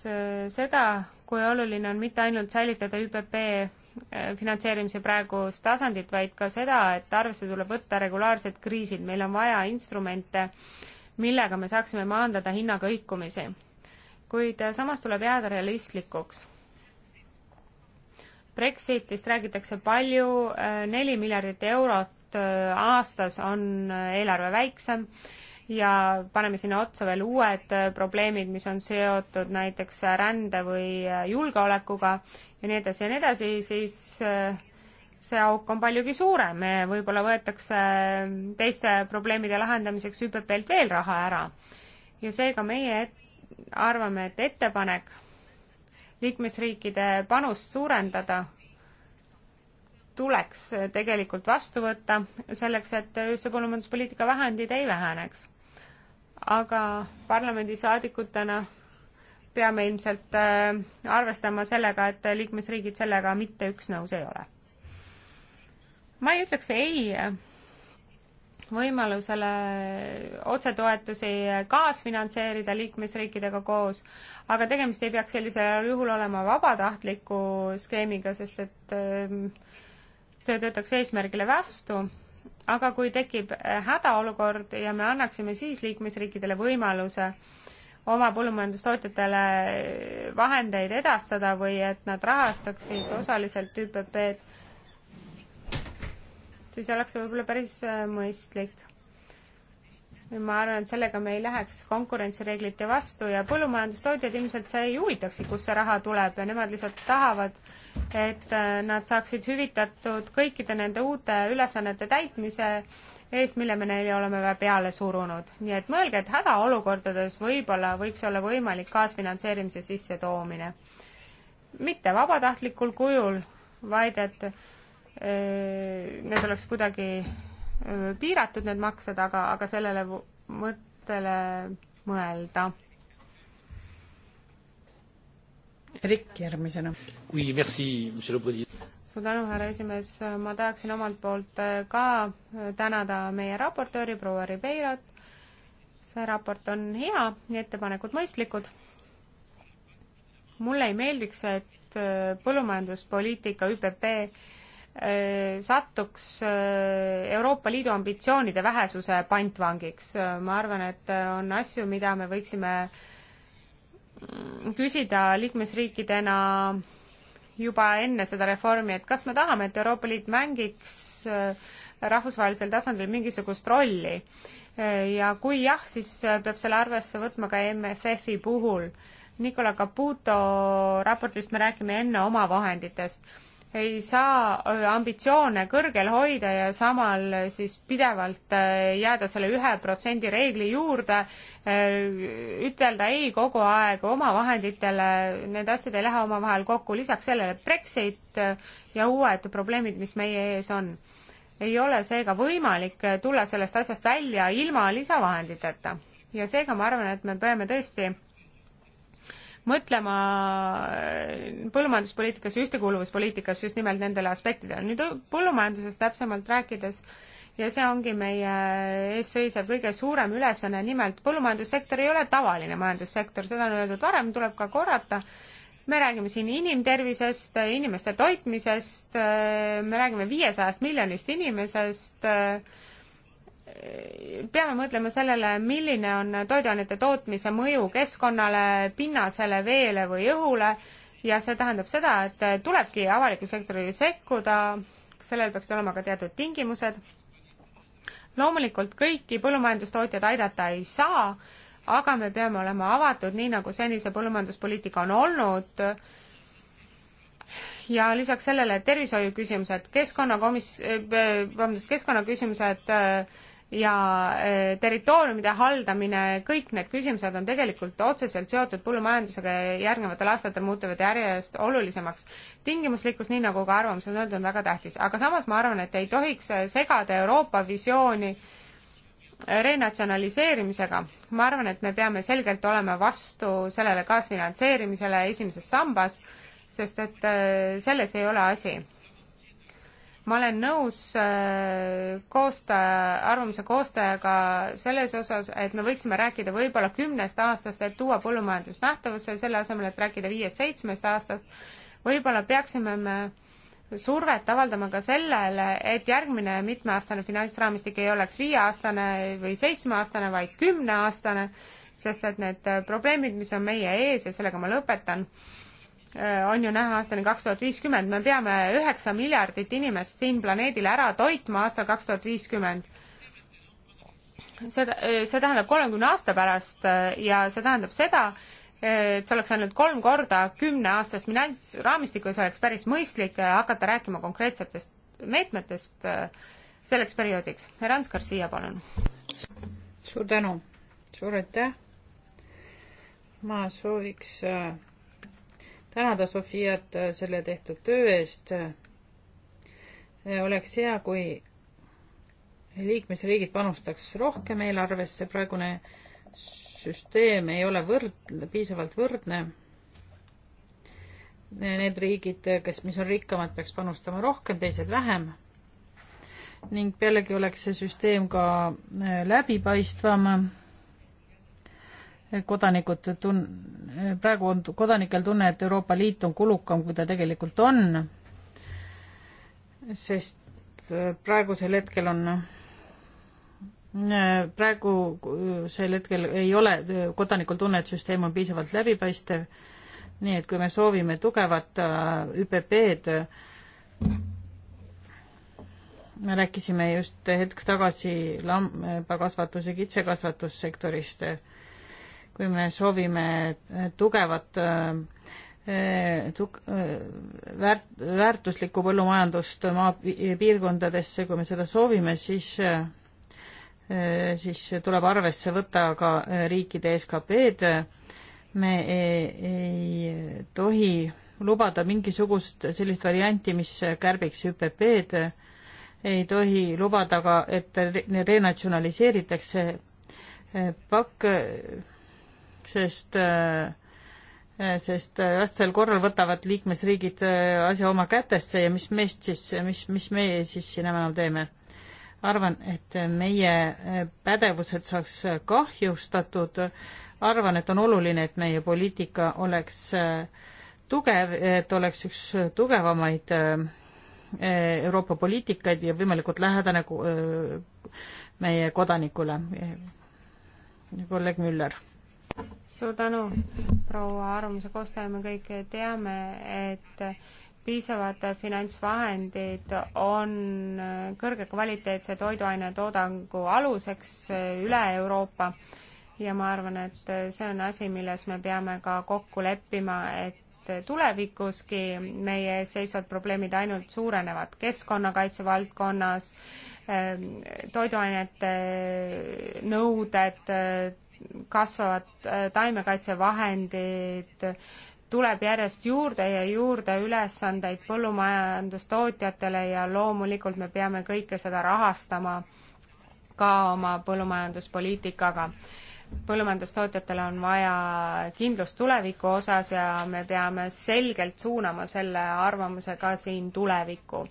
seda, kui oluline on mitte ainult säilitada ÜPP äh, finantseerimise praegust tasandit, vaid ka seda, et arvesse tuleb võtta regulaarsed kriisid, meil on vaja instrumente, millega me saaksime maandada hinnaga õikumisi. kuid samas tuleb jääda realistlikuks Brexitist räägitakse palju, neli miljardit eurot äh, aastas on äh, eelarve väiksem ja paneme sinna otsa veel uued äh, probleemid, mis on seotud näiteks rände või julgeolekuga ja nii edasi ja nii edasi, siis see auk on paljugi suurem, võib-olla võetakse teiste probleemide lahendamiseks ÜPP-lt veel raha ära. ja seega meie et, arvame, et ettepanek liikmesriikide panust suurendada, tuleks tegelikult vastu võtta, selleks et ühtse põllumajanduspoliitika vahendid ei väheneks. aga parlamendisaadikutena peame ilmselt äh, arvestama sellega, et liikmesriigid sellega mitte üks nõus ei ole. ma ei ütleks ei võimalusele otsetoetusi kaasfinantseerida liikmesriikidega koos, aga tegemist ei peaks sellisel juhul olema vabatahtliku skeemiga, sest et see ähm, töötaks eesmärgile vastu, aga kui tekib äh, hädaolukord ja me annaksime siis liikmesriikidele võimaluse oma põllumajandustootjatele vahendeid edastada või et nad rahastaksid osaliselt ÜPP-d, siis oleks see võib-olla päris äh, mõistlik. ma arvan, et sellega me ei läheks konkurentsireeglite vastu ja põllumajandustootjad ilmselt see ei huvitaks, kust see raha tuleb ja nemad lihtsalt tahavad, et äh, nad saaksid hüvitatud kõikide nende uute ülesannete täitmise eest, mille me neile oleme peale surunud. nii et mõelge, et hädaolukordades võib-olla võiks olla võimalik kaasfinantseerimise sissetoomine. mitte vabatahtlikul kujul, vaid et Äh, need oleks kuidagi äh, piiratud, need maksed, aga, aga sellele mõttele mõelda. Rikk järgmisena. suur tänu, härra esimees, ma tahaksin omalt poolt äh, ka tänada meie raportööri, proua Ribeirot. see raport on hea ja ettepanekud mõistlikud. mulle ei meeldiks, et põllumajanduspoliitika ÜPP Äh, satuks äh, Euroopa Liidu ambitsioonide vähesuse pantvangiks. ma arvan, et äh, on asju, mida me võiksime mm, küsida liikmesriikidena juba enne seda reformi, et kas me tahame, et Euroopa Liit mängiks rahvusvahelisel tasandil mingisugust rolli. ja kui jah, siis peab selle arvesse võtma ka MFF-i puhul. Nicola Caputo raportist me räägime enne omavahenditest ei saa äh, ambitsioone kõrgel hoida ja samal äh, siis pidevalt äh, jääda selle ühe protsendi reegli juurde, ütelda ei kogu aeg omavahenditele, need asjad ei lähe omavahel kokku, lisaks sellele Brexit ja uued probleemid, mis meie ees on. ei ole seega võimalik tulla sellest asjast välja ilma lisavahenditeta ja seega ma arvan, et me peame tõesti mõtlema äh, põllumajanduspoliitikas ja ühtekuuluvuspoliitikas just nimelt nendele aspektidele. nüüd põllumajandusest täpsemalt rääkides ja see ongi meie ees seisev kõige suurem ülesanne, nimelt põllumajandussektor ei ole tavaline majandussektor, seda on öeldud varem, tuleb ka korrata, me räägime siin inimtervisest, inimeste toitmisest, äh, me räägime viiesajast miljonist inimesest, äh, peame mõtlema sellele, milline on toiduainete tootmise mõju keskkonnale, pinnasele, veele või õhule ja see tähendab seda, et tulebki avalikul sektoril sekkuda, sellel peaks olema ka teatud tingimused. loomulikult kõiki põllumajandustootjaid aidata ei saa, aga me peame olema avatud, nii nagu seni see põllumajanduspoliitika on olnud ja lisaks sellele tervishoiuküsimused, keskkonnakomis-, äh, vabandust, keskkonnaküsimused, äh, ja eh, territooriumide haldamine, kõik need küsimused on tegelikult otseselt seotud põllumajandusega ja järgnevatel aastatel muutuvad järjest olulisemaks. tingimuslikkus, nii nagu ka arvamuses on öeldud, on väga tähtis, aga samas ma arvan, et ei tohiks eh, segada Euroopa visiooni renatsionaliseerimisega. ma arvan, et me peame selgelt olema vastu sellele kaasfinantseerimisele esimeses sambas, sest et eh, selles ei ole asi ma olen nõus äh, koostaja, arvamuse koostajaga selles osas, et me võiksime rääkida võib-olla kümnest aastast, et tuua põllumajandus nähtavusse, selle asemel, et rääkida viiest-seitsmest aastast, võib-olla peaksime me survet avaldama ka sellele, et järgmine mitmeaastane finantsraamistik ei oleks viieaastane või seitsmeaastane, vaid kümneaastane, sest et need probleemid, mis on meie ees ja sellega ma lõpetan, Äh, on ju näha aastani kaks tuhat viiskümmend, me peame üheksa miljardit inimest siin planeedil ära toitma aastal kaks tuhat viiskümmend. seda, äh, see tähendab kolmekümne aasta pärast äh, ja see tähendab seda, et see oleks ainult kolm korda kümneaastas finantsraamistikus oleks päris mõistlik hakata rääkima konkreetsetest meetmetest selleks perioodiks. Rans Garcia, palun. suur tänu, suur aitäh. ma sooviks äh tänada Sofiat äh, selle tehtud töö eest. Äh, oleks hea, kui liikmesriigid panustaks rohkem eelarvesse, praegune süsteem ei ole võrd-, piisavalt võrdne. Äh, need riigid, kes, mis on rikkamad, peaks panustama rohkem, teised vähem. ning pealegi oleks see süsteem ka läbipaistvam kodanikud tun-, praegu on kodanikel tunne, et Euroopa Liit on kulukam, kui ta tegelikult on, sest äh, praegusel hetkel on, äh, praegusel hetkel ei ole äh, kodanikul tunne, et süsteem on piisavalt läbipaistev, nii et kui me soovime tugevat ÜPP-d, me rääkisime just hetk tagasi lambakasvatus ja kitsekasvatussektorist, kui me soovime tugevat eh, tug-, eh, väärt-, väärtuslikku põllumajandust maapiirkondadesse, kui me seda soovime, siis eh, siis tuleb arvesse võtta ka riikide SKP-d. me ei, ei tohi lubada mingisugust sellist varianti, mis kärbiks ÜPP-d, ei tohi lubada ka, et renatsionaliseeritakse pakk sest äh, sest äh, vastasel korral võtavad liikmesriigid äh, asja oma kätesse ja mis meist siis, mis, mis meie siis siin enam teeme? arvan, et meie pädevused saaks kahjustatud, arvan, et on oluline, et meie poliitika oleks tugev, et oleks üks tugevamaid Euroopa poliitikaid ja võimalikult lähedane meie kodanikule. kolleeg Müller suur tänu, proua arvamuse koostaja, me kõik teame, et piisavad finantsvahendid on kõrge kvaliteetse toiduainetoodangu aluseks üle Euroopa ja ma arvan, et see on asi, milles me peame ka kokku leppima, et tulevikuski meie ees seisvad probleemid ainult suurenevad keskkonnakaitse valdkonnas, ehm, toiduainete nõuded, kasvavad äh, taimekaitsevahendid, tuleb järjest juurde ja juurde ülesandeid põllumajandustootjatele ja loomulikult me peame kõike seda rahastama ka oma põllumajanduspoliitikaga. põllumajandustootjatele on vaja kindlust tuleviku osas ja me peame selgelt suunama selle arvamuse ka siin tulevikku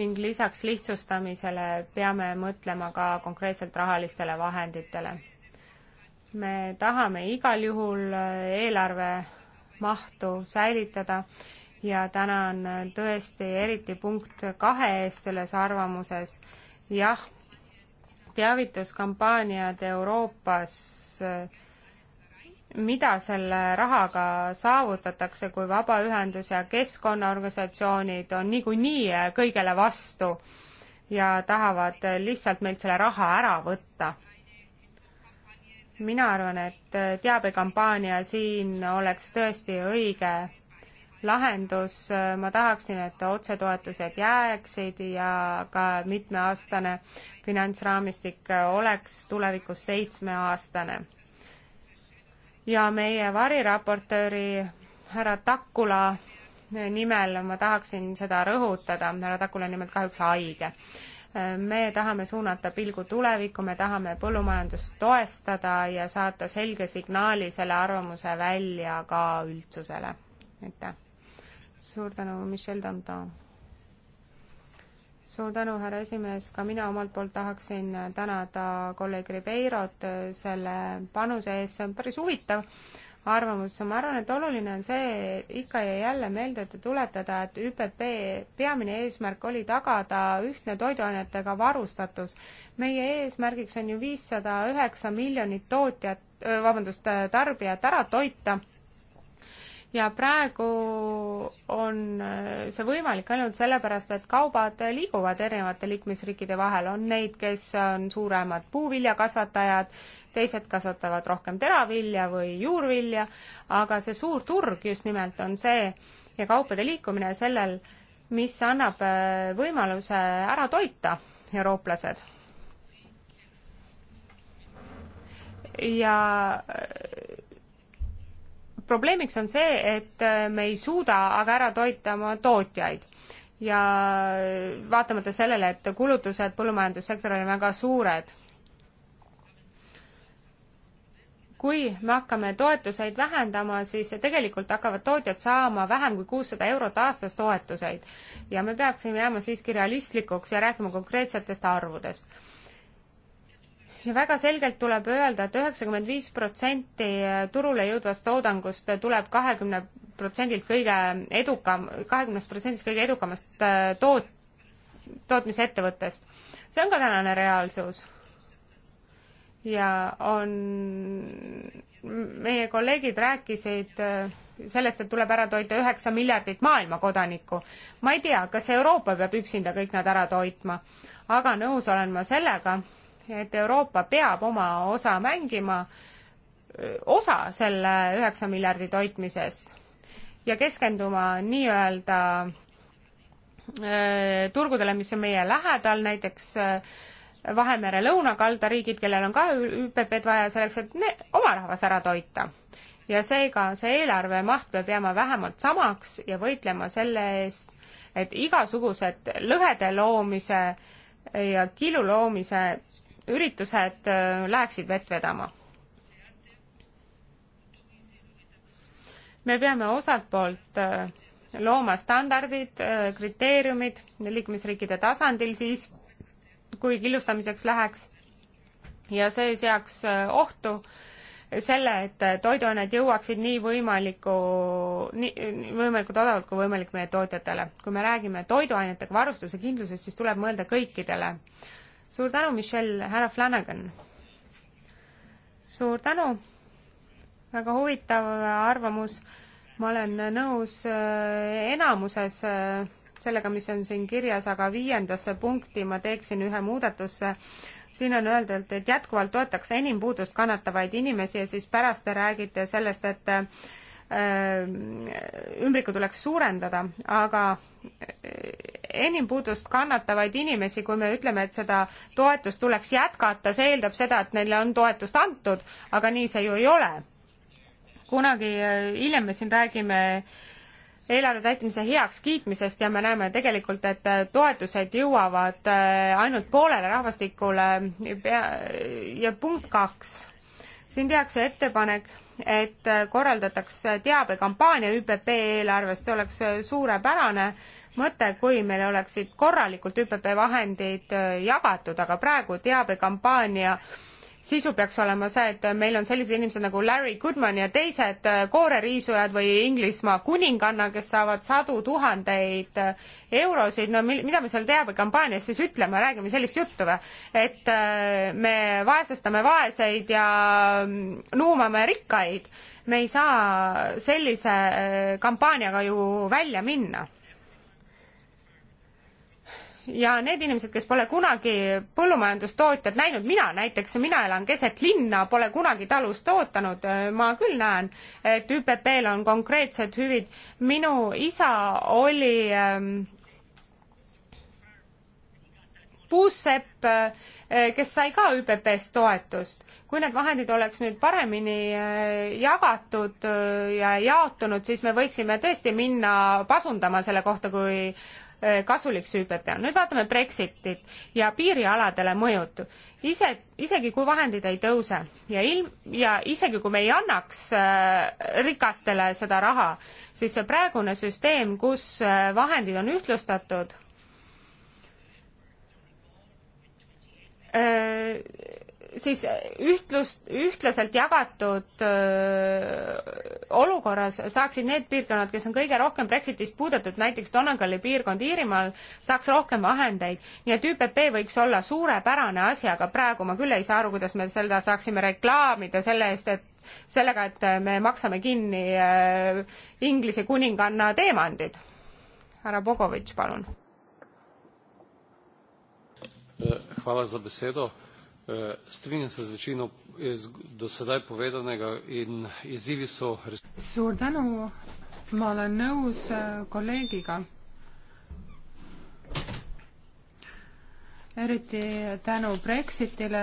ning lisaks lihtsustamisele peame mõtlema ka konkreetselt rahalistele vahenditele me tahame igal juhul äh, eelarve mahtu säilitada ja tänan äh, tõesti eriti punkt kahe eest selles arvamuses. jah, teavituskampaaniad Euroopas, äh, mida selle rahaga saavutatakse, kui vabaühendus ja keskkonnaorganisatsioonid on niikuinii kõigele vastu ja tahavad lihtsalt meilt selle raha ära võtta mina arvan, et teabekampaania siin oleks tõesti õige lahendus, ma tahaksin, et otsetoetused jääksid ja ka mitmeaastane finantsraamistik oleks tulevikus seitsmeaastane. ja meie variraportööri härra Takula nimel ma tahaksin seda rõhutada, härra Takula nimelt kahjuks haige me tahame suunata pilgu tulevikku, me tahame põllumajandust toestada ja saata selge signaali selle arvamuse välja ka üldsusele. aitäh. suur tänu, Michel Danton. suur tänu, härra esimees, ka mina omalt poolt tahaksin tänada kolleeg Ribeirot selle panuse eest, see on päris huvitav arvamusse. ma arvan, et oluline on see ikka ja jälle meelde tuletada, et ÜPP peamine eesmärk oli tagada ühtne toiduainetega varustatus. meie eesmärgiks on ju viissada üheksa miljonit tootjat, vabandust, tarbijat ära toita ja praegu on see võimalik ainult sellepärast, et kaubad liiguvad erinevate liikmesriikide vahel, on neid, kes on suuremad puuviljakasvatajad, teised kasvatavad rohkem teravilja või juurvilja, aga see suur turg just nimelt on see ja kaupade liikumine sellel, mis annab äh, võimaluse ära toita eurooplased. ja äh, probleemiks on see, et äh, me ei suuda aga ära toita oma tootjaid ja vaatamata sellele, et kulutused põllumajandussektoril on väga suured kui me hakkame toetuseid vähendama, siis tegelikult hakkavad tootjad saama vähem kui kuussada eurot aastas toetuseid. ja me peaksime jääma siiski realistlikuks ja rääkima konkreetsetest arvudest. ja väga selgelt tuleb öelda et, et üheksakümmend viis protsenti turule jõudvast toodangust tuleb kahekümne protsendilt kõige edukam, kahekümnest protsendist kõige edukamast äh, toot-, tootmisettevõttest. see on ka tänane reaalsus ja on, meie kolleegid rääkisid äh, sellest, et tuleb ära toita üheksa miljardit maailma kodanikku. ma ei tea, kas Euroopa peab üksinda kõik nad ära toitma, aga nõus olen ma sellega, et Euroopa peab oma osa mängima, äh, osa selle üheksa miljardi toitmisest ja keskenduma nii-öelda äh, turgudele, mis on meie lähedal, näiteks Vahemere lõunakalda riigid, kellel on ka ÜPP-d vaja selleks, et ne, oma rahvas ära toita. ja seega see eelarve maht peab jääma vähemalt samaks ja võitlema selle eest, et igasugused lõhede loomise ja kilu loomise üritused äh, läheksid vett vedama. me peame osalt poolt äh, looma standardid, äh, kriteeriumid liikmesriikide tasandil siis kui killustamiseks läheks ja see seaks äh, ohtu selle, et äh, toiduained jõuaksid nii võimaliku, nii võimalikult odavalt kui võimalik meie tootjatele. kui me räägime toiduainetega varustuse kindlusest, siis tuleb mõelda kõikidele. suur tänu, Michelle, härra Flanagan! suur tänu, väga huvitav arvamus, ma olen nõus äh, enamuses sellega, mis on siin kirjas, aga viiendasse punkti ma teeksin ühe muudatusse. siin on öeldud, et jätkuvalt toetakse enim puudust kannatavaid inimesi ja siis pärast te räägite sellest, et äh, ümbriku tuleks suurendada, aga äh, enim puudust kannatavaid inimesi, kui me ütleme, et seda toetust tuleks jätkata, see eeldab seda, et neile on toetust antud, aga nii see ju ei ole. kunagi äh, hiljem me siin räägime äh, eelarve täitmise heakskiitmisest ja me näeme tegelikult, et äh, toetused jõuavad äh, ainult poolele rahvastikule ja punkt kaks, siin tehakse ettepanek, et äh, korraldatakse teabekampaania ÜPP eelarvest, see oleks suurepärane mõte, kui meil oleksid korralikult ÜPP vahendid jagatud, aga praegu teabekampaania äh, sisu peaks olema see, et meil on sellised inimesed nagu Larry Goodman ja teised äh, kooreriisujad või Inglismaa kuninganna, kes saavad sadu tuhandeid äh, eurosid, no mida me seal teabekampaanias siis ütleme, räägime sellist juttu või? et äh, me vaesestame vaeseid ja mm, nuumame rikkaid. me ei saa sellise kampaaniaga ju välja minna ja need inimesed, kes pole kunagi põllumajandustootjat näinud, mina näiteks, mina elan keset linna, pole kunagi talus tootanud, ma küll näen, et ÜPP-l on konkreetsed hüvid. minu isa oli ähm, puussepp, äh, kes sai ka ÜPP-st toetust. kui need vahendid oleks nüüd paremini äh, jagatud äh, ja jaotunud, siis me võiksime tõesti minna pasundama selle kohta, kui Äh, kasulik süübepea. nüüd vaatame Brexitit ja piirialadele mõjud. ise, isegi kui vahendid ei tõuse ja ilm, ja isegi kui me ei annaks äh, rikastele seda raha, siis see praegune süsteem, kus äh, vahendid on ühtlustatud, siis ühtlust, ühtlaselt jagatud öö, olukorras saaksid need piirkonnad, kes on kõige rohkem Brexitist puudutud, näiteks Donegali piirkond Iirimaal, saaks rohkem vahendeid. nii et ÜPP võiks olla suurepärane asi, aga praegu ma küll ei saa aru, kuidas me seda saaksime reklaamida selle eest, et sellega, et me maksame kinni öö, Inglise kuninganna teemandid. härra Bogovitš, palun. hvala za besedo Eh, strinjam se z večino do sedaj povedanega in izzivi so. suur tänu, ma olen nõus eh, kolleegiga. eriti tänu Brexitile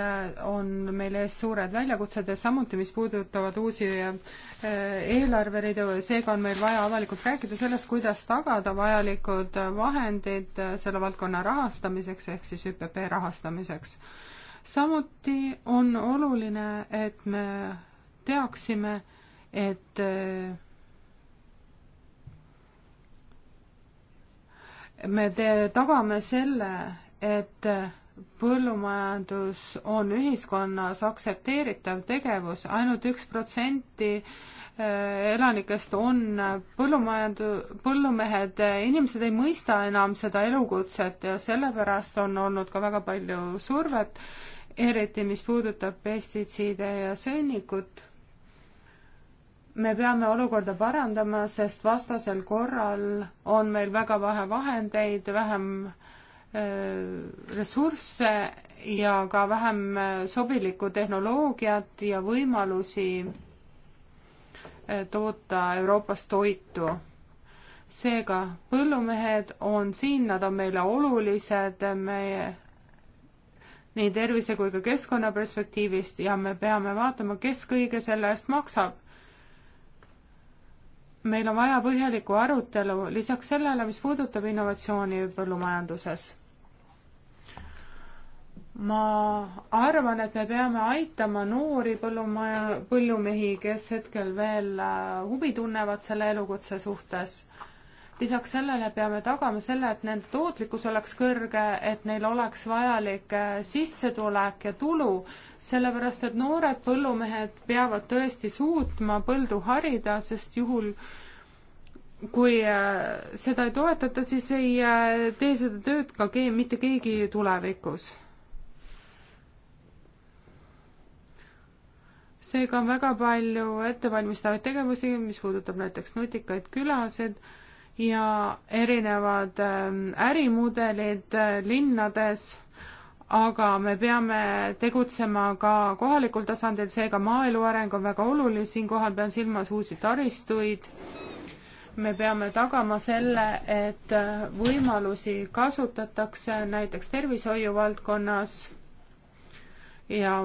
on meil ees suured väljakutsed ja samuti, mis puudutavad uusi eh, eelarveridu, seega on meil vaja avalikult rääkida sellest, kuidas tagada vajalikud vahendid selle valdkonna rahastamiseks ehk siis ÜPP rahastamiseks samuti on oluline, et me teaksime, et äh, me te-, tagame selle, et põllumajandus on ühiskonnas aktsepteeritav tegevus ainult, ainult üks protsenti Äh, elanikest on põllumajandu-, põllumehed, inimesed ei mõista enam seda elukutset ja sellepärast on olnud ka väga palju survet, eriti mis puudutab pestitsiide ja sõnnikut. me peame olukorda parandama, sest vastasel korral on meil väga vähe vahendeid, vähem äh, ressursse ja ka vähem sobilikku tehnoloogiat ja võimalusi Eh, toota Euroopas toitu. seega põllumehed on siin, nad on meile olulised meie nii tervise kui ka keskkonna perspektiivist ja me peame vaatama, kes kõige selle eest maksab. meil on vaja põhjalikku arutelu lisaks sellele, mis puudutab innovatsiooni põllumajanduses ma arvan, et me peame aitama noori põllumaja, põllumehi, kes hetkel veel äh, huvi tunnevad selle elukutse suhtes. lisaks sellele peame tagama selle, et nende tootlikkus oleks kõrge, et neil oleks vajalik äh, sissetulek ja tulu, sellepärast et noored põllumehed peavad tõesti suutma põldu harida, sest juhul kui äh, seda ei toetata, siis ei tee seda tööd ka ke-, mitte keegi tulevikus seega on väga palju ettevalmistavaid tegevusi, mis puudutab näiteks nutikaid külasid ja erinevad ähm, ärimudelid äh, linnades, aga me peame tegutsema ka kohalikul tasandil, seega maaelu areng on väga oluline, siinkohal pean silmas uusi taristuid, me peame tagama selle, et äh, võimalusi kasutatakse näiteks tervishoiu valdkonnas ja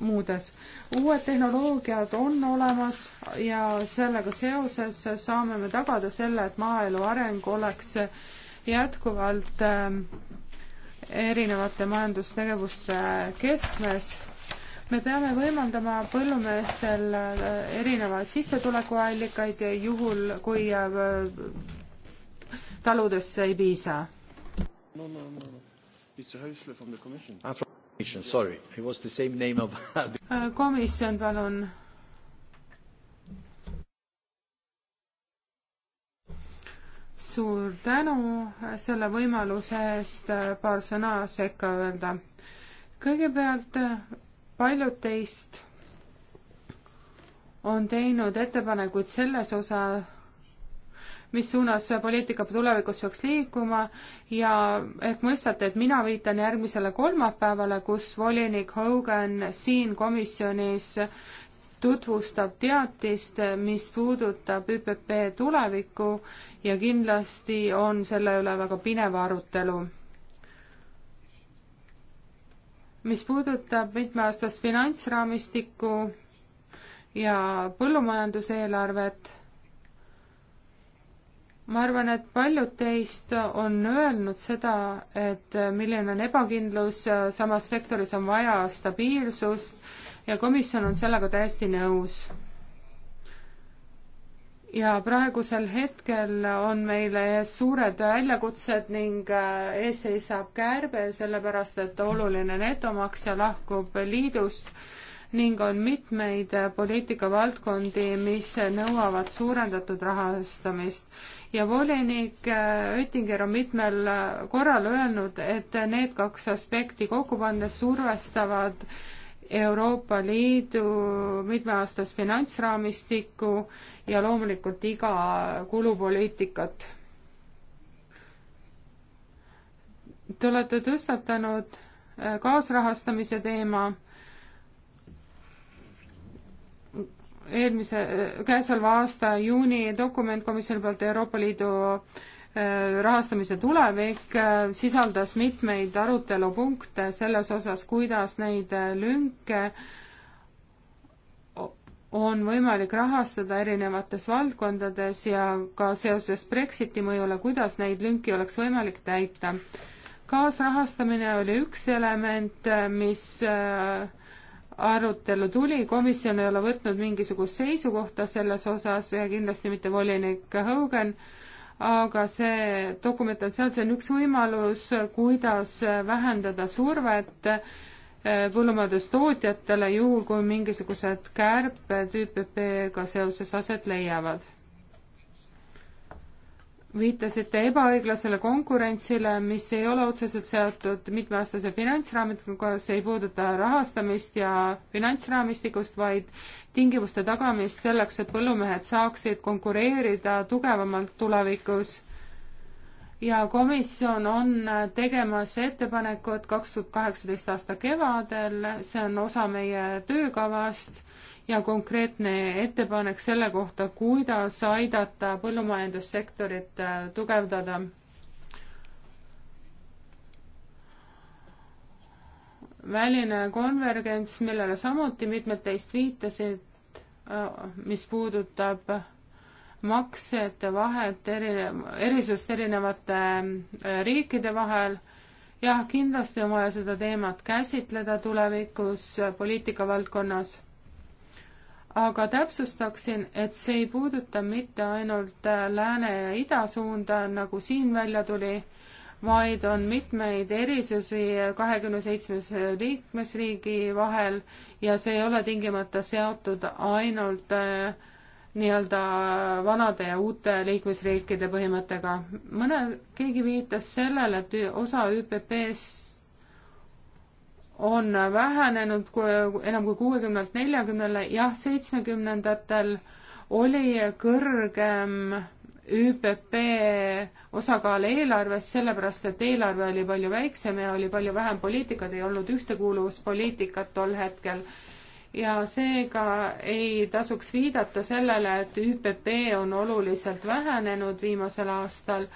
muudes. uued tehnoloogiad on olemas ja sellega seoses saame me tagada selle, et maaelu areng oleks jätkuvalt ähm, erinevate majandustegevuste keskmes me peame võimaldama põllumeestel äh, erinevaid sissetulekuallikaid juhul, kui äh, taludesse ei piisa. No, no, no. Mr. Häusler from the Commission. Ah, Äh, komisjon, palun. suur tänu selle võimaluse eest paar sõna sekka öelda. kõigepealt paljud teist on teinud ettepanekuid selles osa, mis suunas poliitika tulevikus peaks liikuma ja et mõistate, et mina viitan järgmisele kolmapäevale, kus volinik Hogan siin komisjonis tutvustab teatist, mis puudutab ÜPP tulevikku ja kindlasti on selle üle väga pinev arutelu. mis puudutab mitmeaastast finantsraamistikku ja põllumajanduseelarvet ma arvan, et paljud teist on öelnud seda, et milline on ebakindlus, samas sektoris on vaja stabiilsust ja komisjon on sellega täiesti nõus. ja praegusel hetkel on meile ees suured väljakutsed ning ees seisab kärbe, sellepärast et oluline netomaksja lahkub liidust ning on mitmeid poliitikavaldkondi, mis nõuavad suurendatud rahastamist. ja volinik äh, Oettinger on mitmel äh, korral öelnud, et need kaks aspekti kokku pannes survestavad Euroopa Liidu mitmeaastast finantsraamistikku ja loomulikult iga kulupoliitikat. Te olete tõstatanud äh, kaasrahastamise teema eelmise, käesoleva aasta juuni dokument komisjoni poolt Euroopa Liidu äh, rahastamise tulevik äh, sisaldas mitmeid arutelupunkte selles osas, kuidas neid äh, lünke on võimalik rahastada erinevates valdkondades ja ka seoses Brexiti mõjule, kuidas neid lünki oleks võimalik täita. kaasrahastamine oli üks element, mis äh, arutelu tuli, komisjon ei ole võtnud mingisugust seisukohta selles osas ja kindlasti mitte volinik Hogan, aga see dokument on seal, see on üks võimalus, kuidas vähendada survet eh, põllumajandustootjatele, juhul kui mingisugused kärped ÜPP-ga e seoses aset leiavad viitasite ebaõiglasele konkurentsile, mis ei ole otseselt seotud mitmeaastase finantsraamatuga, see ei puuduta rahastamist ja finantsraamistikust, vaid tingimuste tagamist selleks, et põllumehed saaksid konkureerida tugevamalt tulevikus. ja komisjon on tegemas ettepanekut kaks tuhat kaheksateist aasta kevadel, see on osa meie töökavast ja konkreetne ettepanek selle kohta, kuidas aidata põllumajandussektorit äh, tugevdada. väline konvergents, millele samuti mitmed teist viitasid, äh, mis puudutab maksete vahet, eri, erisust erinevate äh, riikide vahel jah, kindlasti on vaja seda teemat käsitleda tulevikus poliitika valdkonnas aga täpsustaksin, et see ei puuduta mitte ainult äh, lääne ja ida suunda, nagu siin välja tuli, vaid on mitmeid erisusi kahekümne seitsmes liikmesriigi vahel ja see ei ole tingimata seotud ainult äh, nii-öelda vanade ja uute liikmesriikide põhimõttega. mõne, keegi viitas sellele, et osa ÜPP-st on vähenenud enam kui kuuekümnelt neljakümnele, jah, seitsmekümnendatel oli kõrgem ÜPP osakaal eelarves, sellepärast et eelarve oli palju väiksem ja oli palju vähem poliitikat, ei olnud ühtekuuluvuspoliitikat tol hetkel. ja seega ei tasuks viidata sellele, et ÜPP on oluliselt vähenenud viimasel aastal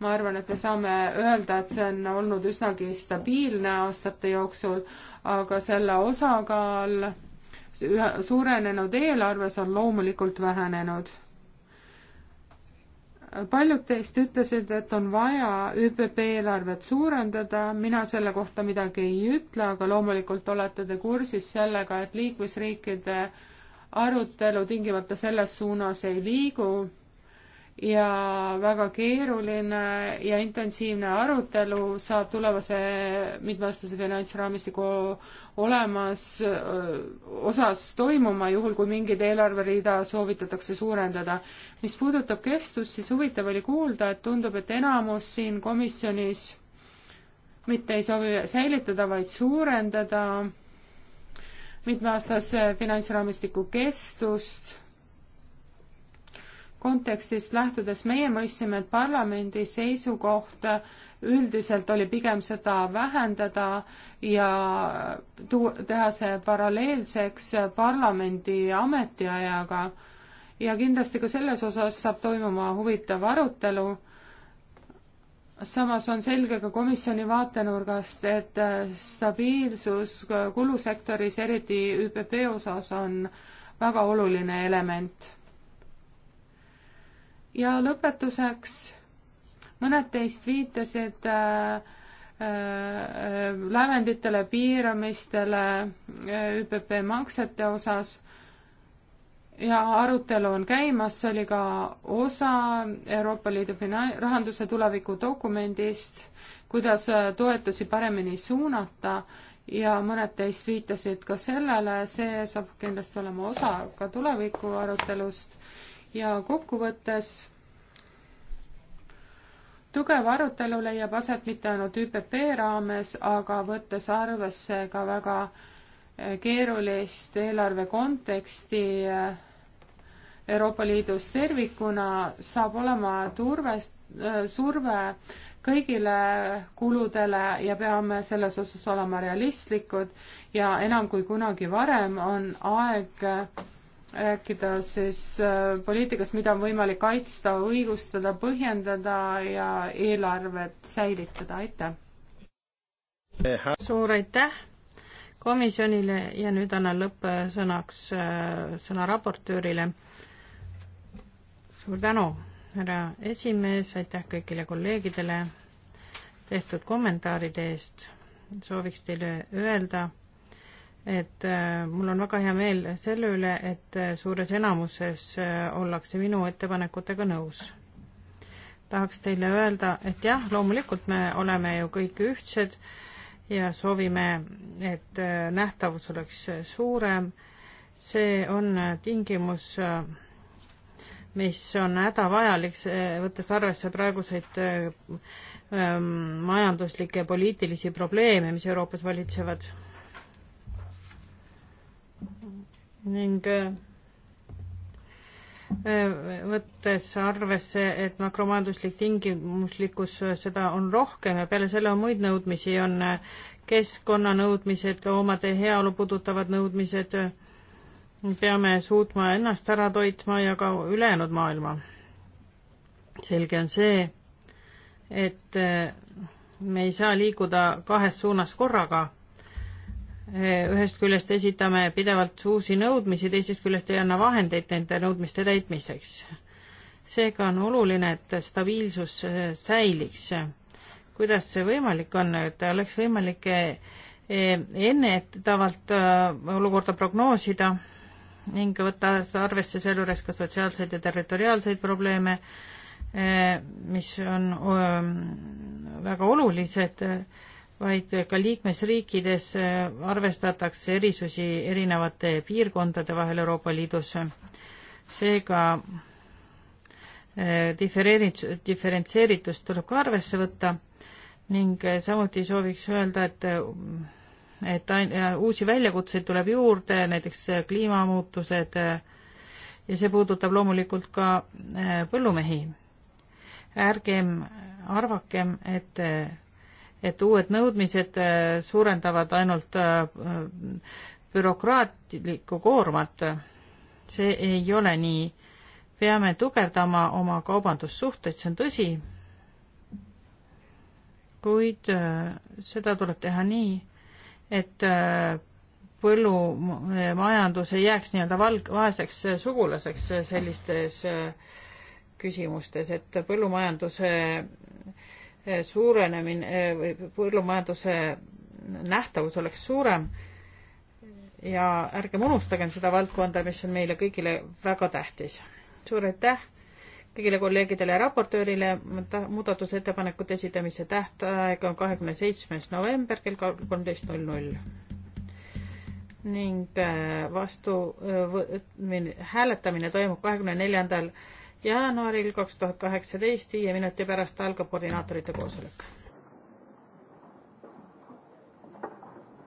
ma arvan, et me saame öelda, et see on olnud üsnagi stabiilne aastate jooksul, aga selle osakaal suurenenud eelarves on loomulikult vähenenud. paljud teist ütlesid, et on vaja ÜPP eelarvet suurendada, mina selle kohta midagi ei ütle, aga loomulikult olete te kursis sellega, et liikmesriikide arutelu tingimata selles suunas ei liigu ja väga keeruline ja intensiivne arutelu saab tulevase mitmeaastase finantsraamistiku olemas osas toimuma, juhul kui mingeid eelarverida soovitatakse suurendada. mis puudutab kestust, siis huvitav oli kuulda, et tundub, et enamus siin komisjonis mitte ei soovi säilitada, vaid suurendada mitmeaastase finantsraamistiku kestust kontekstist lähtudes meie mõistsime, et parlamendi seisukoht üldiselt oli pigem seda vähendada ja tu-, teha see paralleelseks parlamendi ametiajaga ja kindlasti ka selles osas saab toimuma huvitav arutelu. samas on selge ka komisjoni vaatenurgast, et stabiilsus kulusektoris, eriti ÜPP osas, on väga oluline element ja lõpetuseks, mõned teist viitasid äh, äh, lävenditele, piiramistele äh, ÜPP maksete osas ja arutelu on käimas, see oli ka osa Euroopa Liidu fina-, rahanduse tuleviku dokumendist, kuidas äh, toetusi paremini suunata ja mõned teist viitasid ka sellele, see saab kindlasti olema osa ka tuleviku arutelust ja kokkuvõttes tugev arutelu leiab aset mitte ainult ÜPP raames, aga võttes arvesse ka väga eh, keerulist eelarve konteksti eh, Euroopa Liidus tervikuna, saab olema turves, eh, surve kõigile kuludele ja peame selles osas olema realistlikud ja enam kui kunagi varem on aeg rääkida siis äh, poliitikast, mida on võimalik kaitsta, õigustada, põhjendada ja eelarvet säilitada, aitäh! suur aitäh komisjonile ja nüüd annan lõppsõnaks äh, sõna raportöörile. suur tänu, härra esimees, aitäh kõigile kolleegidele tehtud kommentaaride eest. sooviks teile öelda, et äh, mul on väga hea meel selle üle, et äh, suures enamuses äh, ollakse minu ettepanekutega nõus. tahaks teile öelda, et jah, loomulikult me oleme ju kõik ühtsed ja soovime, et nähtavus oleks suurem. see on tingimus, mis on hädavajalik, võttes arvesse praeguseid majanduslikke ja poliitilisi probleeme, mis Euroopas valitsevad ning äh, äh, võttes arvesse, et makromajanduslik tingimuslikkus, äh, seda on rohkem ja peale selle on muid nõudmisi, on keskkonnanõudmised, loomade heaolu puudutavad nõudmised, peame suutma ennast ära toitma ja ka ülejäänud maailma. selge on see, et me ei saa liikuda kahes suunas korraga Eh, ühest küljest esitame pidevalt uusi nõudmisi, teisest küljest ei anna vahendeid nende nõudmiste täitmiseks. seega on oluline, et stabiilsus eh, säiliks. kuidas see võimalik on, et oleks võimalik eh, ennetavalt olukorda prognoosida ning võtta arvesse sealjuures ka sotsiaalseid ja territoriaalseid probleeme, mis on väga olulised vaid ka liikmesriikides äh, arvestatakse erisusi erinevate piirkondade vahel Euroopa Liidus. seega äh, diferentseeritust tuleb ka arvesse võtta ning äh, samuti sooviks öelda, et et uusi väljakutseid tuleb juurde, näiteks kliimamuutused ja see puudutab loomulikult ka põllumehi. ärgem arvakem, et et uued nõudmised äh, suurendavad ainult äh, bürokraatlikku koormat. see ei ole nii. peame tugevdama oma kaubandussuhteid, see on tõsi. kuid äh, seda tuleb teha nii, et põllumajandus ei jääks nii-öelda valg-, vaeseks sugulaseks sellistes küsimustes, et põllumajanduse äh, suurenemine või põllumajanduse nähtavus oleks suurem ja ärgem unustagem seda valdkonda, mis on meile kõigile väga tähtis. suur aitäh kõigile kolleegidele ja raportöörile, muudatusettepanekute esitamise tähtaeg on kahekümne seitsmes november kell kolmteist null null. ning äh, vastu äh, hääletamine toimub kahekümne neljandal jaanuaril kaks tuhat kaheksateist, viie minuti pärast algab koordinaatorite koosolek